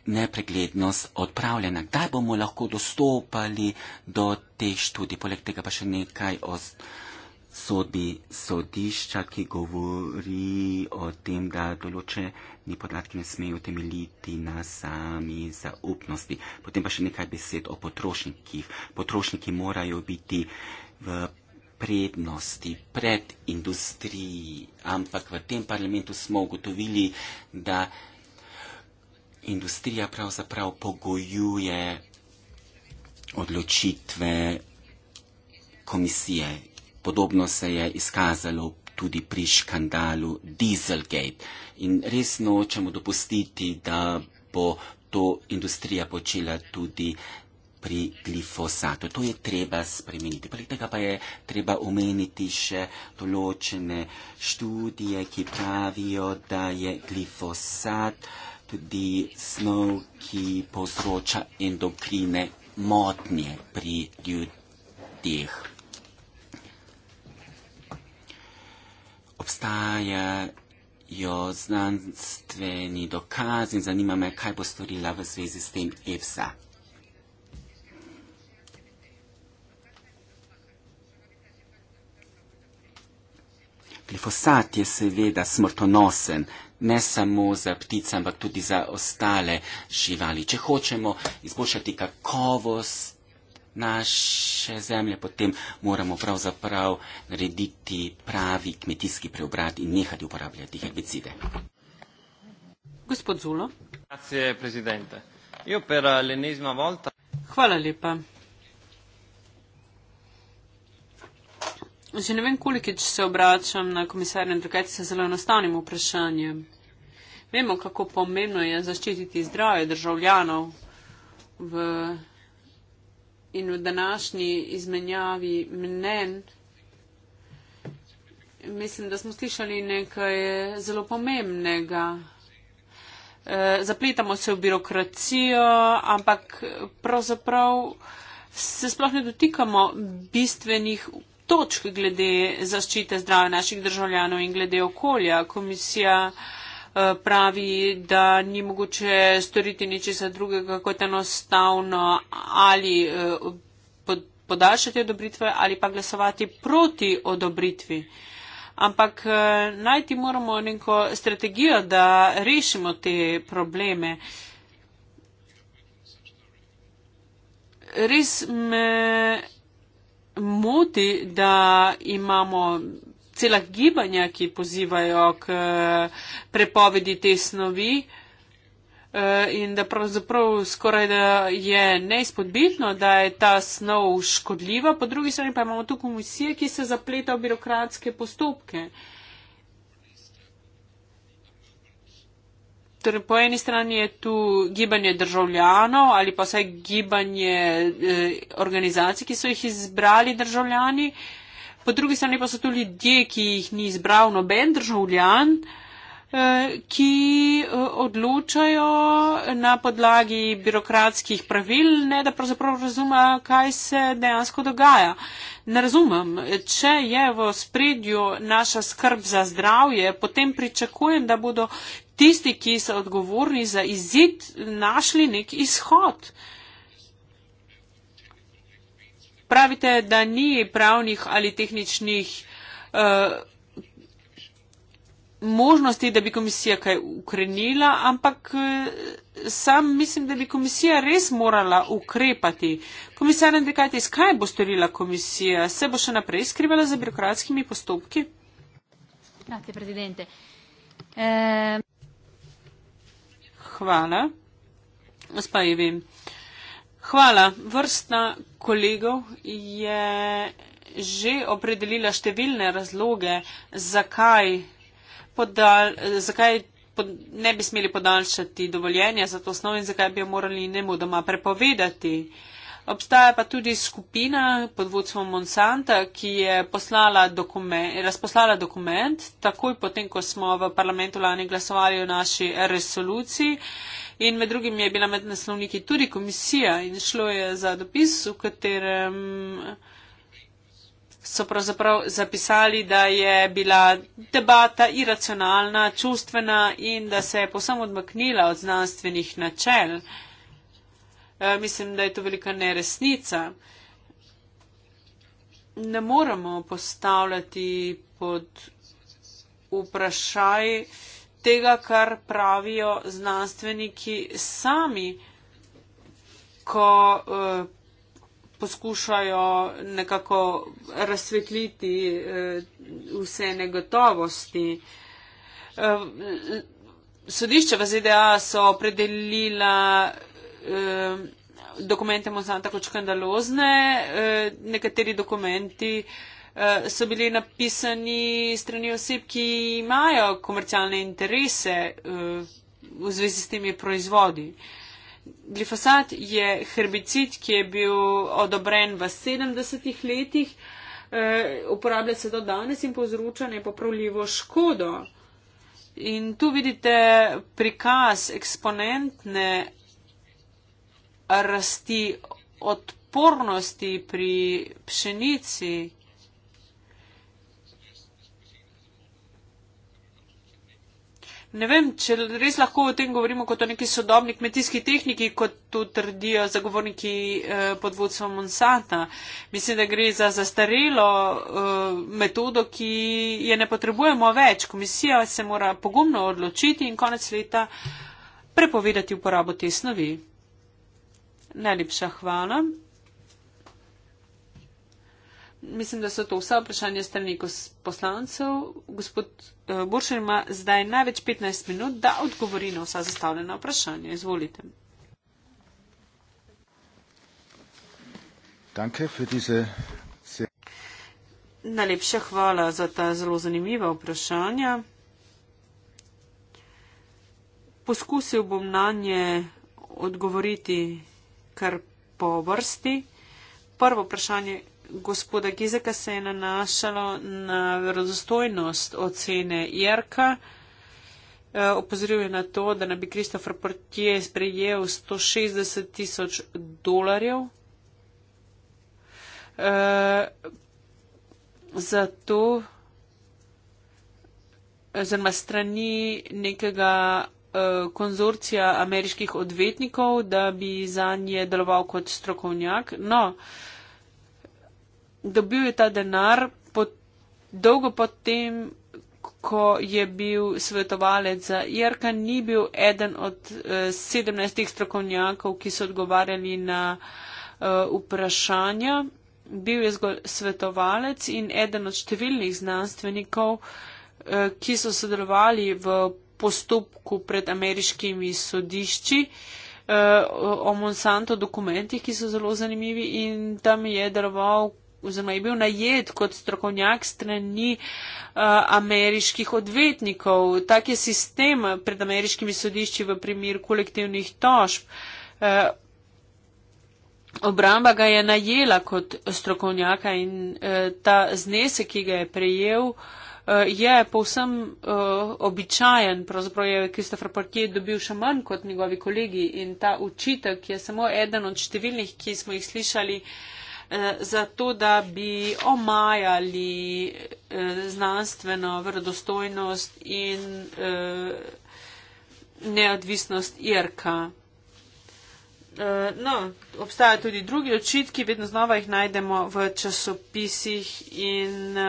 nepreglednost odpravljena, kdaj bomo lahko dostopali do teh študij. Poleg tega pa še nekaj o sodbi sodišča, ki govori o tem, da določeni podatki ne smejo temeljiti na sami zaupnosti. Potem pa še nekaj besed o potrošnikih. Potrošniki morajo biti v prednosti pred industriji, ampak v tem parlamentu smo ugotovili, da industrija pravzaprav pogojuje odločitve komisije. Podobno se je izkazalo tudi pri škandalu Dieselgate. In res nočemo dopustiti, da bo to industrija počela tudi pri glifosatu. To je treba spremeniti. Poleg tega pa je treba omeniti še določene študije, ki pravijo, da je glifosat tudi snov, ki povzroča endokrine motnje pri ljudeh. Obstajajo znanstveni dokazi in zanima me, kaj bo storila v zvezi s tem EFSA. Glifosat je seveda smrtonosen, ne samo za ptice, ampak tudi za ostale živali. Če hočemo izboljšati kakovost naše zemlje, potem moramo pravzaprav narediti pravi kmetijski preobrat in nehati uporabljati herbicide. Gospod Zulo. Hvala lepa. Že ne vem, koliko se obračam na komisarja Andrukajti sa zelo enostavnim vprašanjem. Vemo, kako pomembno je zaščititi zdrave državljanov v in v današnji izmenjavi mnen. Mislim, da smo slišali nekaj zelo pomembnega. E, zapletamo se v birokracijo, ampak pravzaprav se sploh ne dotikamo bistvenih točk glede zaščite zdrave naših državljanov in glede okolja. Komisija eh, pravi, da ni mogoče storiti ničesa drugega kot enostavno ali eh, podaljšati odobritve ali pa glasovati proti odobritvi. Ampak eh, najti moramo neko strategijo, da rešimo te probleme. Res me moti, da imamo cela gibanja, ki pozivajo k eh, prepovedi te snovi eh, in da pravzaprav skoraj da je neizpodbitno, da je ta snov škodljiva, po drugi strani pa imamo tu komisije, ki se zapleta v birokratske postopke. Uh, Torej, po eni strani je tu gibanje državljanov ali pa vsaj gibanje eh, organizacij, ki so jih izbrali državljani, po drugi strani pa so tu ljudje, ki jih ni izbral noben državljan, eh, ki eh, odločajo na podlagi birokratskih pravil, ne da pravzaprav razumejo, kaj se dejansko dogaja. Ne razumem, če je v spredju naša skrb za zdravje, potem pričakujem, da bodo tisti, ki so odgovorni za izid, našli nek izhod. Pravite, da ni pravnih ali tehničnih uh, možnosti, da bi komisija kaj ukrenila, ampak eh, sam mislim, da bi komisija res morala ukrepati. Komisar Andrikatis, kaj bo storila komisija? Se bo še naprej skrivala za birokratskimi postopki? Grazie, Presidente. Eh hvala. Gospa Evi, hvala. Vrstna kolegov je že opredelila številne razloge, zakaj, podal, zakaj pod, ne bi smeli podaljšati dovoljenja za to osnovo in zakaj bi jo morali ne mudoma prepovedati. Uh, Obstaja pa tudi skupina pod vodstvom Monsanta, ki je poslala dokumen, razposlala dokument takoj potem, ko smo v parlamentu lani glasovali o naši resoluciji. In med drugim je bila med naslovniki tudi komisija in šlo je za dopis, v katerem so pravzaprav zapisali, da je bila debata iracionalna, čustvena in da se je posem odmaknila od znanstvenih načel. Eh, mislim, da je to velika neresnica. Ne moramo postavljati pod vprašaj tega, kar pravijo znanstveniki sami, ko eh, poskušajo nekako razsvetliti eh, vse negotovosti. Sodišče v ZDA so opredelila eh, dokumente Monsanta kot škandalozne. Eh, nekateri dokumenti eh, so bili napisani strani oseb, ki imajo komercialne interese eh, v zvezi s temi proizvodi. Glifosat je herbicid, ki je bil odobren v 70-ih letih, eh, uporablja se do danes in povzroča nepopravljivo škodo. In tu vidite prikaz eksponentne rasti odpornosti pri pšenici. Ne vem, če res lahko o tem govorimo kot o neki sodobni kmetijski tehniki, kot to trdijo zagovorniki eh, pod vodstvom Monsanta. Mislim, da gre za zastarelo eh, metodo, ki je ne potrebujemo več. Komisija se mora pogumno odločiti in konec leta prepovedati uporabo te snovi. Najlepša hvala. Mislim, da so to vsa vprašanja strani poslancev. Gospod eh, Boršer ima zdaj največ 15 minut, da odgovori na vsa zastavljena vprašanja. Izvolite. Najlepša hvala za ta zelo zanimiva vprašanja. Poskusil bom na nje odgovoriti kar po vrsti. Prvo vprašanje gospoda Gizeka se je nanašalo na verodostojnost ocene Jerka. E, opozoril je na to, da naj bi Kristofer Portier sprejel 160 tisoč dolarjev. E, zato, oziroma strani nekega Eh, konzorcija ameriških odvetnikov, da bi za nje deloval kot strokovnjak. No, dobil je ta denar po, dolgo potem, ko je bil svetovalec za Jerka, ni bil eden od eh, sedemnajstih uh, strokovnjakov, ki so odgovarjali na uh, vprašanja. Bil je zgolj svetovalec in eden od številnih znanstvenikov, uh, ki so sodelovali v postopku pred ameriškimi sodišči uh, o Monsanto dokumentih, ki so zelo zanimivi in tam je deloval, oziroma je bil najed kot strokovnjak strani uh, ameriških odvetnikov. Tak je sistem pred ameriškimi sodišči v primer kolektivnih tožb. Uh, Obramba ga je najela kot strokovnjaka in eh, ta znesek, ki ga je prejel, eh, Eh, je povsem uh, običajen, pravzaprav je Kristofer Partij dobil še manj kot njegovi kolegi in ta učitek je samo eden od številnih, ki smo jih slišali eh, za to, da bi omajali znanstveno verodostojnost in neodvisnost IRK-a. No, obstajajo tudi drugi očitki, vedno znova jih najdemo v časopisih in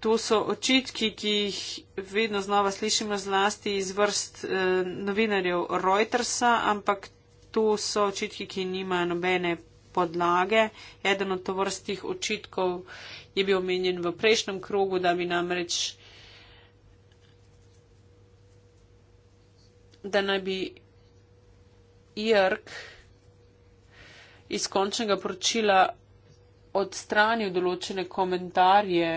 to so očitki, ki jih vedno znova slišimo zlasti iz vrst eh, novinarjev Reutersa, ampak to so očitki, ki nimajo nobene podlage. Eden od tovrstih očitkov je bil omenjen v prejšnjem krogu, da bi namreč. da naj bi IRK iz končnega poročila odstranil določene komentarje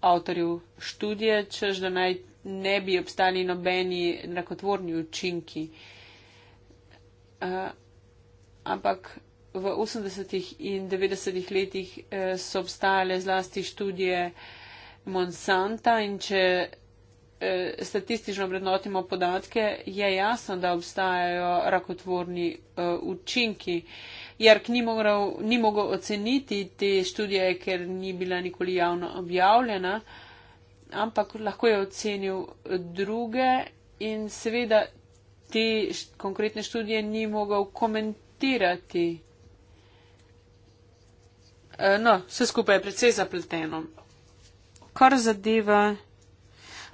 avtorjev študije, čež da naj ne bi obstali nobeni rakotvorni učinki. Uh, ampak v 80-ih in 90-ih letih eh, so obstajale zlasti študije Monsanta in če eh, statistično vrednotimo podatke, je jasno, da obstajajo rakotvorni učinki. Uh, Jark ni mogel, ni mogel oceniti te študije, ker ni bila nikoli javno objavljena, ampak lahko je ocenil druge in seveda te konkretne študije ni mogel komentirati. E, no, vse skupaj je predvsej zapleteno. Kar zadeva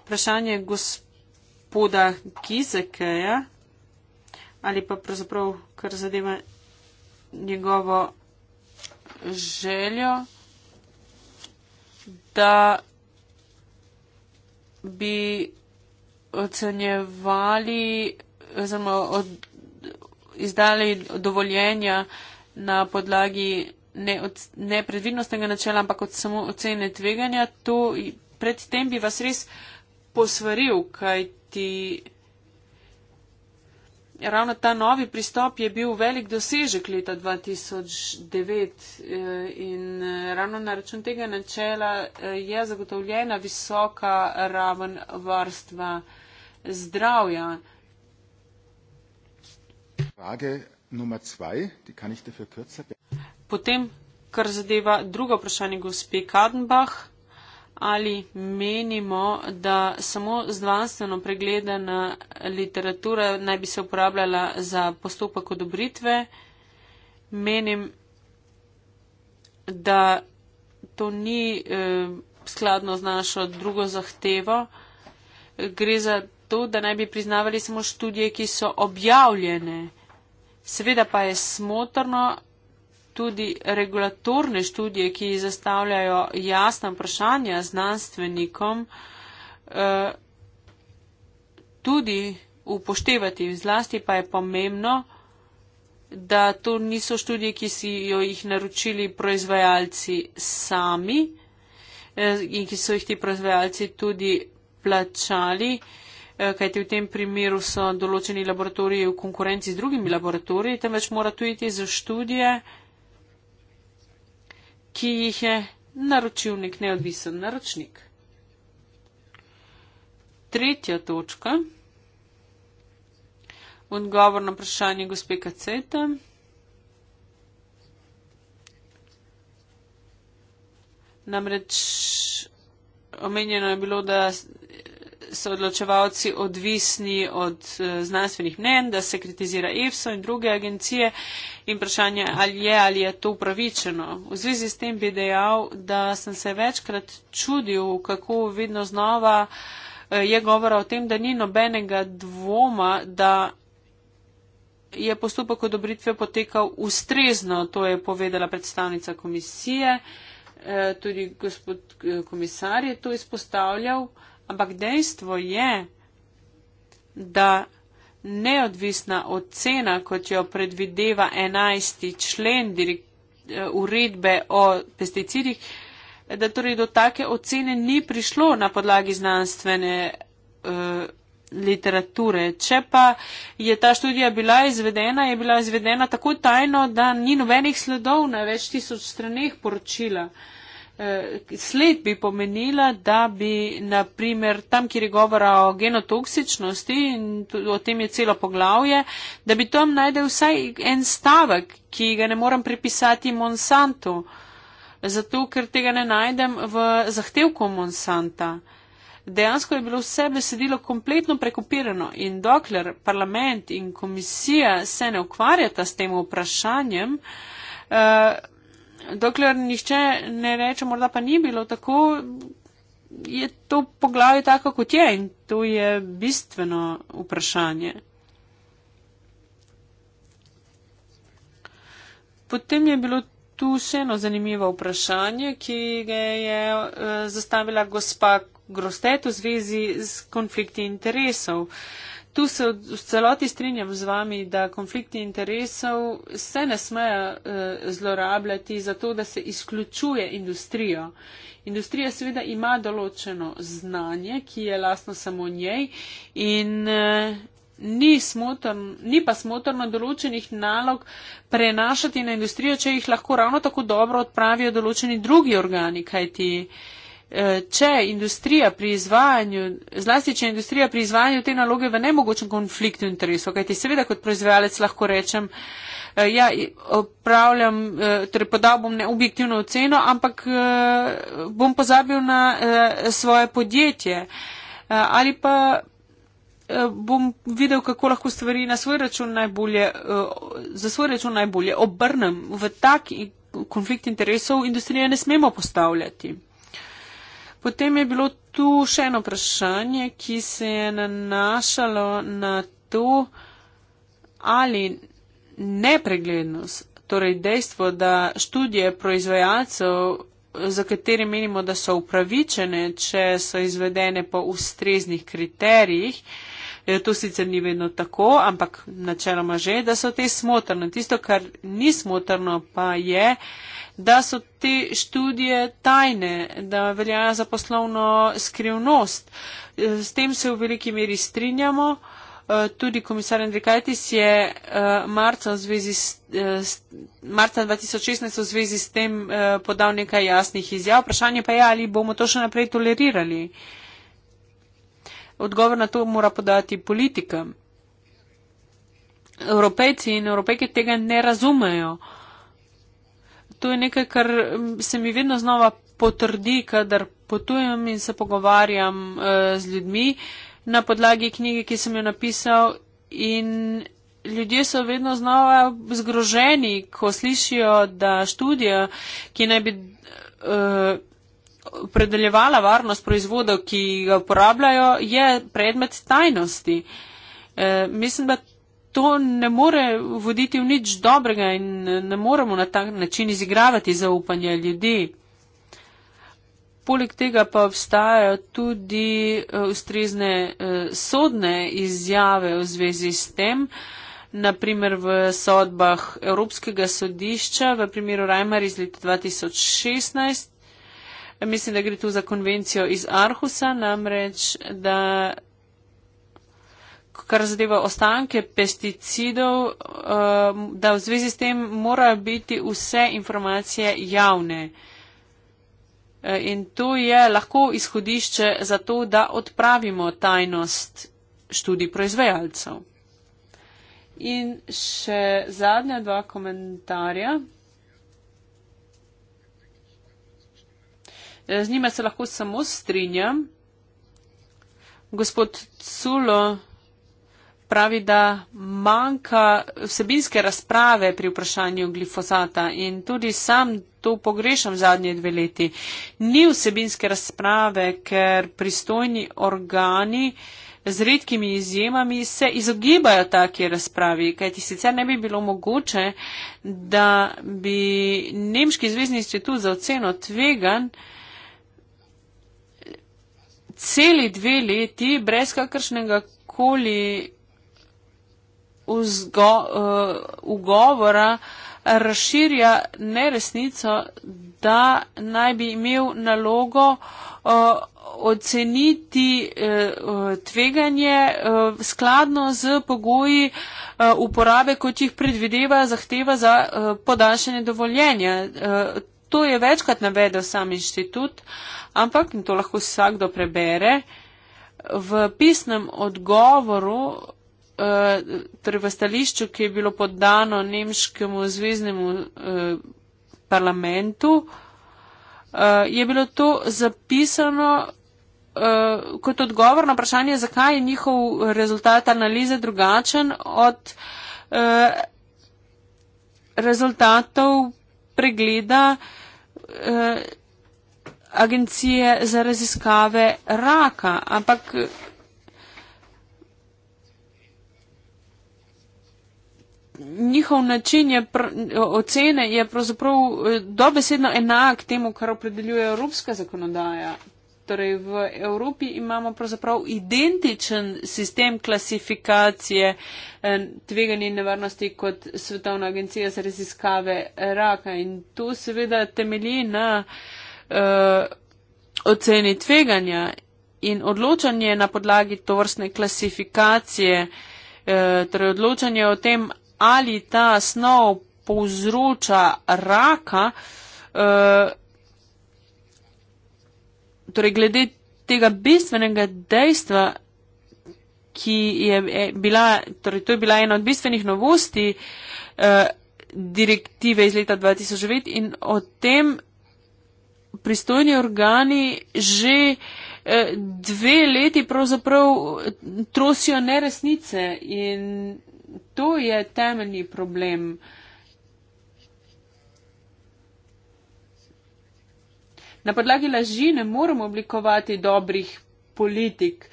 vprašanje gospoda Gizekeja ali pa pravzaprav kar zadeva njegovo željo, da bi ocenjevali oziroma od, izdali dovoljenja na podlagi ne, od, ne predvidnostnega načela, ampak od samo ocene tveganja. To, predtem bi vas res posvaril, kaj ti ravno ta novi pristop je bil velik dosežek leta 2009 eh, in eh, ravno na račun tega načela eh, je zagotovljena visoka raven varstva zdravja. Potem, kar zadeva drugo vprašanje gospe Kadenbach ali menimo, da samo zdravstveno pregledana literatura naj bi se uporabljala za postopek odobritve. Menim, da to ni eh, skladno z našo drugo zahtevo. Gre za to, da naj bi priznavali samo študije, ki so objavljene. Seveda pa je smotrno tudi regulatorne študije, ki zastavljajo jasna vprašanja znanstvenikom, eh, tudi upoštevati. Zlasti pa je pomembno, da to niso študije, ki si jo jih naročili proizvajalci sami eh, in ki so jih ti proizvajalci tudi plačali, eh, kajti v tem primeru so določeni laboratoriji v konkurenci z drugimi laboratoriji, temveč mora tudi te za študije ki jih je naročil nek neodvisen naročnik. Tretja točka. Odgovor na vprašanje gospe Kacete. Namreč omenjeno je bilo, da so odločevalci odvisni od uh, znanstvenih mnen, da se kritizira EFSO in druge agencije in vprašanje, ali je ali je to upravičeno. V zvezi s tem bi dejal, da sem se večkrat čudil, kako vidno znova uh, je govora o tem, da ni nobenega dvoma, da je postopek odobritve potekal ustrezno, to je povedala predstavnica komisije, eh, tudi gospod komisar je to izpostavljal. Ampak dejstvo je, da neodvisna ocena, kot jo predvideva 11. člen eh, uredbe o pesticidih, da torej do take ocene ni prišlo na podlagi znanstvene eh, literature. Če pa je ta študija bila izvedena, je bila izvedena tako tajno, da ni nobenih sledov na več tisoč straneh poročila. Uh, Eh, sled bi pomenila, da bi naprimer tam, kjer je govora o genotoksičnosti in o tem je celo poglavje, da bi tam najdel vsaj en stavek, ki ga ne moram pripisati Monsantu, zato ker tega ne najdem v zahtevku Monsanta. Dejansko je bilo vse besedilo kompletno prekopirano in dokler parlament in komisija se ne ukvarjata s tem vprašanjem, eh, dokler nišče ne reče, morda pa ni bilo tako, je to poglavje tako, kot je in to je bistveno vprašanje. Potem je bilo tu še eno zanimivo vprašanje, ki ga je eh, zastavila gospa Grostet v zvezi z konflikti interesov. Uh, Tu se v celoti strinjam z vami, da konflikti interesov se ne smejo e, zlorabljati zato, da se izključuje industrijo. Industrija seveda ima določeno znanje, ki je lasno samo njej in e, ni, smotorn, ni pa smotrno določenih nalog prenašati na industrijo, če jih lahko ravno tako dobro odpravijo določeni drugi organi, kajti. E, če industrija pri izvajanju, zlasti če industrija pri izvajanju te naloge v nemogočem konfliktu interesov, kajti seveda kot proizvajalec lahko rečem, eh, ja, upravljam, eh, torej podal bom ne objektivno oceno, ampak eh, bom pozabil na svoje podjetje ali pa bom videl, kako lahko stvari na svoj račun najbolje, za svoj račun najbolje obrnem v taki konflikt interesov industrije ne smemo postavljati. Potem je bilo tu še eno vprašanje, ki se je nanašalo na to, ali nepreglednost, torej dejstvo, da študije proizvajalcev, za katere menimo, da so upravičene, če so izvedene po ustreznih kriterijih, eh, to sicer ni vedno tako, ampak načeloma že, da so te smotrne. Tisto, kar ni smotrno, pa je, da so te študije tajne, da veljajo za poslovno skrivnost. E, s tem se v veliki meri strinjamo. E, tudi komisar Andrikajtis je e, marca, v zvezi s, marca 2016 v zvezi s tem podal nekaj jasnih izjav. Vprašanje pa je, ali bomo to še naprej tolerirali. Odgovor na to mora podati politika. Evropejci in evropejke tega ne razumejo. Uh, to je nekaj, kar se mi vedno znova potrdi, kadar potujem in se pogovarjam e, z ljudmi na podlagi knjige, ki sem jo napisal. In ljudje so vedno znova zgroženi, ko slišijo, da študija, ki naj bi e, opredeljevala uh, varnost proizvodov, ki ga uporabljajo, je predmet tajnosti. Uh, mislim, da to ne more voditi v nič dobrega in ne moremo na tak način izigravati zaupanja ljudi. Poleg tega pa obstajajo tudi eh, ustrezne eh, sodne izjave v zvezi s tem, naprimer v sodbah Evropskega sodišča v primeru Rajmar iz leta 2016. Mislim, da gre tu za konvencijo iz Arhusa, namreč, da kar zadeva ostanke pesticidov, eh, da v zvezi s tem morajo biti vse informacije javne. Eh, in to je lahko izhodišče za to, da odpravimo tajnost študij proizvajalcev. In še zadnja dva komentarja. Eh, z njima se lahko samo strinjam. Gospod Culo pravi, da manjka vsebinske razprave pri vprašanju glifosata in tudi sam to pogrešam zadnje dve leti. Ni vsebinske razprave, ker pristojni organi z redkimi izjemami se izogibajo taki razpravi, kajti sicer ne bi bilo mogoče, da bi Nemški zvezdni institut za oceno tvegan celi dve leti brez kakršnega koli vzgo, uh, ugovora razširja neresnico, da naj bi imel nalogo uh, oceniti uh, tveganje uh, skladno z pogoji uh, uporabe, kot jih predvideva zahteva za uh, podaljšanje dovoljenja. Uh, To je večkrat navedel sam inštitut, ampak in to lahko vsakdo prebere. V pisnem odgovoru Eh, torej v stališču, ki je bilo podano nemškemu zvezdnemu eh, parlamentu, eh, je bilo to zapisano kot odgovor na vprašanje, zakaj je njihov rezultat analize drugačen od rezultatov pregleda agencije za raziskave raka. Ampak njihov način je pr, ocene je pravzaprav eh, dobesedno enak temu, kar opredeljuje evropska zakonodaja. Torej v Evropi imamo pravzaprav identičen sistem klasifikacije eh, tveganja in nevarnosti kot Svetovna agencija za raziskave raka in to seveda temelji na uh, oceni tveganja in odločanje na podlagi tovrstne klasifikacije, uh, torej odločanje o tem, ali ta snov povzroča raka, eh, torej glede tega bistvenega dejstva, ki je e, bila, torej to je bila ena od bistvenih novosti eh, direktive iz leta 2009 in o tem pristojni organi že eh, dve leti pravzaprav trosijo neresnice in to je temeljni problem. Na podlagi laži ne moremo oblikovati dobrih politik,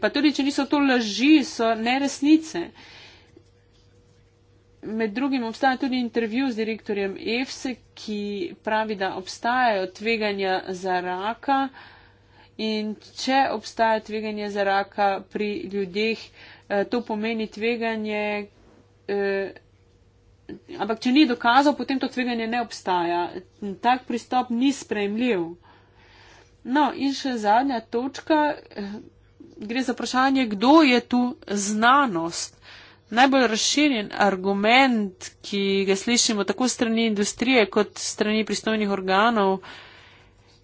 pa tudi, če niso to laži, so neresnice. Med drugim obstaja tudi intervju z direktorjem EFSE, ki pravi, da obstajajo tveganja za raka in če obstaja tveganje za raka pri ljudeh, uh, Eh, to pomeni tveganje. Eh, ampak, če ni dokazov, potem to tveganje ne obstaja. Tak pristop ni sprejemljiv. No, in še zadnja točka. Eh, gre za vprašanje, kdo je tu znanost. Najbolj razširjen argument, ki ga slišimo tako strani industrije kot strani pristojnih organov,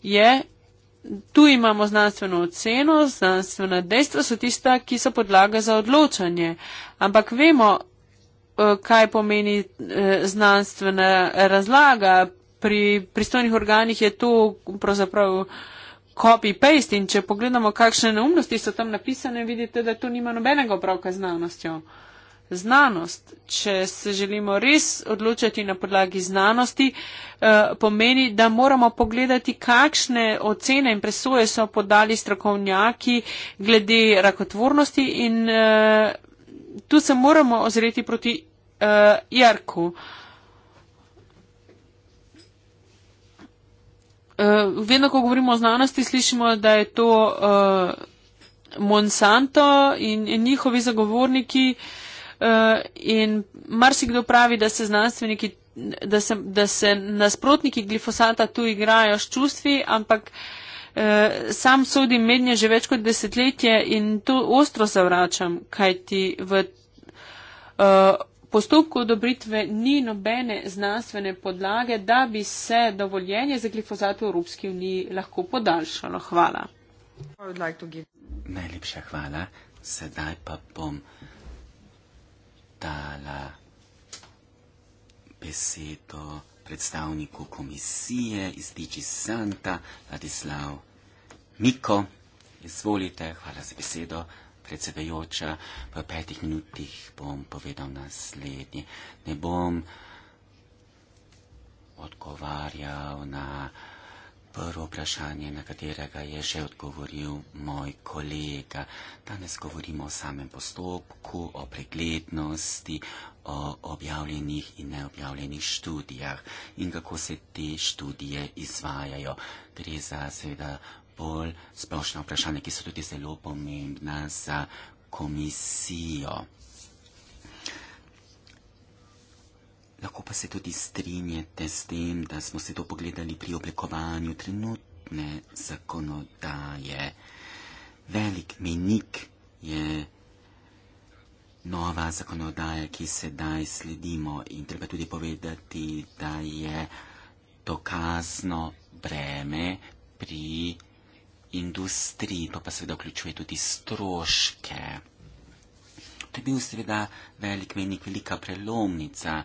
je, tu imamo znanstveno oceno, znanstvena dejstva so tista, ki so podlaga za odločanje. Ampak vemo, eh, kaj pomeni eh, znanstvena razlaga. Pri pristojnih organih je to pravzaprav copy-paste in če pogledamo, kakšne neumnosti so tam napisane, vidite, da to nima nobenega opravka z znanostjo. Uh, znanost. Če se želimo res odločati na podlagi znanosti, eh, pomeni, da moramo pogledati, kakšne ocene in presoje so podali strokovnjaki glede rakotvornosti in eh, tu se moramo ozreti proti eh, jarku. Vedno, ko govorimo o znanosti, slišimo, da je to uh, Monsanto in, in njihovi zagovorniki uh, Eh, in marsikdo pravi, da se znanstveniki, da se, da se nasprotniki glifosata tu igrajo s čustvi, ampak eh, sam sodim mednje že več kot desetletje in to ostro zavračam, kaj ti v eh, postopku odobritve ni nobene znanstvene podlage, da bi se dovoljenje za glifosat v Evropski uniji lahko podaljšalo. Hvala. Najlepša hvala. Sedaj pa bom podala besedo predstavniku komisije iz Diči Santa, Vladislav Miko. Izvolite, hvala za besedo, predsedajoča. V petih minutih bom povedal naslednje. Ne bom odgovarjal na uh, prvo vprašanje, na katerega je že odgovoril moj kolega. Danes govorimo o samem postopku, o preglednosti, o objavljenih in neobjavljenih študijah in kako se te študije izvajajo. Gre za seveda bolj splošna vprašanja, ki so tudi zelo pomembna za komisijo. Lahko pa se tudi strinjate s tem, da smo se to pogledali pri oblikovanju trenutne zakonodaje. Velik menik je nova zakonodaja, ki sedaj sledimo in treba tudi povedati, da je dokazno breme pri industriji, to pa seveda vključuje tudi stroške. To je bil seveda velik menik, velika prelomnica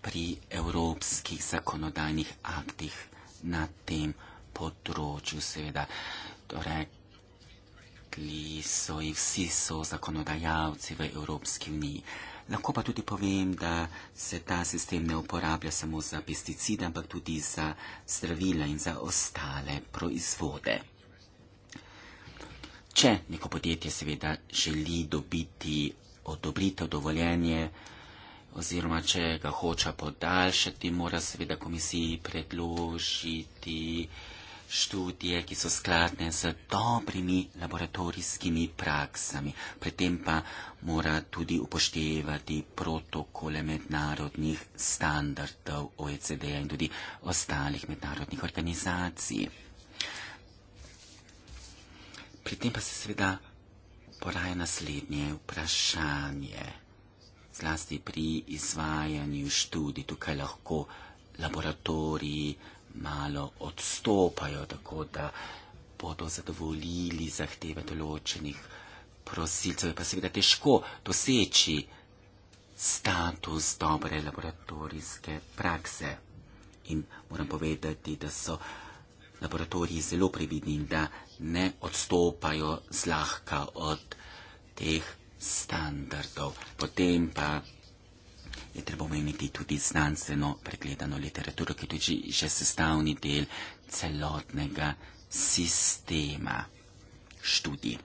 pri evropskih zakonodajnih aktih na tem področju. Seveda, rekli so jih vsi so zakonodajalci v Evropski uniji. Lahko pa tudi povem, da se ta sistem ne uporablja samo za pesticide, ampak tudi za zdravila in za ostale proizvode. Če neko podjetje seveda želi dobiti odobritev, dovoljenje, oziroma če ga hoče podaljšati, mora seveda komisiji predložiti študije, ki so skladne z dobrimi laboratorijskimi praksami. Pri tem pa mora tudi upoštevati protokole mednarodnih standardov OECD in tudi ostalih mednarodnih organizacij. Pri tem pa se seveda poraja naslednje vprašanje zlasti pri izvajanju študij, tukaj lahko laboratoriji malo odstopajo, tako da bodo zadovoljili zahteve določenih prosilcev, pa seveda težko doseči status dobre laboratorijske prakse. In moram povedati, da so laboratoriji zelo previdni in da ne odstopajo zlahka od teh standardov. Potem pa je treba omeniti tudi znanstveno pregledano literaturo, ki je tudi že sestavni del celotnega sistema študij.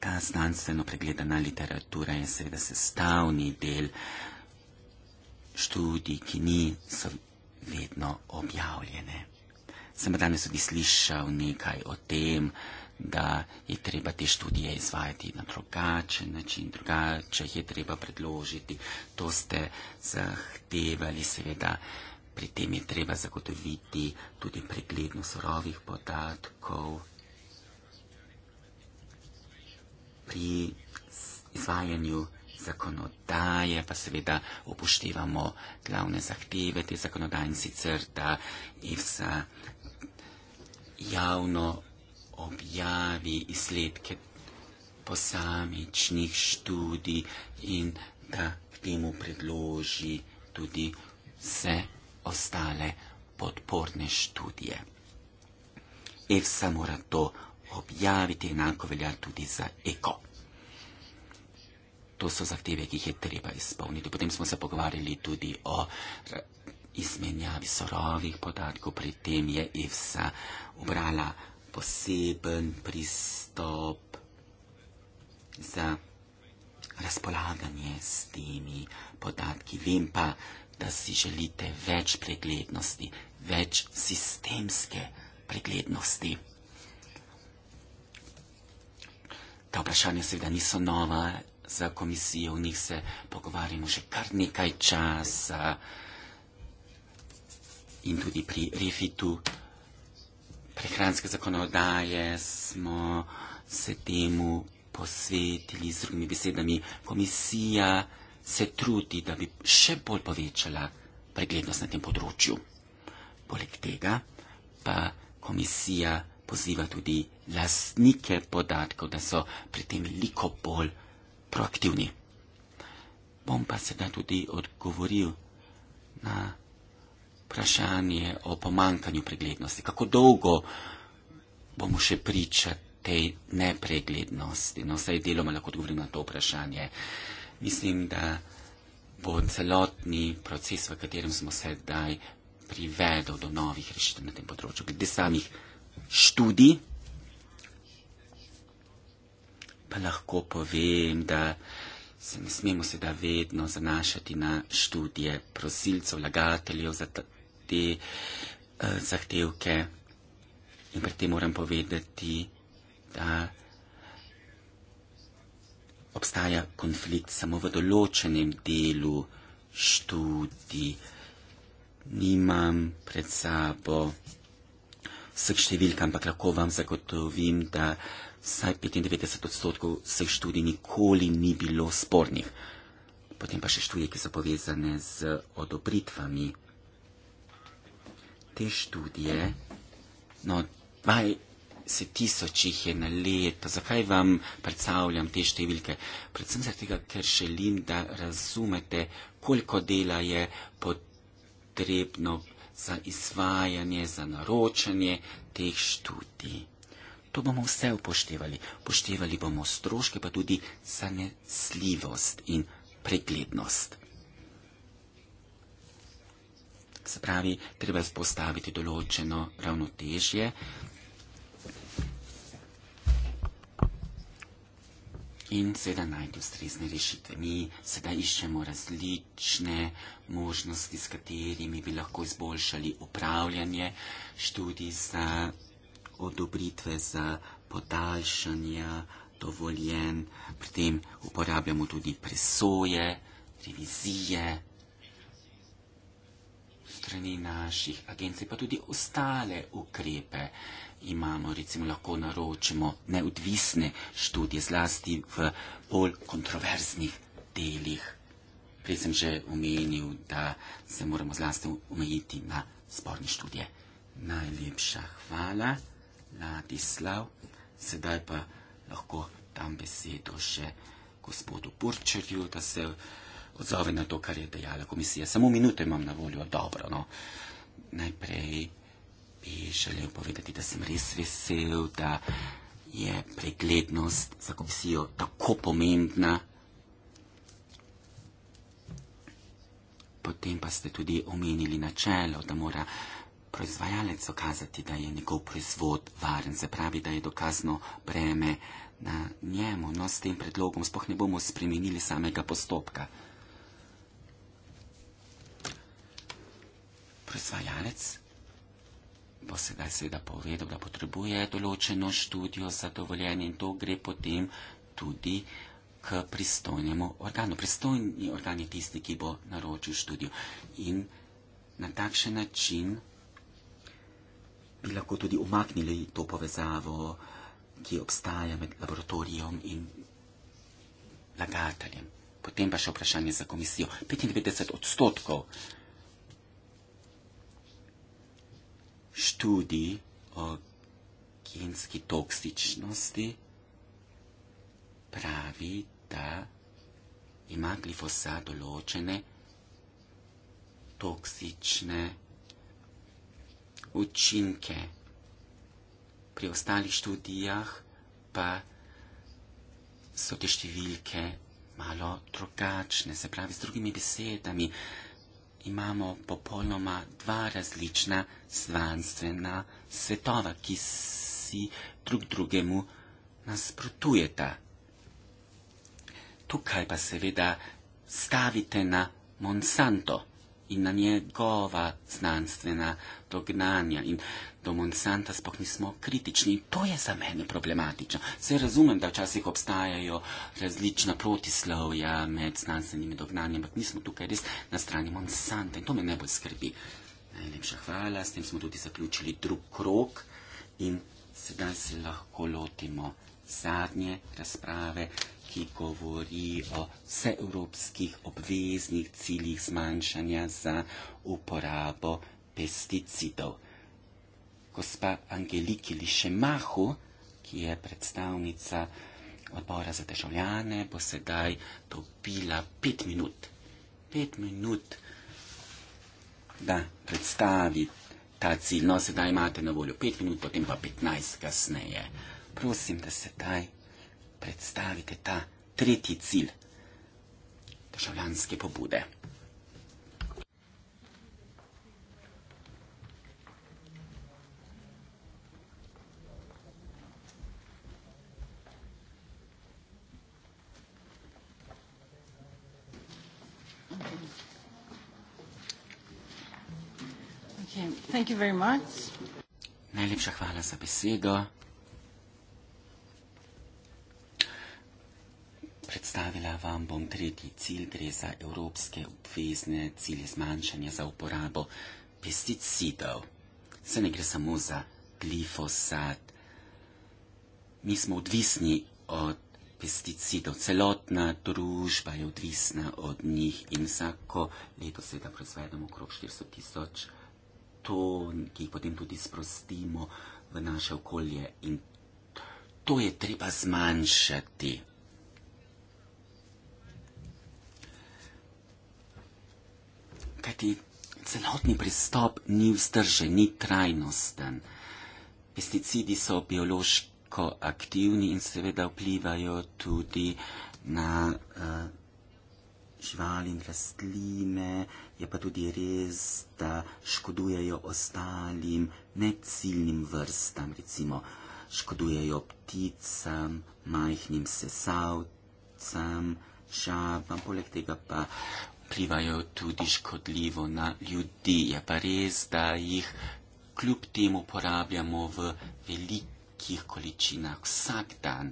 Ta znanstveno pregledana literatura je seveda sestavni del študij, ki niso vedno objavljene. Sem danes tudi slišal nekaj o tem, uh, da je treba te študije izvajati na drugačen način, drugače jih je treba predložiti. To ste zahtevali, seveda, pri tem je treba zagotoviti tudi pregledno surovih podatkov. Pri izvajanju zakonodaje pa seveda upoštevamo glavne zahteve te zakonodaje in sicer, da je vsa javno objavi izsledke posamičnih študij in da temu predloži tudi vse ostale podporne študije. EFSA mora to objaviti, enako velja tudi za ECO. To so zahteve, ki jih je treba izpolniti. Potem smo se pogovarjali tudi o izmenjavi sorovih podatkov, pri tem je EFSA ubrala poseben pristop za razpolaganje s temi podatki. Vem pa, da si želite več preglednosti, več sistemske preglednosti. Ta vprašanja seveda niso nova za komisijo, v njih se pogovarjamo že kar nekaj časa in tudi pri refitu prehranske zakonodaje smo se temu posvetili z drugimi besedami. Komisija se trudi, da bi še bolj povečala preglednost na tem področju. Poleg tega pa komisija poziva tudi lastnike podatkov, da so pri tem veliko bolj proaktivni. Bom pa sedaj tudi odgovoril na vprašanje o pomankanju preglednosti. Kako dolgo bomo še priča tej nepreglednosti? No, vsaj deloma lahko odgovorim na to vprašanje. Mislim, da bo celotni proces, v katerem smo sedaj, privedel do novih rešitev na tem področju. Glede samih študij, pa lahko povem, da se ne smemo sedaj vedno zanašati na študije prosilcev, lagateljev za te uh, zahtevke. In pri tem moram povedati, da obstaja konflikt samo v določenem delu študij. Nimam pred sabo vseh številk, ampak lahko vam zagotovim, da vsaj 95 odstotkov vseh študij nikoli ni bilo spornih. Potem pa še študije, ki so povezane z odobritvami te študije, no, 20 tisoč jih je na leto, zakaj vam predstavljam te številke? Predvsem zato, ker želim, da razumete, koliko dela je potrebno za izvajanje, za naročanje teh študij. To bomo vse upoštevali. Upoštevali bomo stroške, pa tudi zanesljivost in preglednost. Se pravi, treba spostaviti določeno ravnotežje. In seveda najti ustrezne rešitve. Mi sedaj iščemo različne možnosti, s katerimi bi lahko izboljšali upravljanje študij za odobritve, za podaljšanje dovoljen. Pri tem uporabljamo tudi presoje, revizije strani naših agencij, pa tudi ostale ukrepe imamo, recimo lahko naročimo neodvisne študije, zlasti v bolj kontroverznih delih. Prej sem že omenil, da se moramo zlasti omejiti na sporni študije. Najlepša hvala, Ladislav. Sedaj pa lahko dam besedo še gospodu Burčerju, da se odzove na to, kar je dejala komisija. Samo minuto imam na voljo, dobro. No. Najprej bi želel povedati, da sem res vesel, da je preglednost za komisijo tako pomembna. Potem pa ste tudi omenili načelo, da mora proizvajalec dokazati, da je njegov proizvod varen, se pravi, da je dokazno breme na njemu. No, s tem predlogom spoh ne bomo spremenili samega postopka. proizvajalec bo sedaj seveda povedal, da potrebuje določeno študijo za dovoljenje in to gre potem tudi k pristojnemu organu. Pristojni organ je tisti, ki bo naročil študijo in na takšen način bi lahko tudi umaknili to povezavo, ki obstaja med laboratorijem in lagateljem. Potem pa še vprašanje za komisijo. 95 odstotkov študij o genski toksičnosti pravi, da ima glifosat določene toksične učinke. Pri ostalih študijah pa so te številke malo drugačne, se pravi, z drugimi besedami imamo popolnoma dva različna zvanstvena svetova, ki si drug drugemu nasprotujeta. Tukaj pa seveda stavite na Monsanto – in na njegova znanstvena dognanja. In do Monsanta sploh nismo kritični. In to je za mene problematično. Se razumem, da včasih obstajajo različna protislovja med znanstvenimi dognanji, ampak mi smo tukaj res na strani Monsanta in to me najbolj skrbi. Najlepša hvala, s tem smo tudi zaključili drug krok in sedaj se lahko lotimo zadnje razprave, ki govori o vseevropskih obveznih ciljih zmanjšanja za uporabo pesticidov. Gospa Angeliki Lišemahu, ki je predstavnica odbora za državljane, bo sedaj dobila pet minut. Pet minut, da predstavi ta cilj. No, sedaj imate na voljo pet minut, potem pa petnajst kasneje. Prosim, da sedaj predstavite ta tretji cilj državljanske pobude. Najlepša hvala za besedo. Predstavila vam bom tretji cilj, gre za evropske obvezne cilje zmanjšanja za uporabo pesticidov. Se ne gre samo za glifosat. Mi smo odvisni od pesticidov, celotna družba je odvisna od njih in vsako leto seveda proizvedemo okrog 400 tisoč ton, ki jih potem tudi sprostimo v naše okolje in to je treba zmanjšati. kajti celotni pristop ni vzdržen, ni trajnosten. Pesticidi so biološko aktivni in seveda vplivajo tudi na uh, živali in rastline, je pa tudi res, da škodujejo ostalim neciljnim vrstam, recimo škodujejo pticam, majhnim sesavcem, žabam, poleg tega pa vplivajo tudi škodljivo na ljudi. Je pa res, da jih kljub temu uporabljamo v velikih količinah vsak dan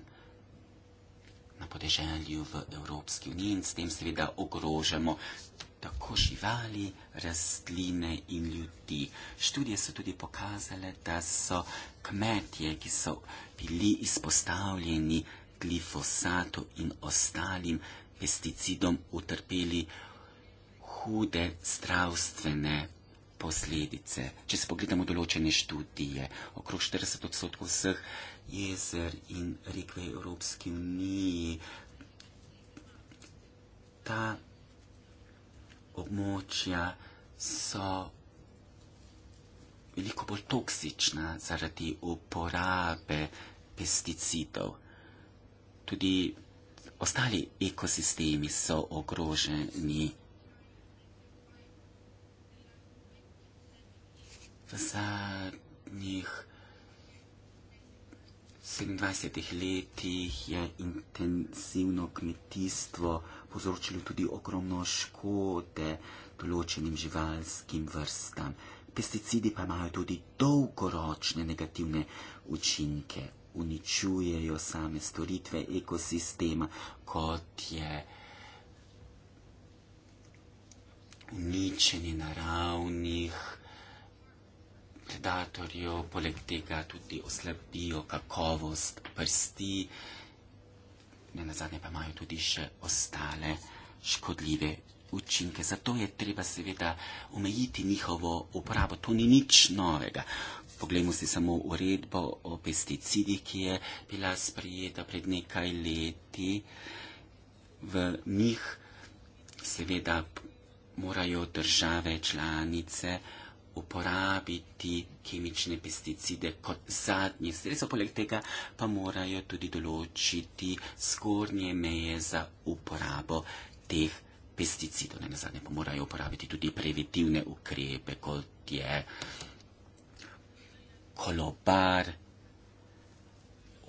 na podeželju v Evropski uniji in s tem seveda ogrožamo tako živali, rastline in ljudi. Študije so tudi pokazale, da so kmetje, ki so bili izpostavljeni glifosatu in ostalim pesticidom, utrpeli hude zdravstvene posledice. Če se pogledamo določene študije, okrog 40 odstotkov vseh jezer in rek v Evropski uniji, ta območja so veliko bolj toksična zaradi uporabe pesticidov. Tudi ostali ekosistemi so ogroženi. v zadnjih 27 letih je intenzivno kmetijstvo povzročilo tudi ogromno škode določenim živalskim vrstam. Pesticidi pa imajo tudi dolgoročne negativne učinke, uničujejo same storitve ekosistema, kot je uničenje naravnih predatorju, poleg tega tudi oslabijo kakovost prsti, ne nazadnje pa imajo tudi še ostale škodljive učinke. Zato je treba seveda omejiti njihovo uporabo. To ni nič novega. Poglejmo si samo uredbo o pesticidih, ki je bila sprejeta pred nekaj leti. V njih seveda morajo države članice uporabiti kemične pesticide kot zadnje sredstvo, poleg tega pa morajo tudi določiti zgornje meje za uporabo teh pesticidov. Na zadnje pa morajo uporabiti tudi preventivne ukrepe, kot je kolobar,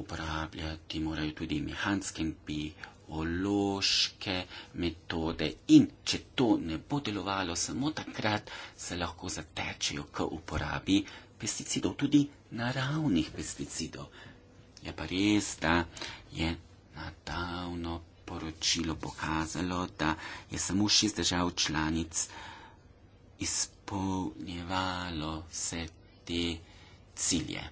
uporabljati morajo tudi mehanske bi teološke metode. In če to ne bo delovalo, samo takrat se lahko zatečejo k uporabi pesticidov, tudi naravnih pesticidov. Je pa res, da je nadaljno poročilo pokazalo, da je samo šest držav članic izpolnjevalo vse te cilje.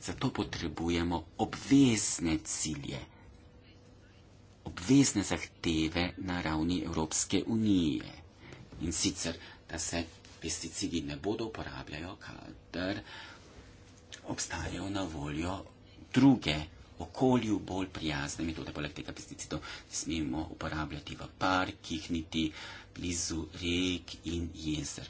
Zato potrebujemo obvezne cilje obvezne zahteve na ravni Evropske unije. In sicer, da se pesticidi ne bodo uporabljali, kadar obstajajo na voljo druge okolju bolj prijazne metode. Poleg tega pesticidov ne smemo uporabljati v parkih, niti blizu rek in jezer.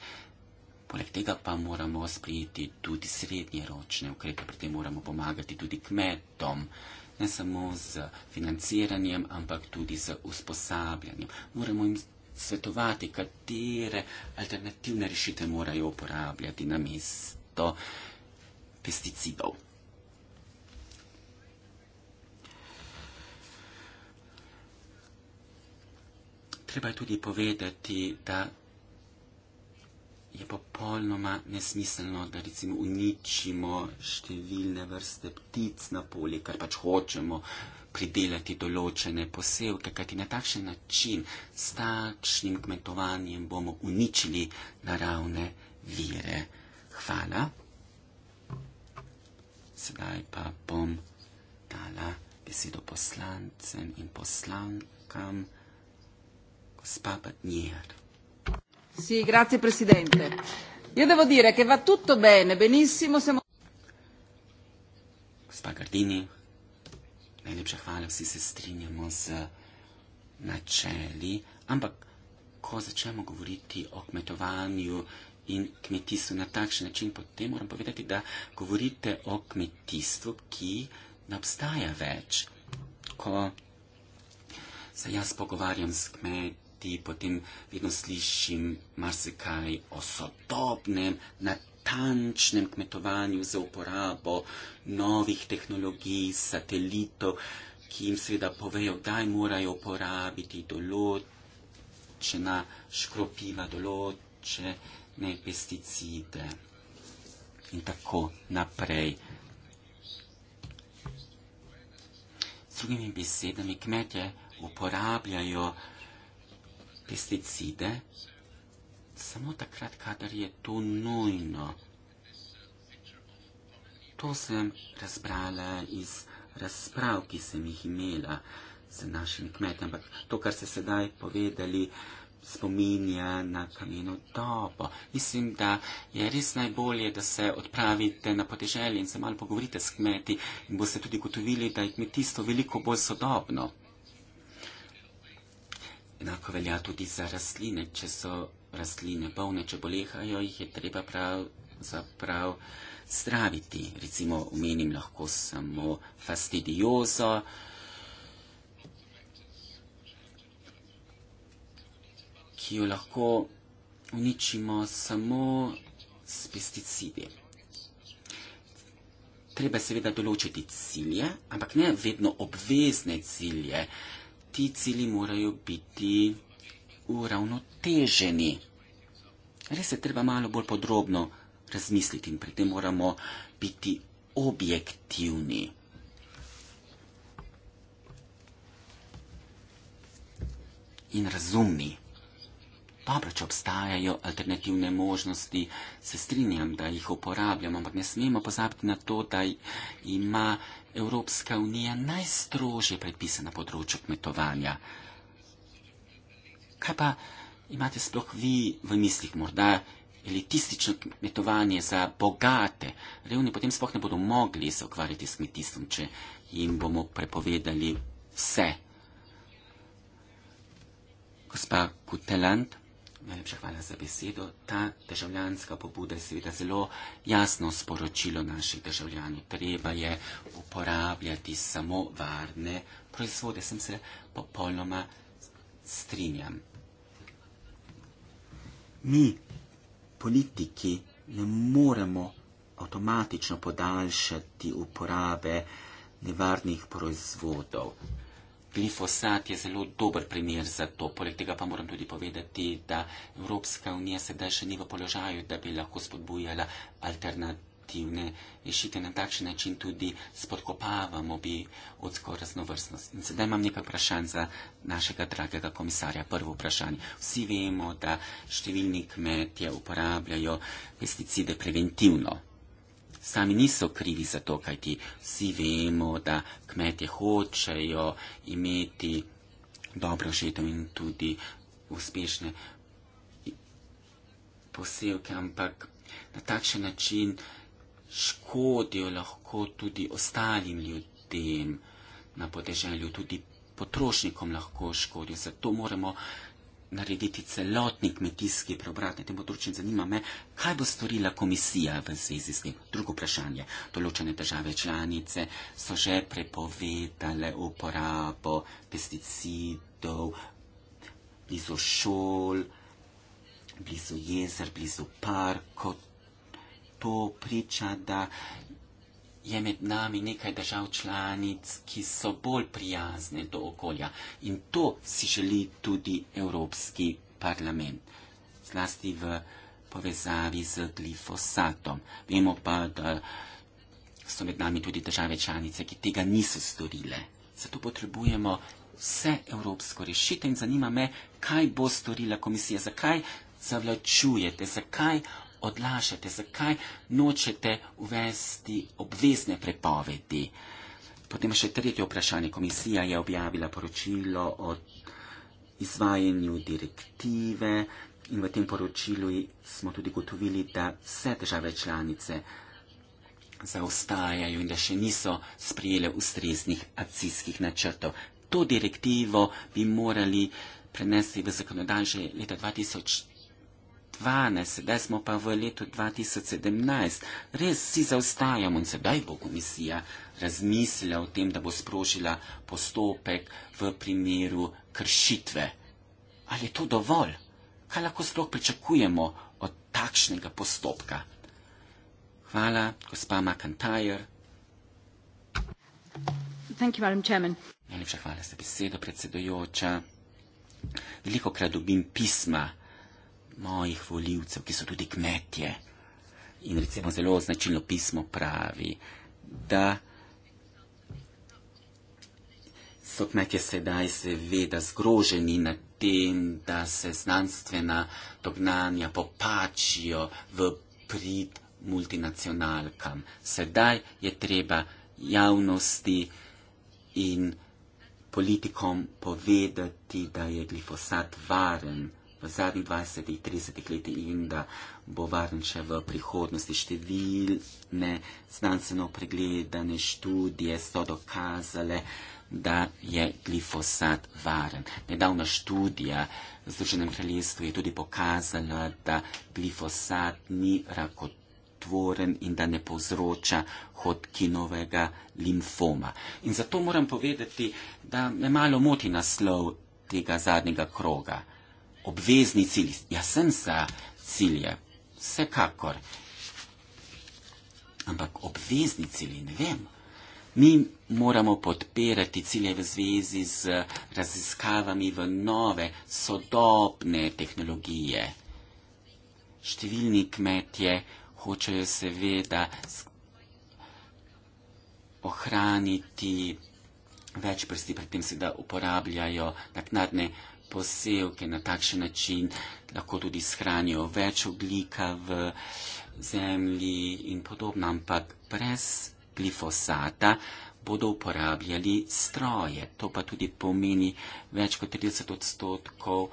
Poleg tega pa moramo sprijeti tudi srednjeročne ukrepe, pri tem moramo pomagati tudi kmetom ne samo z financiranjem, ampak tudi z usposabljanjem. Moramo jim svetovati, katere alternativne rešitve morajo uporabljati na mesto pesticidov. Treba je tudi povedati, da je popolnoma nesmiselno, da recimo uničimo številne vrste ptic na polje, kar pač hočemo pridelati določene posevke, kajti na takšen način s takšnim kmetovanjem bomo uničili naravne vire. Hvala. Sedaj pa bom dala besedo poslancem in poslankam. Gospa Badnjer signor presidente onorevoli colleghi devo dire che va tutto bene benissimo siamo. gospa gardini najlepša hvala vsi se strinjamo z načeli ampak ko začnemo govoriti o kmetovanju in kmetijstvu na takšen način potem moram povedati da govorite o kmetijstvu ki ne obstaja več ko se jaz pogovarjam s kmeti poti, potem vedno slišim marsikaj o sodobnem, natančnem kmetovanju za uporabo novih tehnologij, satelitov, ki jim seveda povejo, da morajo uporabiti določena škropiva, določene pesticide in tako naprej. Z drugimi besedami kmetje uporabljajo pesticide samo takrat, kadar je to nujno. To sem razbrala iz razprav, ki sem jih imela z našim kmetem, ampak to, kar ste sedaj povedali, spominja na kameno dobo. Mislim, da je res najbolje, da se odpravite na podeželje in se malo pogovorite s kmeti in boste tudi gotovili, da je kmetijstvo veliko bolj sodobno. Enako velja tudi za rastline. Če so rastline polne, če bolehajo, jih je treba pravzaprav zdraviti. Recimo umenim lahko samo fastidiozo, ki jo lahko uničimo samo s pesticidi. Treba seveda določiti cilje, ampak ne vedno obvezne cilje, ti cilji morajo biti uravnoteženi. Res se treba malo bolj podrobno razmisliti in pri tem moramo biti objektivni. In razumni. Dobro, če obstajajo alternativne možnosti, se strinjam, da jih uporabljamo, ampak ne smemo pozabiti na to, da ima Evropska unija najstrožje predpise na področju kmetovanja. Kaj pa imate sploh vi v mislih morda elitistično kmetovanje za bogate? Revni potem sploh ne bodo mogli se ukvarjati s kmetijstvom, če jim bomo prepovedali vse. Gospa Kutelant. Najlepša hvala za besedo. Ta državljanska pobuda je seveda zelo jasno sporočilo naših državljanov. Treba je uporabljati samo varne proizvode. Sem se popolnoma strinjam. Mi, politiki, ne moremo avtomatično podaljšati uporabe nevarnih proizvodov glifosat je zelo dober primer za to. Poleg tega pa moram tudi povedati, da Evropska unija sedaj še ni v položaju, da bi lahko spodbujala alternativ. Rešite na takšen način tudi spodkopavamo bi odsko raznovrstnost. In sedaj imam nekaj vprašanj za našega dragega komisarja. Prvo vprašanje. Vsi vemo, da številni kmetje uporabljajo pesticide preventivno sami niso krivi za to, kaj ti vsi vemo, da kmetje hočejo imeti dobro žetev in tudi uspešne posevke, ampak na takšen način škodijo lahko tudi ostalim ljudem na podeželju, tudi potrošnikom lahko škodijo. Zato moramo narediti celotni kmetijski preobrat na tem področju in zanima me, kaj bo storila komisija v zvezi s tem. Drugo vprašanje. Določene države članice so že prepovedale uporabo pesticidov blizu šol, blizu jezer, blizu parkov. To priča, da je med nami nekaj držav članic, ki so bolj prijazne do okolja in to si želi tudi Evropski parlament, zlasti v povezavi z glifosatom. Vemo pa, da so med nami tudi države članice, ki tega niso storile. Zato potrebujemo vse evropsko rešitev in zanima me, kaj bo storila komisija, zakaj zavlačujete, zakaj odlašate, zakaj nočete uvesti obvezne prepovedi. Potem še tretje vprašanje. Komisija je objavila poročilo o izvajanju direktive in v tem poročilu smo tudi gotovili, da vse države članice zaostajajo in da še niso sprijele ustreznih akcijskih načrtov. To direktivo bi morali prenesti v zakonodaj že leta 2020. 2012, sedaj smo pa v letu 2017. Res si zaostajamo in sedaj bo komisija razmislila o tem, da bo sprožila postopek v primeru kršitve. Ali je to dovolj? Kaj lahko sploh pričakujemo od takšnega postopka? Hvala, gospa McIntyre. Najlepša hvala za besedo, predsedojoča. Veliko krat dobim pisma mojih voljivcev, ki so tudi kmetje. In recimo zelo značilno pismo pravi, da so kmetje sedaj seveda zgroženi na tem, da se znanstvena dognanja popačijo v prid multinacionalkam. Sedaj je treba javnosti in politikom povedati, da je glifosat varen v zadnjih 20-30 letih in da bo varen še v prihodnosti. Številne znanstveno pregledane študije so dokazale, da je glifosat varen. Nedavna študija v Združenem kraljestvu je tudi pokazala, da glifosat ni rakot in da ne povzroča hodkinovega limfoma. In zato moram povedati, da me malo moti naslov tega zadnjega kroga obvezni cilj. Jaz sem za cilje, vsekakor. Ampak obvezni cilj, ne vem. Mi moramo podpirati cilje v zvezi z raziskavami v nove, sodobne tehnologije. Številni kmetje hočejo seveda ohraniti več prsti, pri tem seveda uporabljajo naknadne posevke na takšen način lahko tudi shranijo več oglika v zemlji in podobno, ampak brez glifosata bodo uporabljali stroje. To pa tudi pomeni več kot 30 odstotkov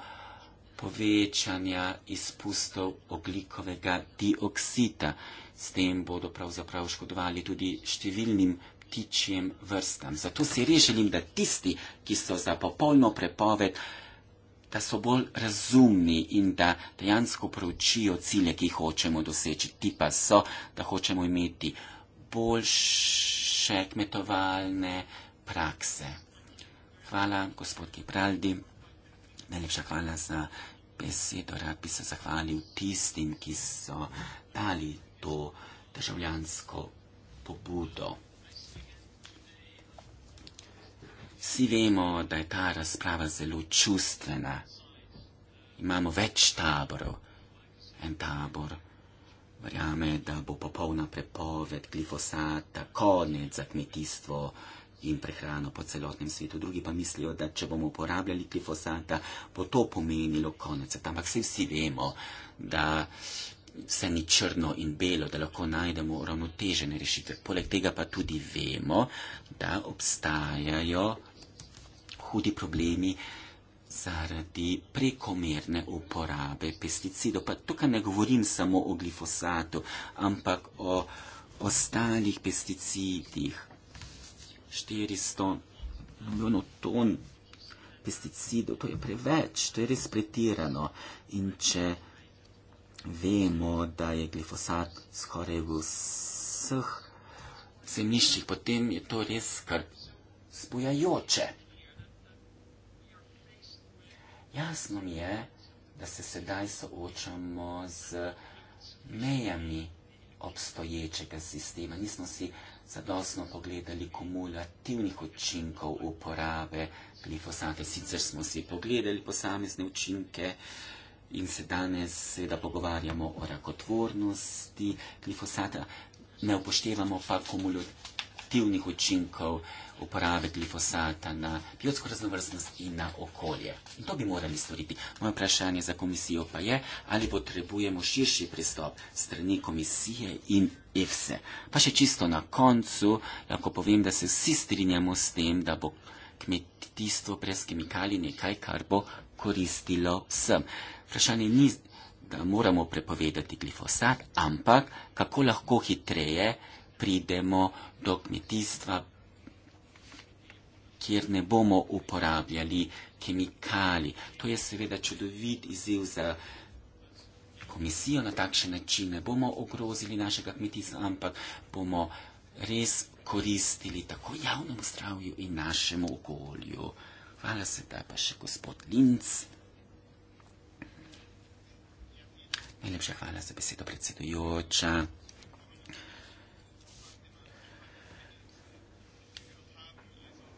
povečanja izpustov oglikovega dioksida. S tem bodo pravzaprav škodovali tudi številnim ptičjem vrstam. Zato si res želim, da tisti, ki so za popolno prepoved, da so bolj razumni in da dejansko proučijo cilje, ki jih hočemo doseči. Ti pa so, da hočemo imeti boljše kmetovalne prakse. Hvala, gospod Gibraldi. Najlepša hvala za besedo. Rad bi se zahvalil tistim, ki so dali to državljansko pobudo. Vsi vemo, da je ta razprava zelo čustvena. Imamo več taborov. En tabor verjame, da bo popolna prepoved glifosata, konec za kmetijstvo in prehrano po celotnem svetu. Drugi pa mislijo, da če bomo uporabljali glifosata, bo to pomenilo konec. Ampak vsi vemo, da vse ni črno in belo, da lahko najdemo uravnotežene rešitve. Poleg tega pa tudi vemo, da obstajajo hudi problemi zaradi prekomerne uporabe pesticidov. Pa tukaj ne govorim samo o glifosatu, ampak o ostalih pesticidih. 400 milijonov ton pesticidov, to je preveč, to je res pretirano. In če vemo, da je glifosat skoraj v vseh zemljiščih, potem je to res kar spojajoče. Jasno mi je, da se sedaj soočamo z mejami obstoječega sistema. Nismo si zadostno pogledali kumulativnih učinkov uporabe glifosata. Sicer smo si pogledali posamezne učinke in se danes seveda pogovarjamo o rakotvornosti glifosata, ne upoštevamo pa kumulativnih aktivnih učinkov uporabe glifosata na biotsko raznovrstnost in na okolje. In to bi morali storiti. Moje vprašanje za komisijo pa je, ali potrebujemo širši pristop strani komisije in EFSE. Pa še čisto na koncu lahko povem, da se vsi strinjamo s tem, da bo kmetijstvo brez kemikalij nekaj, kar bo koristilo vsem. Vprašanje ni, da moramo prepovedati glifosat, ampak kako lahko hitreje pridemo do do kmetijstva, kjer ne bomo uporabljali kemikali. To je seveda čudovit izziv za komisijo na takšen način. Ne bomo ogrozili našega kmetijstva, ampak bomo res koristili tako javnemu zdravju in našemu okolju. Hvala se da pa še gospod Linc. Najlepša hvala za besedo predsedujoča.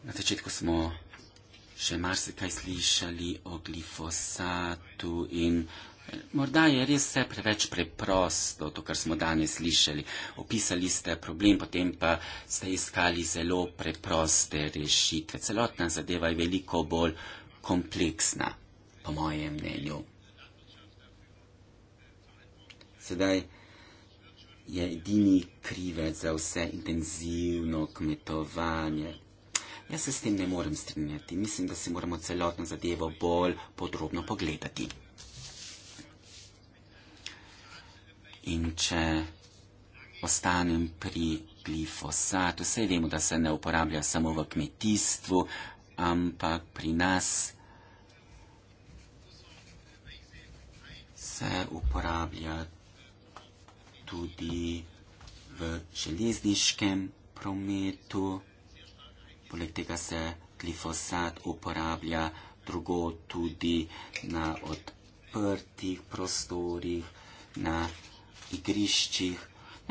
Na začetku smo še marsikaj slišali o glifosatu in eh, morda je res vse preveč preprosto, to, kar smo danes slišali. Opisali ste problem, potem pa ste iskali zelo preproste rešitve. Celotna zadeva je veliko bolj kompleksna, po mojem mnenju. Sedaj je edini krivec za vse intenzivno kmetovanje, Jaz se s tem ne morem strinjati. Mislim, da si moramo celotno zadevo bolj podrobno pogledati. In če ostanem pri glifosatu, vse vemo, da se ne uporablja samo v kmetijstvu, ampak pri nas se uporablja tudi v železniškem prometu. Poleg tega se glifosat uporablja drugo tudi na odprtih prostorih, na igriščih.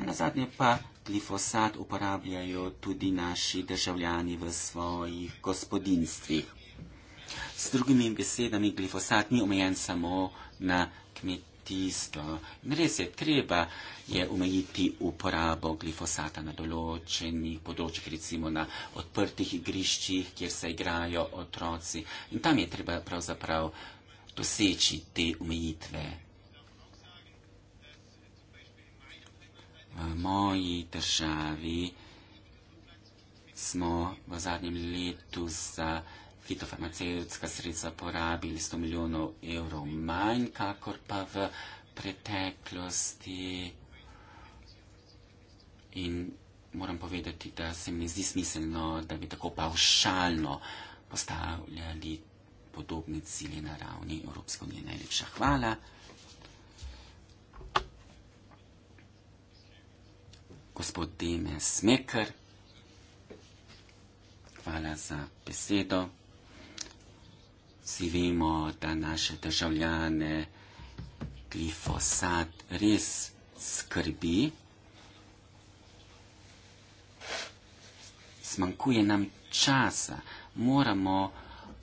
Na zadnje pa glifosat uporabljajo tudi naši državljani v svojih gospodinstvih. S drugimi besedami glifosat ni omejen samo na kmetijstvo tisto. In res je, treba je umejiti uporabo glifosata na določenih področjih, recimo na odprtih igriščih, kjer se igrajo otroci. In tam je treba pravzaprav doseči te umejitve. V moji državi smo v zadnjem letu za fitofarmacevtska sredstva porabili 100 milijonov evrov manj, kakor pa v preteklosti. In moram povedati, da se mi zdi smiselno, da bi tako paušalno postavljali podobne cilje na ravni Evropske unije. Najlepša hvala. Gospod Deme Smeker, hvala za besedo. Vsi vemo, da naše državljane glifosat res skrbi. Smankuje nam časa, moramo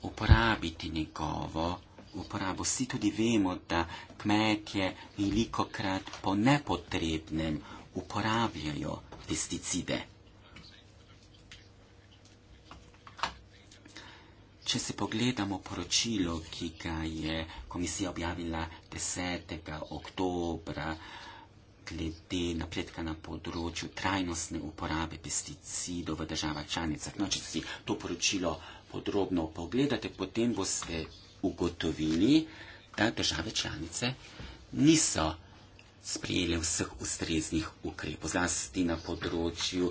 uporabiti njegovo uporabo. Vsi tudi vemo, da kmetje veliko krat po nepotrebnem uporabljajo pesticide. Če si pogledamo poročilo, ki ga je komisija objavila 10. oktobra glede napredka na področju trajnostne uporabe pesticidov v državah članicah. No, če si to poročilo podrobno pogledate, potem boste ugotovili, da države članice niso sprejele vseh ustreznih ukrepov, zlasti na področju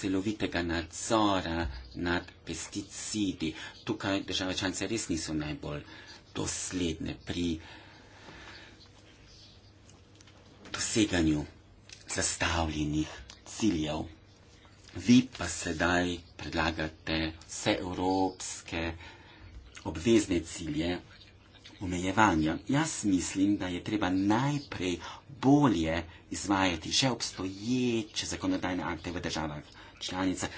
celovitega nadzora nad pesticidi. Tukaj države članice res niso najbolj dosledne pri doseganju zastavljenih ciljev. Vi pa sedaj predlagate vse evropske obvezne cilje omejevanja. Jaz mislim, da je treba najprej bolje izvajati že obstoječe zakonodajne akte v državah članica.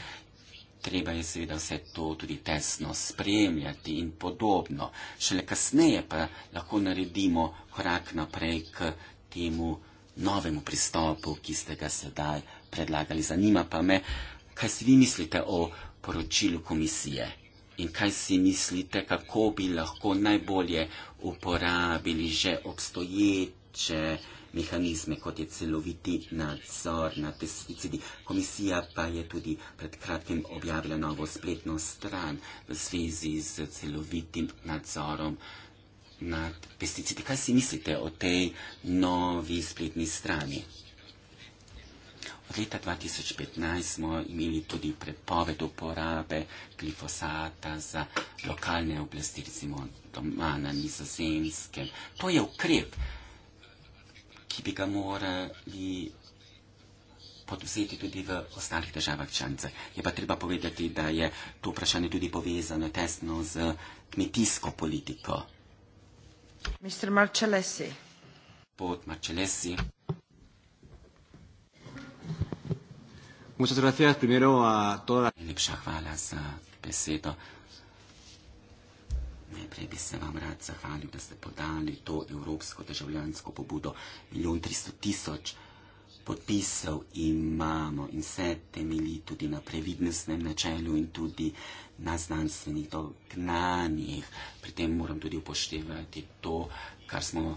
Treba je seveda vse to tudi tesno spremljati in podobno. Šele kasneje pa lahko naredimo korak naprej k temu novemu pristopu, ki ste ga sedaj predlagali. Zanima pa me, kaj si vi mislite o poročilu komisije in kaj si mislite, kako bi lahko najbolje uporabili že obstoječe mehanizme, kot je celoviti nadzor nad pesticidi. Komisija pa je tudi pred kratkim objavila novo spletno stran v zvezi z celovitim nadzorom nad pesticidi. Kaj si mislite o tej novi spletni strani? Od leta 2015 smo imeli tudi prepoved uporabe glifosata za lokalne oblasti, recimo doma na nizozemskem. To je ukrep, ki bi ga morali podvzeti tudi v ostalih državah članice. Je pa treba povedati, da je to vprašanje tudi povezano tesno z kmetijsko politiko. Mr. Marcellesi. Pod Marcellesi. Muchas gracias primero a toda. Najlepša hvala za besedo. Najprej bi se vam rad zahvalil, da ste podali to evropsko državljansko pobudo. Milijon tristo tisoč podpisov imamo in vse temelji tudi na previdnostnem načelu in tudi na znanstvenih dognanjih. Pri tem moram tudi upoštevati to, kar smo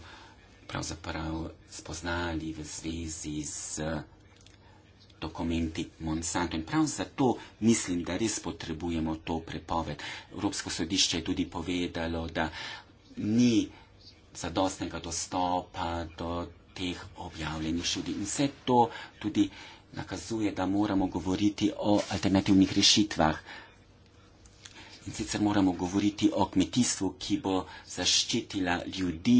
pravzaprav spoznali v zvezi z dokumenti Monsanto. In prav zato mislim, da res potrebujemo to prepoved. Evropsko sodišče je tudi povedalo, da ni zadostnega dostopa do teh objavljenih študij. In vse to tudi nakazuje, da moramo govoriti o alternativnih rešitvah. In sicer moramo govoriti o kmetijstvu, ki bo zaščitila ljudi,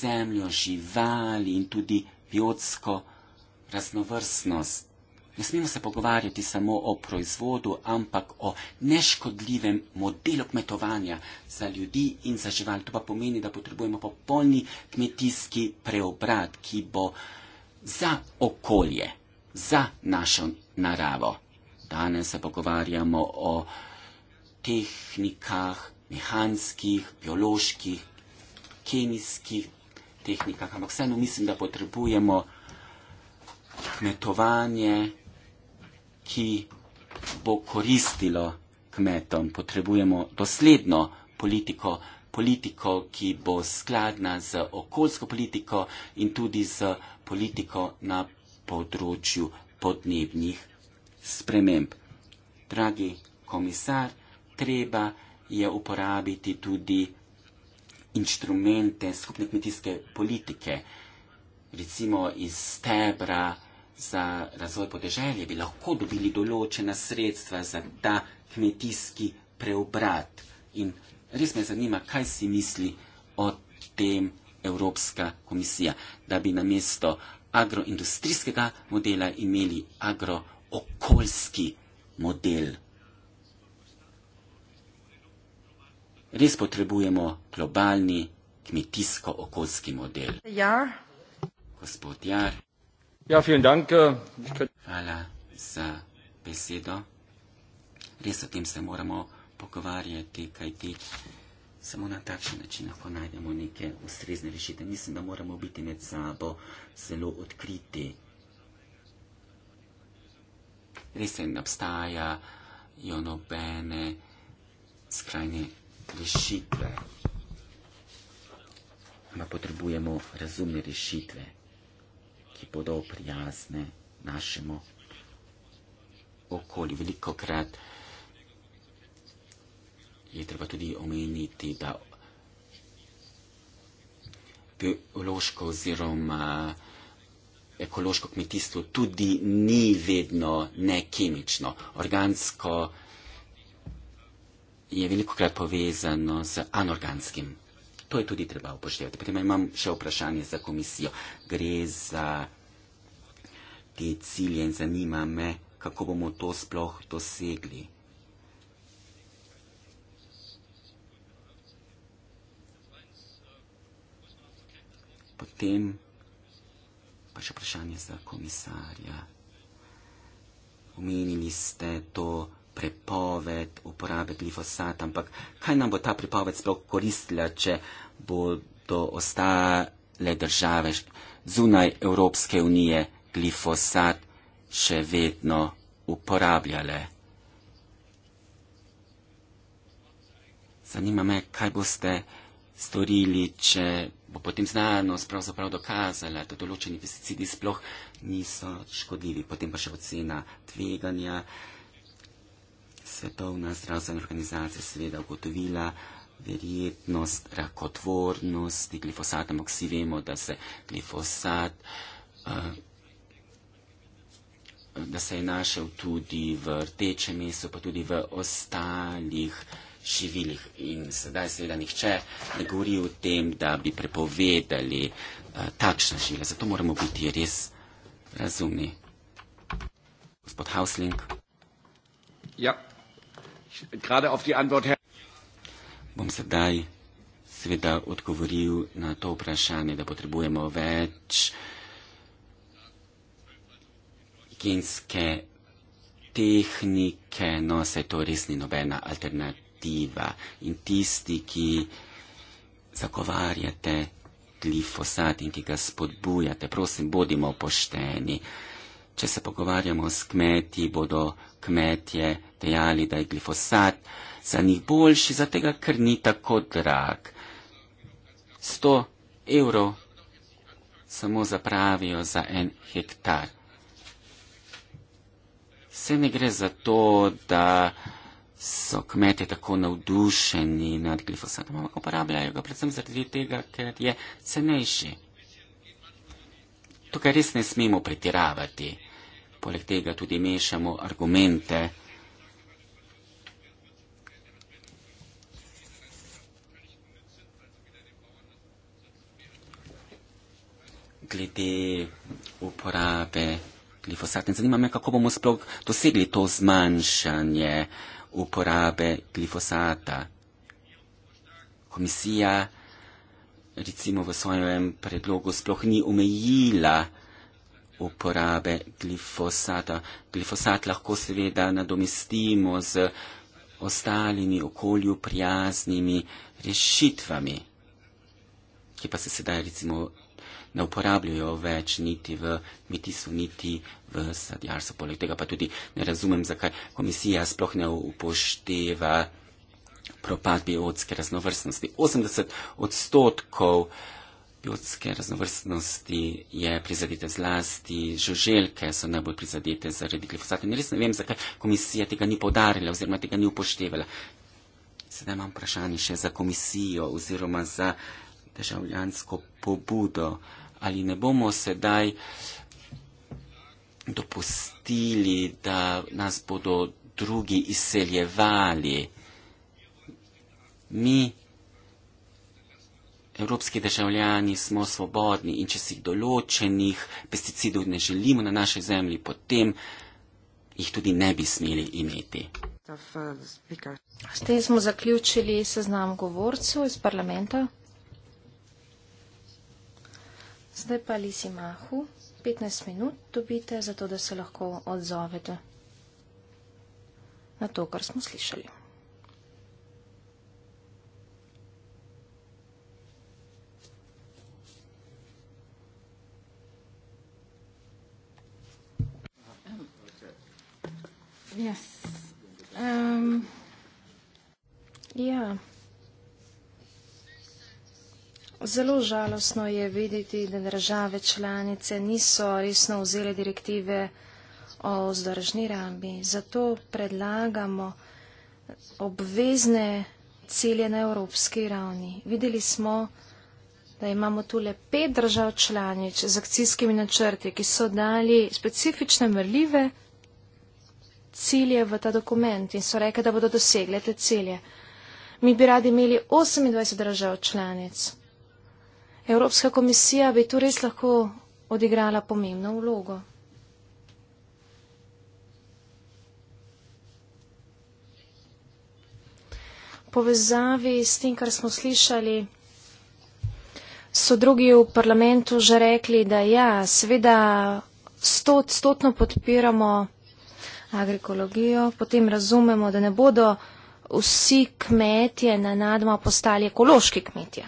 zemljo, živali in tudi biotsko življenje raznovrstnost. Ne smemo se pogovarjati samo o proizvodu, ampak o neškodljivem modelu kmetovanja za ljudi in za živali. To pa pomeni, da potrebujemo popolni kmetijski preobrat, ki bo za okolje, za našo naravo. Danes se pogovarjamo o tehnikah, mehanskih, bioloških, kemijskih tehnikah, ampak vseeno mislim, da potrebujemo kmetovanje, ki bo koristilo kmetom. Potrebujemo dosledno politiko, politiko, ki bo skladna z okoljsko politiko in tudi z politiko na področju podnebnih sprememb. Dragi komisar, treba je uporabiti tudi inštrumente skupne kmetijske politike, recimo iz stebra, za razvoj podeželja, bi lahko dobili določena sredstva za ta kmetijski preobrat. In res me zanima, kaj si misli o tem Evropska komisija, da bi na mesto agroindustrijskega modela imeli agrookoljski model. Res potrebujemo globalni kmetijsko-okoljski model. Ja. Gospod Jar. Ja, vielen Dank. Äh, Hvala za besedo. Res o tem se moramo pogovarjati, kaj ti samo na takšen način lahko najdemo neke ustrezne rešite. Mislim, da moramo biti med sabo zelo odkriti. Res se ne obstaja jo nobene skrajne rešitve. Ampak potrebujemo razumne rešitve ki bodo prijazne našemu okolju. Veliko krat je treba tudi omeniti, da biološko oziroma ekološko kmetijstvo tudi ni vedno nekemično. Organsko je veliko krat povezano z anorganskim To je tudi treba upoštevati. Potem imam še vprašanje za komisijo. Gre za te cilje in zanima me, kako bomo to sploh dosegli. Potem pa še vprašanje za komisarja. Omenili ste to prepoved uporabe glifosata, ampak kaj nam bo ta prepoved sploh koristila, če bodo ostale države zunaj Evropske unije glifosat še vedno uporabljale. Zanima me, kaj boste storili, če bo potem znanost pravzaprav dokazala, da določeni pesticidi sploh niso škodljivi, potem pa še ocena tveganja svetovna zdravstvena organizacija seveda ugotovila verjetnost rakotvornosti glifosata. Ampak vsi vemo, da se glifosat, eh, da se je našel tudi v rtečem mesu, pa tudi v ostalih živilih. In sedaj seveda nihče ne govori o tem, da bi prepovedali eh, takšna živila. Zato moramo biti res razumni. Gospod Hausling. Ja, Bom sedaj seveda odgovoril na to vprašanje, da potrebujemo več genske tehnike, no se to res ni nobena alternativa. In tisti, ki zagovarjate glifosat in ki ga spodbujate, prosim, bodimo pošteni če se pogovarjamo s kmeti, bodo kmetje dejali, da je glifosat za njih boljši, zato ker ni tako drag. 100 evrov samo zapravijo za en hektar. Vse ne gre za to, da so kmete tako navdušeni nad glifosatom, ampak uporabljajo ga predvsem zaradi tega, ker je cenejši. Tukaj res ne smemo pretiravati poleg tega tudi mešamo argumente. Glede uporabe glifosata. In zanima me, kako bomo sploh dosegli to zmanjšanje uporabe glifosata. Komisija recimo v svojem predlogu sploh ni omejila uporabe glifosata. Glifosat lahko seveda nadomestimo z ostalimi okolju prijaznimi rešitvami, ki pa se sedaj recimo ne uporabljajo več niti v kmetijstvu, niti v sadjarstvu. Poleg tega pa tudi ne razumem, zakaj komisija sploh ne upošteva propad biotske raznovrstnosti. 80 odstotkov biotske raznovrstnosti je prizadete zlasti, žuželke so najbolj prizadete zaradi glifosata. Ne res ne vem, zakaj komisija tega ni podarila oziroma tega ni upoštevala. Sedaj imam vprašanje še za komisijo oziroma za državljansko pobudo. Ali ne bomo sedaj dopustili, da nas bodo drugi izseljevali? Mi evropski državljani smo svobodni in če si določenih pesticidov ne želimo na naši zemlji, potem jih tudi ne bi smeli imeti. S tem smo zaključili seznam govorcev iz parlamenta. Zdaj pa Lisi Mahu, 15 minut dobite, zato da se lahko odzovete na to, kar smo slišali. Yes. Um, ja. Zelo žalostno je videti, da države članice niso resno vzele direktive o vzdržni rabi. Zato predlagamo obvezne cilje na evropski ravni. Videli smo, da imamo tu le pet držav članic z akcijskimi načrti, ki so dali specifične mrljive cilje v ta dokument in so rekli, da bodo dosegli te cilje. Mi bi radi imeli 28 držav članic. Evropska komisija bi tu res lahko odigrala pomembno vlogo. Povezavi s tem, kar smo slišali, so drugi v parlamentu že rekli, da ja, seveda stot, stotno podpiramo agroekologijo, potem razumemo, da ne bodo vsi kmetje na nadmo postali ekološki kmetje.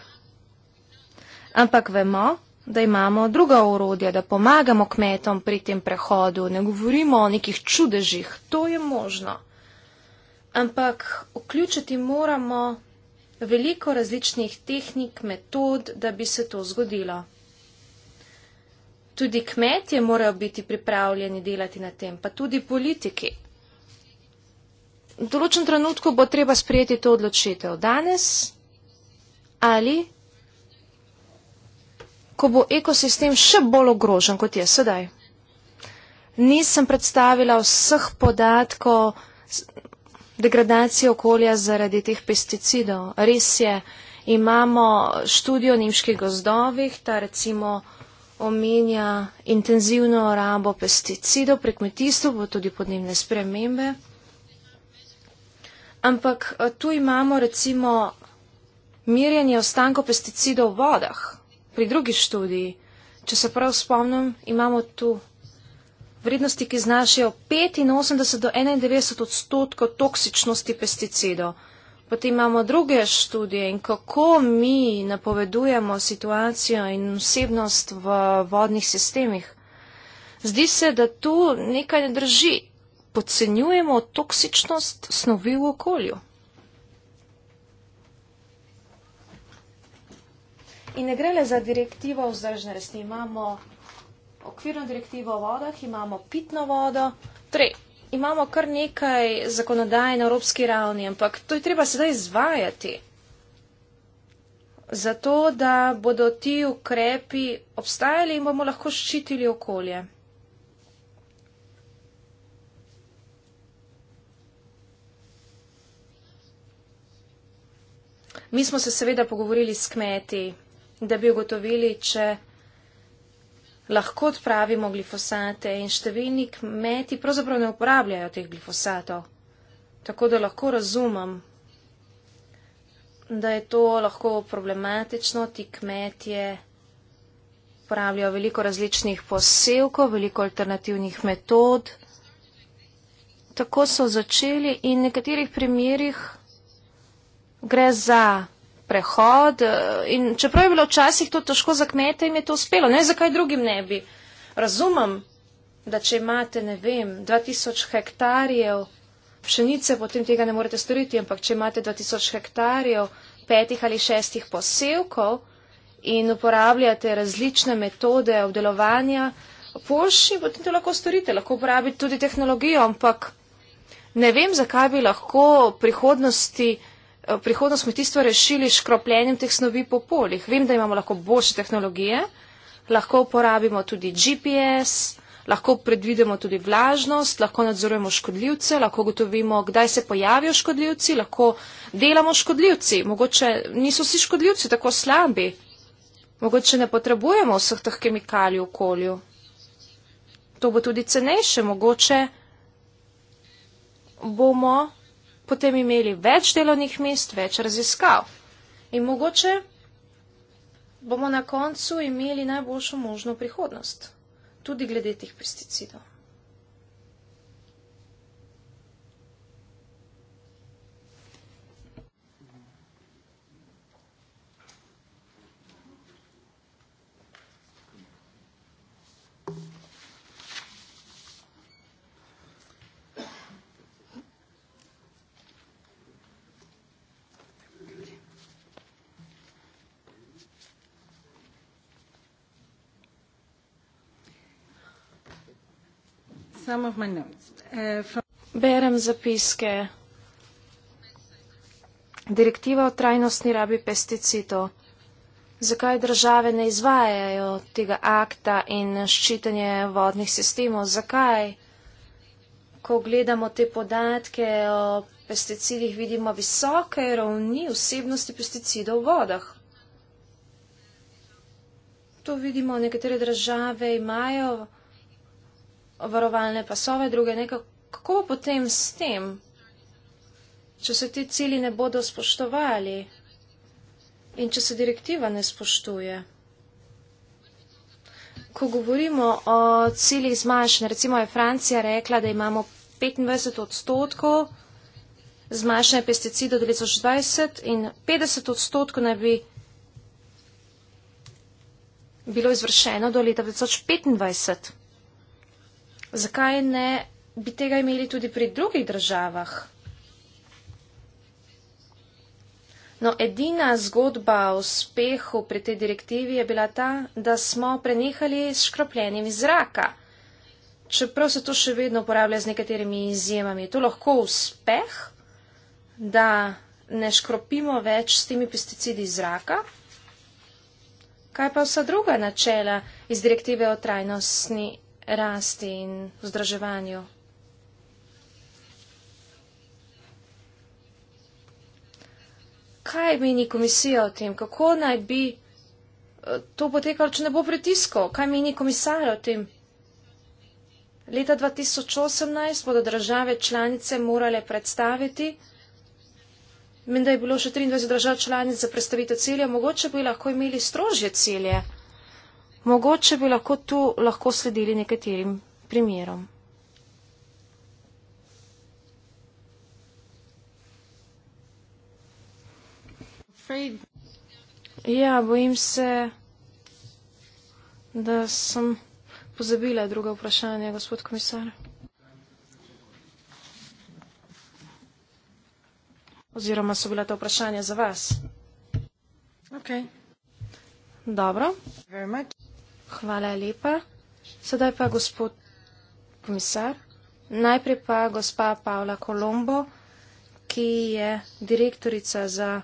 Ampak vemo, da imamo druga urodja, da pomagamo kmetom pri tem prehodu. Ne govorimo o nekih čudežih, to je možno. Ampak vključiti moramo veliko različnih tehnik, metod, da bi se to zgodilo tudi kmetje morajo biti pripravljeni delati na tem, pa tudi politiki. V določen trenutku bo treba sprejeti to odločitev. Danes ali ko bo ekosistem še bolj ogrožen, kot je sedaj. Nisem predstavila vseh podatkov degradacije okolja zaradi teh pesticidov. Res je, imamo študijo o nemških gozdovih, ta recimo omenja intenzivno rabo pesticidov pri kmetijstvu, bo tudi podnebne spremembe. Ampak eh, tu imamo recimo mirjenje ostankov pesticidov v vodah. Pri drugi študiji, če se prav spomnim, imamo tu vrednosti, ki znašajo 85 do 91 odstotkov toksičnosti pesticidov. Potem imamo druge študije in kako mi napovedujemo situacijo in vsebnost v vodnih sistemih. Zdi se, da tu nekaj ne drži. Podcenjujemo toksičnost snovi v okolju. In ne gre le za direktivo o vzdržnosti. Imamo okvirno direktivo o vodah, imamo pitno vodo. Tre imamo kar nekaj zakonodaje na evropski ravni, ampak to je treba sedaj izvajati. Zato, da bodo ti ukrepi obstajali in bomo lahko ščitili okolje. Mi smo se seveda pogovorili s kmeti, da bi ugotovili, če lahko odpravimo glifosate in številni kmeti pravzaprav ne uporabljajo teh glifosatov. Tako da lahko razumem, da je to lahko problematično, ti kmetje uporabljajo veliko različnih posevkov, veliko alternativnih metod. Tako so začeli in v nekaterih primerjih gre za prehod. Eh, in čeprav je bilo včasih to težko za kmete, jim je to uspelo. Ne, zakaj drugim ne bi? Razumem, da če imate, ne vem, 2000 hektarjev pšenice, potem tega ne morete storiti, ampak če imate 2000 hektarjev petih ali šestih posevkov in uporabljate različne metode obdelovanja pošči, potem to lahko storite. Lahko uporabite tudi tehnologijo, ampak ne vem, zakaj bi lahko v prihodnosti prihodnost kmetijstva rešili škropljenjem teh snovi po poljih. Vem, da imamo lahko boljše tehnologije, lahko uporabimo tudi GPS, lahko predvidimo tudi vlažnost, lahko nadzorujemo škodljivce, lahko gotovimo, kdaj se pojavijo škodljivci, lahko delamo škodljivci. Mogoče niso vsi škodljivci tako slabi. Mogoče ne potrebujemo vseh teh kemikalij v okolju. To bo tudi cenejše, mogoče bomo potem imeli več delovnih mest, več raziskav. In mogoče bomo na koncu imeli najboljšo možno prihodnost, tudi glede teh pesticidov. some of my notes. Uh, from Berem zapiske. Direktiva o trajnostni rabi pesticidov. Zakaj države ne izvajajo tega akta in ščitanje vodnih sistemov? Zakaj, ko gledamo te podatke o pesticidih, vidimo visoke ravni vsebnosti pesticidov v vodah? To vidimo, nekatere države imajo varovalne pasove, druge nekako. Kako bo potem s tem, če se ti cili ne bodo spoštovali in če se direktiva ne spoštuje? Ko govorimo o ciljih zmanjšanja, recimo je Francija rekla, da imamo 25 odstotkov zmanjšanja pesticidov do 2020 in 50 odstotkov naj bi bilo izvršeno do leta 2025 zakaj ne bi tega imeli tudi pri drugih državah? No, edina zgodba o uspehu pri tej direktivi je bila ta, da smo prenehali s škropljenjem zraka. Čeprav se to še vedno uporablja z nekaterimi izjemami, je to lahko uspeh, da ne škropimo več s temi pesticidi zraka. Kaj pa vsa druga načela iz direktive o trajnostni rasti in vzdraževanju. Kaj meni komisija o tem? Kako naj bi eh, to potekalo, če ne bo pritiskov? Kaj meni komisar o tem? Leta 2018 bodo države članice morale predstaviti, menda je bilo še 23 držav članic za predstavitev cilja, mogoče bi lahko imeli strožje cilje. Mogoče bi lahko tu lahko sledili nekaterim primerom. Ja, bojim se, da sem pozabila druga vprašanja, gospod komisar. Oziroma so bila to vprašanja za vas. Okay. Dobro. Hvala lepa. Sedaj pa gospod komisar. Najprej pa gospa Pavla Kolombo, ki je direktorica za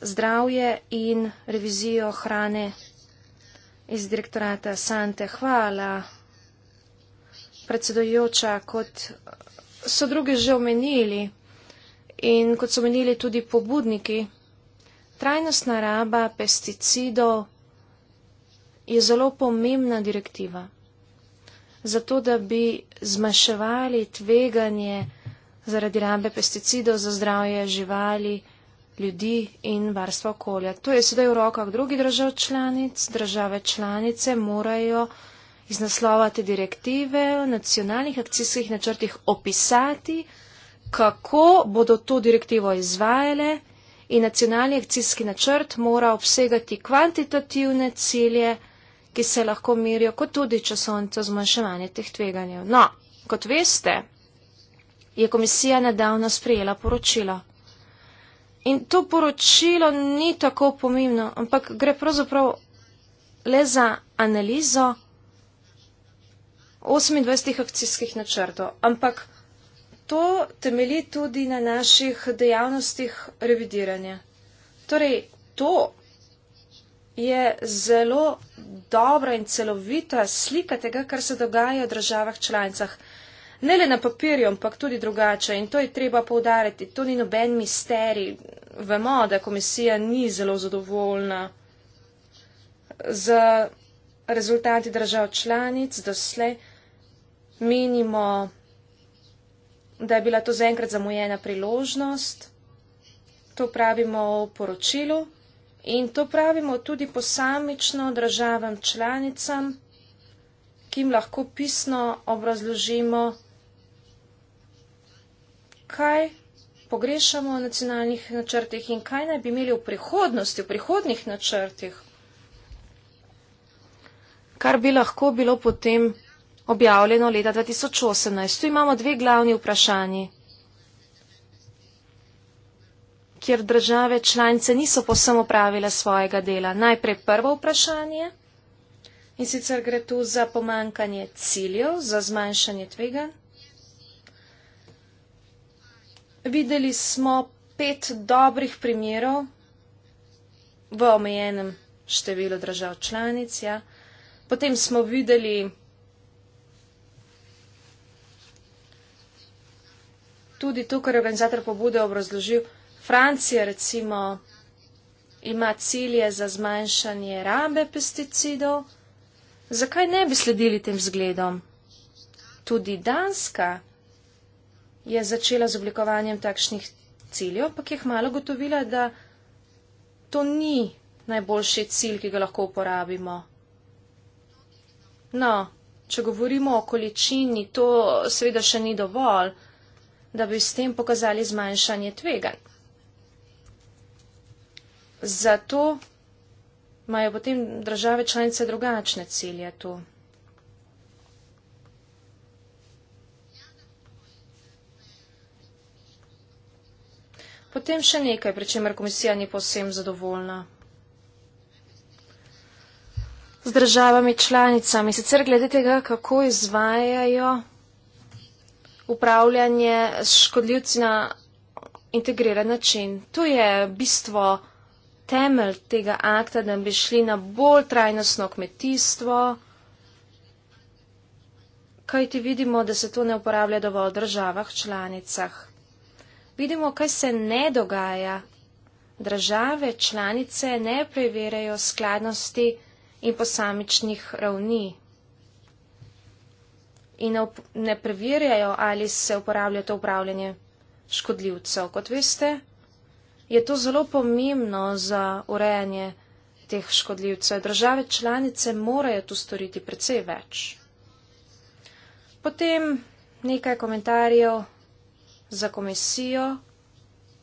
zdravje in revizijo hrane iz direktorata Sante. Hvala, predsedojoča, kot so drugi že omenili in kot so omenili tudi pobudniki. Trajnostna raba pesticidov je zelo pomembna direktiva. Zato, da bi zmaševali tveganje zaradi rabe pesticidov za zdravje živali, ljudi in varstva okolja. To je sedaj v rokah drugih držav članic. Države članice morajo iz naslova te direktive v nacionalnih akcijskih načrtih opisati, kako bodo to direktivo izvajale in nacionalni akcijski načrt mora obsegati kvantitativne cilje, ki se lahko merijo, kot tudi časovnico zmanjševanja teh tveganj. No, kot veste, je komisija nedavno sprejela poročilo. In to poročilo ni tako pomembno, ampak gre pravzaprav le za analizo 28 akcijskih načrtov. Ampak to temeli tudi na naših dejavnostih revidiranja. Torej, to, je zelo dobra in celovita slika tega, kar se dogaja v državah članicah. Ne le na papirju, ampak tudi drugače in to je treba povdariti. To ni noben misterij. Vemo, da komisija ni zelo zadovoljna z rezultati držav članic. Doslej menimo, da je bila to zaenkrat zamujena priložnost. To pravimo v poročilu. In to pravimo tudi posamično državam članicam, ki jim lahko pisno obrazložimo, kaj pogrešamo v nacionalnih načrtih in kaj naj bi imeli v prihodnosti, v prihodnih načrtih, kar bi lahko bilo potem objavljeno leta 2018. Tu imamo dve glavni vprašanji kjer države članice niso posem upravile svojega dela. Najprej prvo vprašanje in sicer gre tu za pomankanje ciljev, za zmanjšanje tvega. Videli smo pet dobrih primerov v omejenem številu držav članic. Ja. Potem smo videli tudi to, kar je organizator pobude obrazložil. Francija recimo ima cilje za zmanjšanje rabe pesticidov. Zakaj ne bi sledili tem zgledom? Tudi Danska je začela z oblikovanjem takšnih ciljev, pa je hmalo gotovila, da to ni najboljši cilj, ki ga lahko uporabimo. No, če govorimo o količini, to seveda še ni dovolj, da bi s tem pokazali zmanjšanje tveganj. Zato imajo potem države članice drugačne cilje tu. Potem še nekaj, pri čemer komisija ni posebno zadovoljna. Z državami članicami, sicer glede tega, kako izvajajo upravljanje s škodljivci na integriran način. To je bistvo temelj tega akta, da bi šli na bolj trajnostno kmetijstvo, kaj ti vidimo, da se to ne uporablja dovolj v državah članicah. Vidimo, kaj se ne dogaja. Države članice ne preverjajo skladnosti in posamičnih ravni in ne preverjajo, ali se uporablja to upravljanje škodljivcev. Kot veste, je to zelo pomembno za urejanje teh škodljivcev. Države članice morajo tu storiti precej več. Potem nekaj komentarjev za komisijo.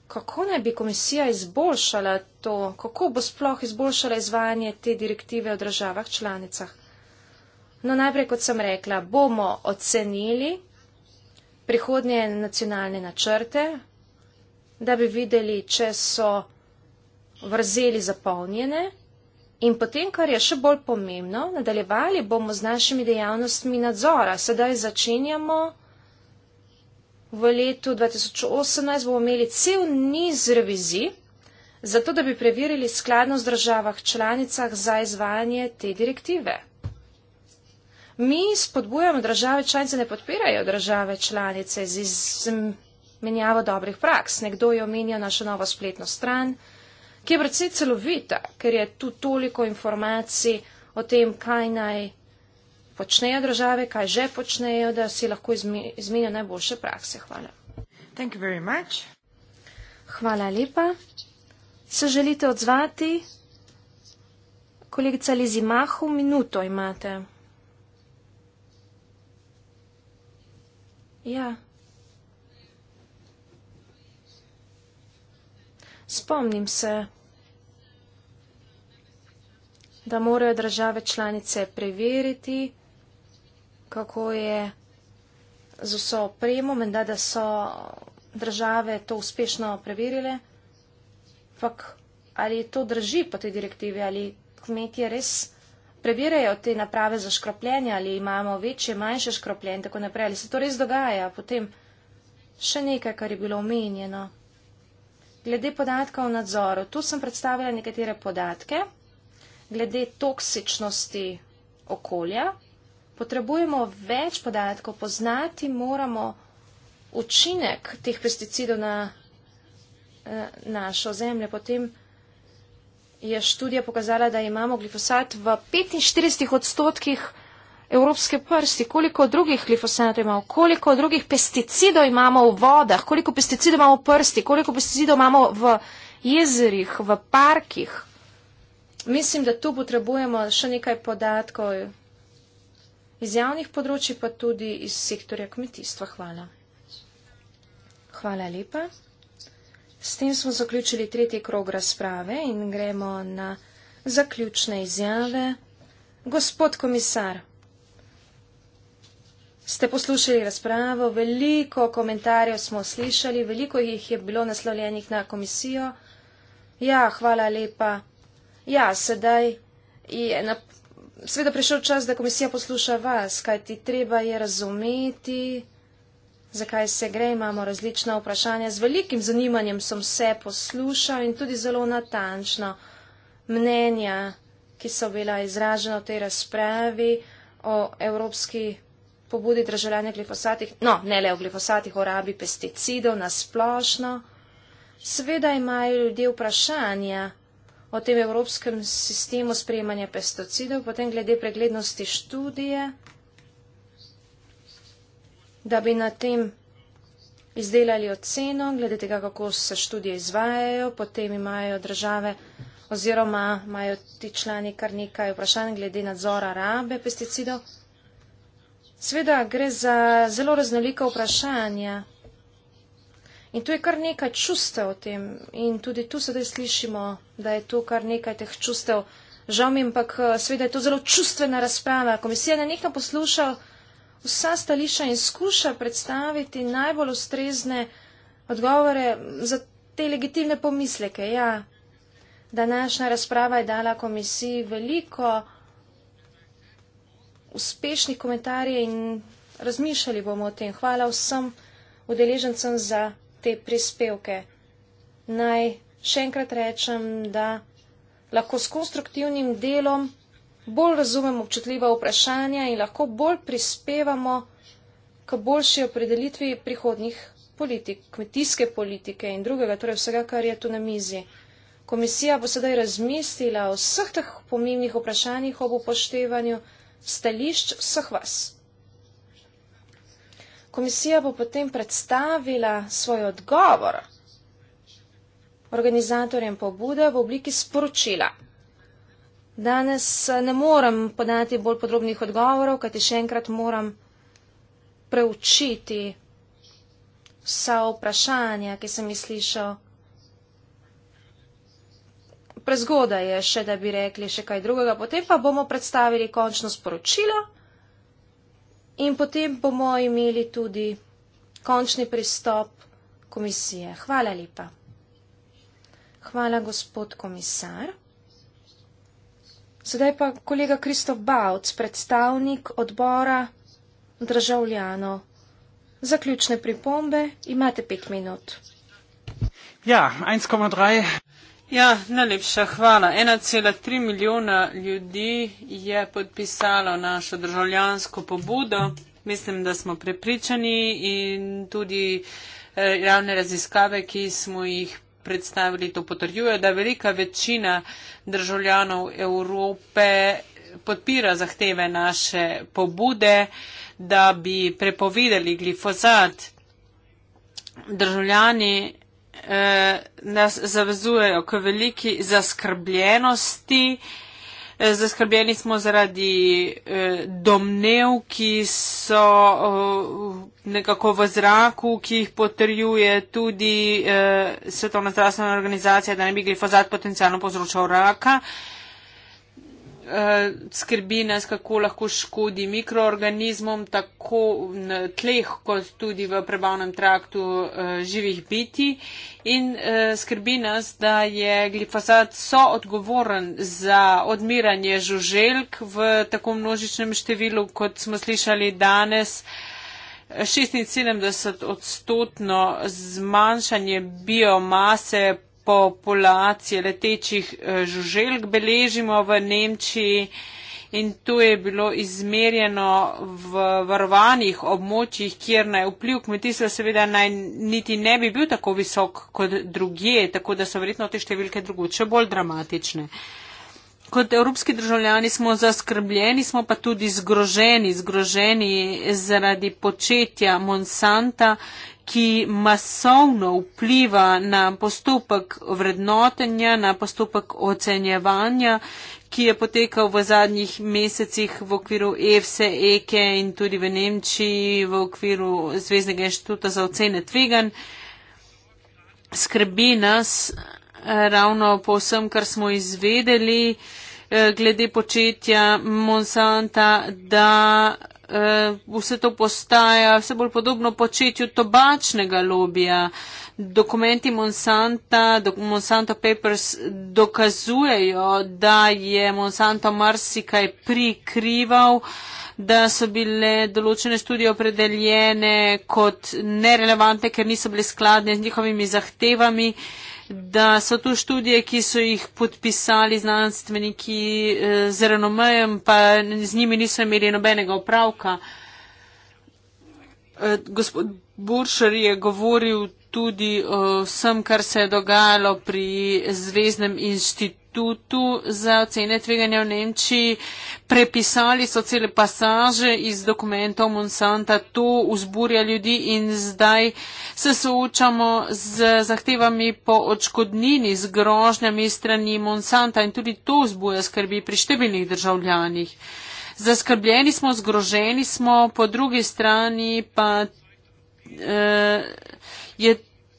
Kako naj bi komisija izboljšala to, kako bo sploh izboljšala izvajanje te direktive v državah članicah? No, najprej, kot sem rekla, bomo ocenili prihodnje nacionalne načrte, da bi videli, če so vrzeli zapolnjene. In potem, kar je še bolj pomembno, nadaljevali bomo z našimi dejavnostmi nadzora. Sedaj začenjamo v letu 2018, bomo imeli cel niz revizij, zato da bi preverili skladnost državah članicah za izvajanje te direktive. Mi spodbujamo države članice, ne podpirajo države članice z izmenjavo menjavo dobrih praks, nekdo je omenja našo novo spletno stran, ki je predvsej celovita, ker je tu toliko informacij o tem, kaj naj počnejo države, kaj že počnejo, da si lahko izmenijo najboljše prakse. Hvala. Hvala lepa. Se želite odzvati? Kolegica Lizi Mahu, minuto imate. Ja. Yeah. Spomnim se, da morajo države članice preveriti, kako je z vso opremo, menda, da so države to uspešno preverile. Ampak ali to drži po tej direktivi, ali kmetje res preverjajo te naprave za škropljenje, ali imamo večje, manjše škropljenje in tako naprej, ali se to res dogaja. Potem še nekaj, kar je bilo omenjeno glede podatkov o nadzoru, tu sem predstavila nekatere podatke, glede toksičnosti okolja, potrebujemo več podatkov, poznati moramo učinek teh pesticidov na eh, našo zemlje. Potem je študija pokazala, da imamo glifosat v 45 odstotkih odstotkih evropske prsti, koliko drugih glifosatov imamo, koliko drugih pesticidov imamo v vodah, koliko pesticidov imamo v prsti, koliko pesticidov imamo v jezerih, v parkih. Mislim, da tu potrebujemo še nekaj podatkov iz javnih področji, pa tudi iz sektorja kmetijstva. Hvala. Hvala lepa. S tem smo zaključili tretji krog razprave in gremo na zaključne izjave. Gospod komisar. Ste poslušali razpravo, veliko komentarjev smo slišali, veliko jih je bilo naslovljenih na komisijo. Ja, hvala lepa. Ja, sedaj je na, sveda prišel čas, da komisija posluša vas, kajti treba je razumeti, zakaj se gre, imamo različna vprašanja. Z velikim zanimanjem sem vse poslušal in tudi zelo natančno mnenja, ki so bila izražena v tej razpravi o evropski pobudi državljane o glifosatih, no, ne le o glifosatih, o rabi pesticidov nasplošno. Sveda imajo ljudje vprašanja o tem evropskem sistemu sprejemanja pesticidov, potem glede preglednosti študije, da bi na tem izdelali oceno, glede tega, kako se študije izvajajo, potem imajo države oziroma imajo ti člani kar nekaj vprašanj glede nadzora rabe pesticidov. Sveda gre za zelo raznolika vprašanja. In tu je kar nekaj čustev o tem. In tudi tu sedaj slišimo, da je tu kar nekaj teh čustev. Žal mi je, ampak eh, sveda je to zelo čustvena razprava. Komisija je nekaj poslušal vsa stališča in skuša predstaviti najbolj ustrezne odgovore za te legitimne pomisleke. Ja, današnja razprava je dala komisiji veliko uspešni komentarji in razmišljali bomo o tem. Hvala vsem udeležencem za te prispevke. Naj še enkrat rečem, da lahko s konstruktivnim delom bolj razumemo občutljiva vprašanja in lahko bolj prispevamo k boljši opredelitvi prihodnih politik, kmetijske politike in drugega, torej vsega, kar je tu na mizi. Komisija bo sedaj razmislila o vseh teh pomembnih vprašanjih ob upoštevanju stališč vseh vas. Komisija bo potem predstavila svoj odgovor organizatorjem pobude v obliki sporočila. Danes ne morem podati bolj podrobnih odgovorov, kajti še enkrat moram preučiti vsa vprašanja, ki sem jih slišal prezgoda je še, da bi rekli še kaj drugega, potem pa bomo predstavili končno sporočilo in potem bomo imeli tudi končni pristop komisije. Hvala lepa. Hvala, gospod komisar. Sedaj pa kolega Kristof Bauc, predstavnik odbora državljanov. Zaključne pripombe, imate pet minut. Ja, 1,3. Ja, najlepša hvala. 1,3 milijona ljudi je podpisalo našo državljansko pobudo. Mislim, da smo prepričani in tudi ravne eh, raziskave, ki smo jih predstavili, to potrjuje, da velika večina državljanov Evrope podpira zahteve naše pobude, da bi prepovedali glifosat. Državljani eh, nas zavezujejo k veliki zaskrbljenosti. Eh, zaskrbljeni smo zaradi eh, domnev, ki so eh, nekako v zraku, ki jih potrjuje tudi eh, Svetovna zdravstvena organizacija, da ne bi glifozat potencialno povzročal raka. Eh, uh, skrbi nas, kako lahko škodi mikroorganizmom, tako na tleh, kot tudi v prebavnem traktu uh, živih biti. In uh, skrbi nas, da je glifosat soodgovoren za odmiranje žuželk v tako množičnem številu, kot smo slišali danes. 76-odstotno zmanjšanje biomase populacije letečih eh, žuželk beležimo v Nemčiji in to je bilo izmerjeno v varovanih območjih, kjer naj vpliv kmetijstva seveda naj niti ne bi bil tako visok kot druge, tako da so verjetno te številke drugoče bolj dramatične. Kot evropski državljani smo zaskrbljeni, smo pa tudi zgroženi, zgroženi zaradi početja Monsanta ki masovno vpliva na postopek vrednotenja, na postopek ocenjevanja, ki je potekal v zadnjih mesecih v okviru EFSE, EKE in tudi v Nemčiji v okviru Zvezdnega inštituta za ocene tvegan, skrbi nas eh, ravno po vsem, kar smo izvedeli eh, glede početja Monsanta, da Eh, vse to postaja vse bolj podobno početju tobačnega lobija. Dokumenti Monsanta, dok, Monsanto Papers dokazujejo, da je Monsanto marsikaj prikrival, da so bile določene študije opredeljene kot nerelevante, ker niso bile skladne z njihovimi zahtevami. Uh, da so to študije, ki so jih podpisali znanstveniki eh, z renomejem, pa z njimi niso imeli nobenega opravka. Eh, gospod Buršar je govoril tudi o vsem, kar se je dogajalo pri Zvezdnem inštitutu inštitutu za ocene tveganja v Nemčiji prepisali so cele pasaže iz dokumentov Monsanta, to vzburja ljudi in zdaj se soočamo z zahtevami po očkodnini, z grožnjami strani Monsanta in tudi to vzbuja skrbi pri številnih državljanih. Zaskrbljeni smo, zgroženi smo, po drugi strani pa eh, je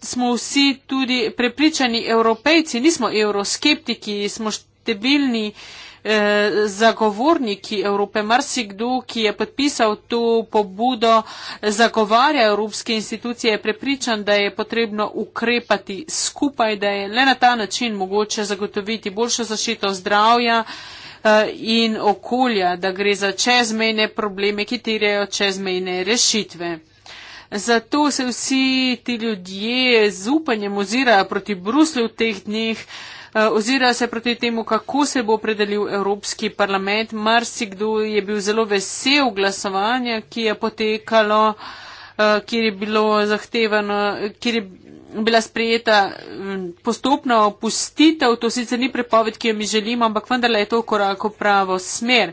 smo vsi tudi prepričani evropejci, nismo evroskeptiki, smo številni eh, zagovorniki Evrope. Marsikdo, ki je podpisal to pobudo, zagovarja evropske institucije, je prepričan, da je potrebno ukrepati skupaj, da je le na ta način mogoče zagotoviti boljšo zaščito zdravja eh, in okolja, da gre za čezmejne probleme, ki terjajo čezmejne rešitve. Zato se vsi ti ljudje z upanjem ozirajo proti Bruslju v teh dneh, eh, ozirajo se proti temu, kako se bo predelil Evropski parlament. Marsikdo je bil zelo vesel glasovanja, ki je potekalo, eh, kjer je bilo zahtevano, kjer je bila sprejeta hm, postopna opustitev. To sicer ni prepoved, ki jo mi želimo, ampak vendarle je to korak v pravo smer.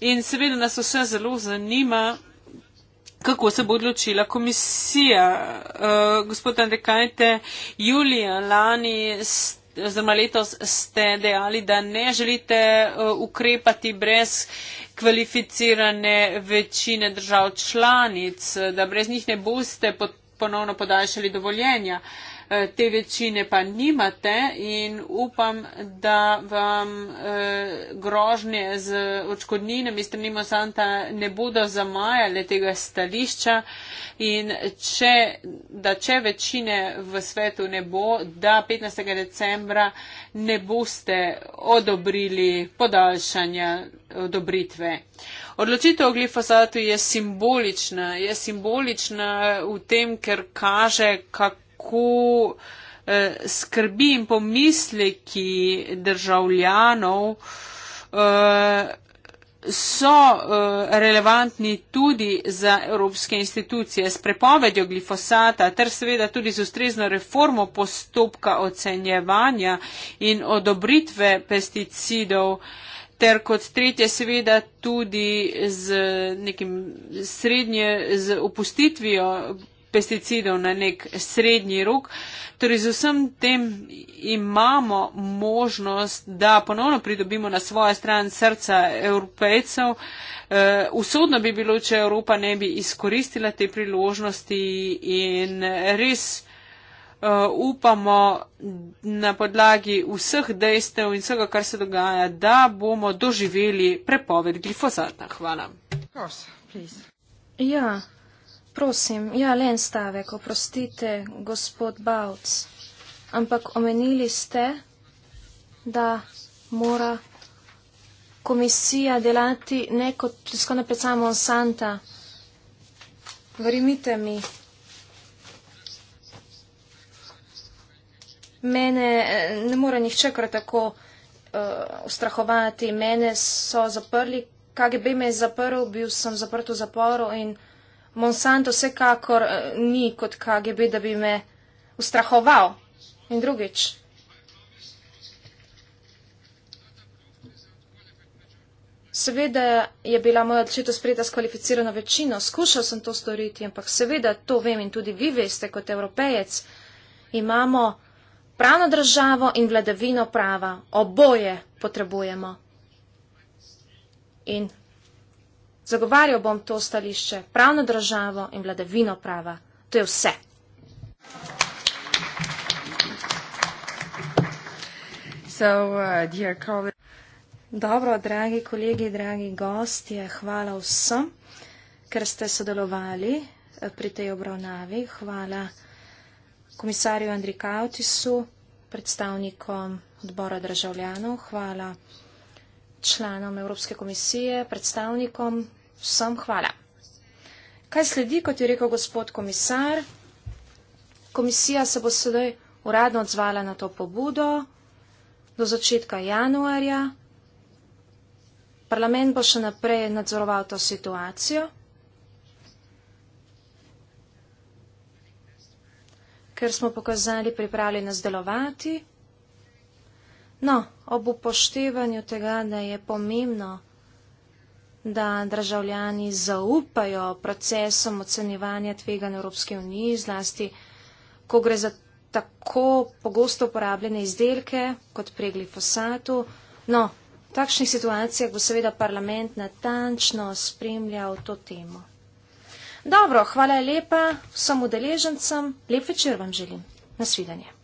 In seveda nas vse zelo zanima kako se bo odločila komisija. Uh, gospod Andrekajte, julija lani, oziroma letos ste dejali, da ne želite uh, ukrepati brez kvalificirane večine držav članic, da brez njih ne boste pot, ponovno podaljšali dovoljenja. Uh, Eh, te večine pa nimate in upam, da vam eh, grožnje z očkodninami strani Monsanta ne bodo zamajale tega stališča in če, da če večine v svetu ne bo, da 15. decembra ne boste odobrili podaljšanja odobritve. Odločitev o glifosatu je simbolična, je simbolična v tem, ker kaže, kako kako eh, skrbi in pomisleki državljanov eh, so eh, relevantni tudi za evropske institucije s prepovedjo glifosata ter seveda tudi z ustrezno reformo postopka ocenjevanja in odobritve pesticidov ter kot tretje seveda tudi z nekim srednje, z opustitvijo pesticidov na nek srednji rok. Torej, z vsem tem imamo možnost, da ponovno pridobimo na svojo stran srca evropejcev. Eh, usodno bi bilo, če Evropa ne bi izkoristila te priložnosti in res. Uh, upamo na podlagi vseh dejstev in vsega, kar se dogaja, da bomo doživeli prepoved glifosata. Hvala. Course, ja, Prosim, ja, le en stavek, oprostite, gospod Bavc, ampak omenili ste, da mora komisija delati ne kot skoraj pred samo Santa. Verjemite mi, mene eh, ne more nihče kar tako uh, ustrahovati, mene so zaprli, KGB me je zaprl, bil sem zaprt v zaporu in. Monsanto vsekakor eh, ni kot KGB, da bi me ustrahoval. In drugič. Seveda je bila moja odločitev sprejeta s kvalificirano večino, skušal sem to storiti, ampak seveda to vem in tudi vi veste kot evropejec. Imamo pravno državo in vladavino prava. Oboje potrebujemo. In Zagovarjal bom to stališče, pravno državo in vladavino prava. To je vse. So, uh, Dobro, dragi kolegi, dragi gostje, hvala vsem, ker ste sodelovali eh, pri tej obravnavi. Hvala komisarju Andri Kautisu, predstavnikom odbora državljanov. Hvala članom Evropske komisije, predstavnikom vsem hvala. Kaj sledi, kot je rekel gospod komisar? Komisija se bo sedaj uradno odzvala na to pobudo do začetka januarja. Parlament bo še naprej nadzoroval to situacijo. ker smo pokazali pripravljeno zdelovati. No, ob upoštevanju tega, da je pomembno, da državljani zaupajo procesom ocenjevanja tveganja Evropske unije, zlasti, ko gre za tako pogosto uporabljene izdelke kot pri glifosatu. No, v takšnih situacijah bo seveda parlament natančno spremljal to temo. Dobro, hvala lepa vsem udeležencem. Lep večer vam želim. Nasvidenje.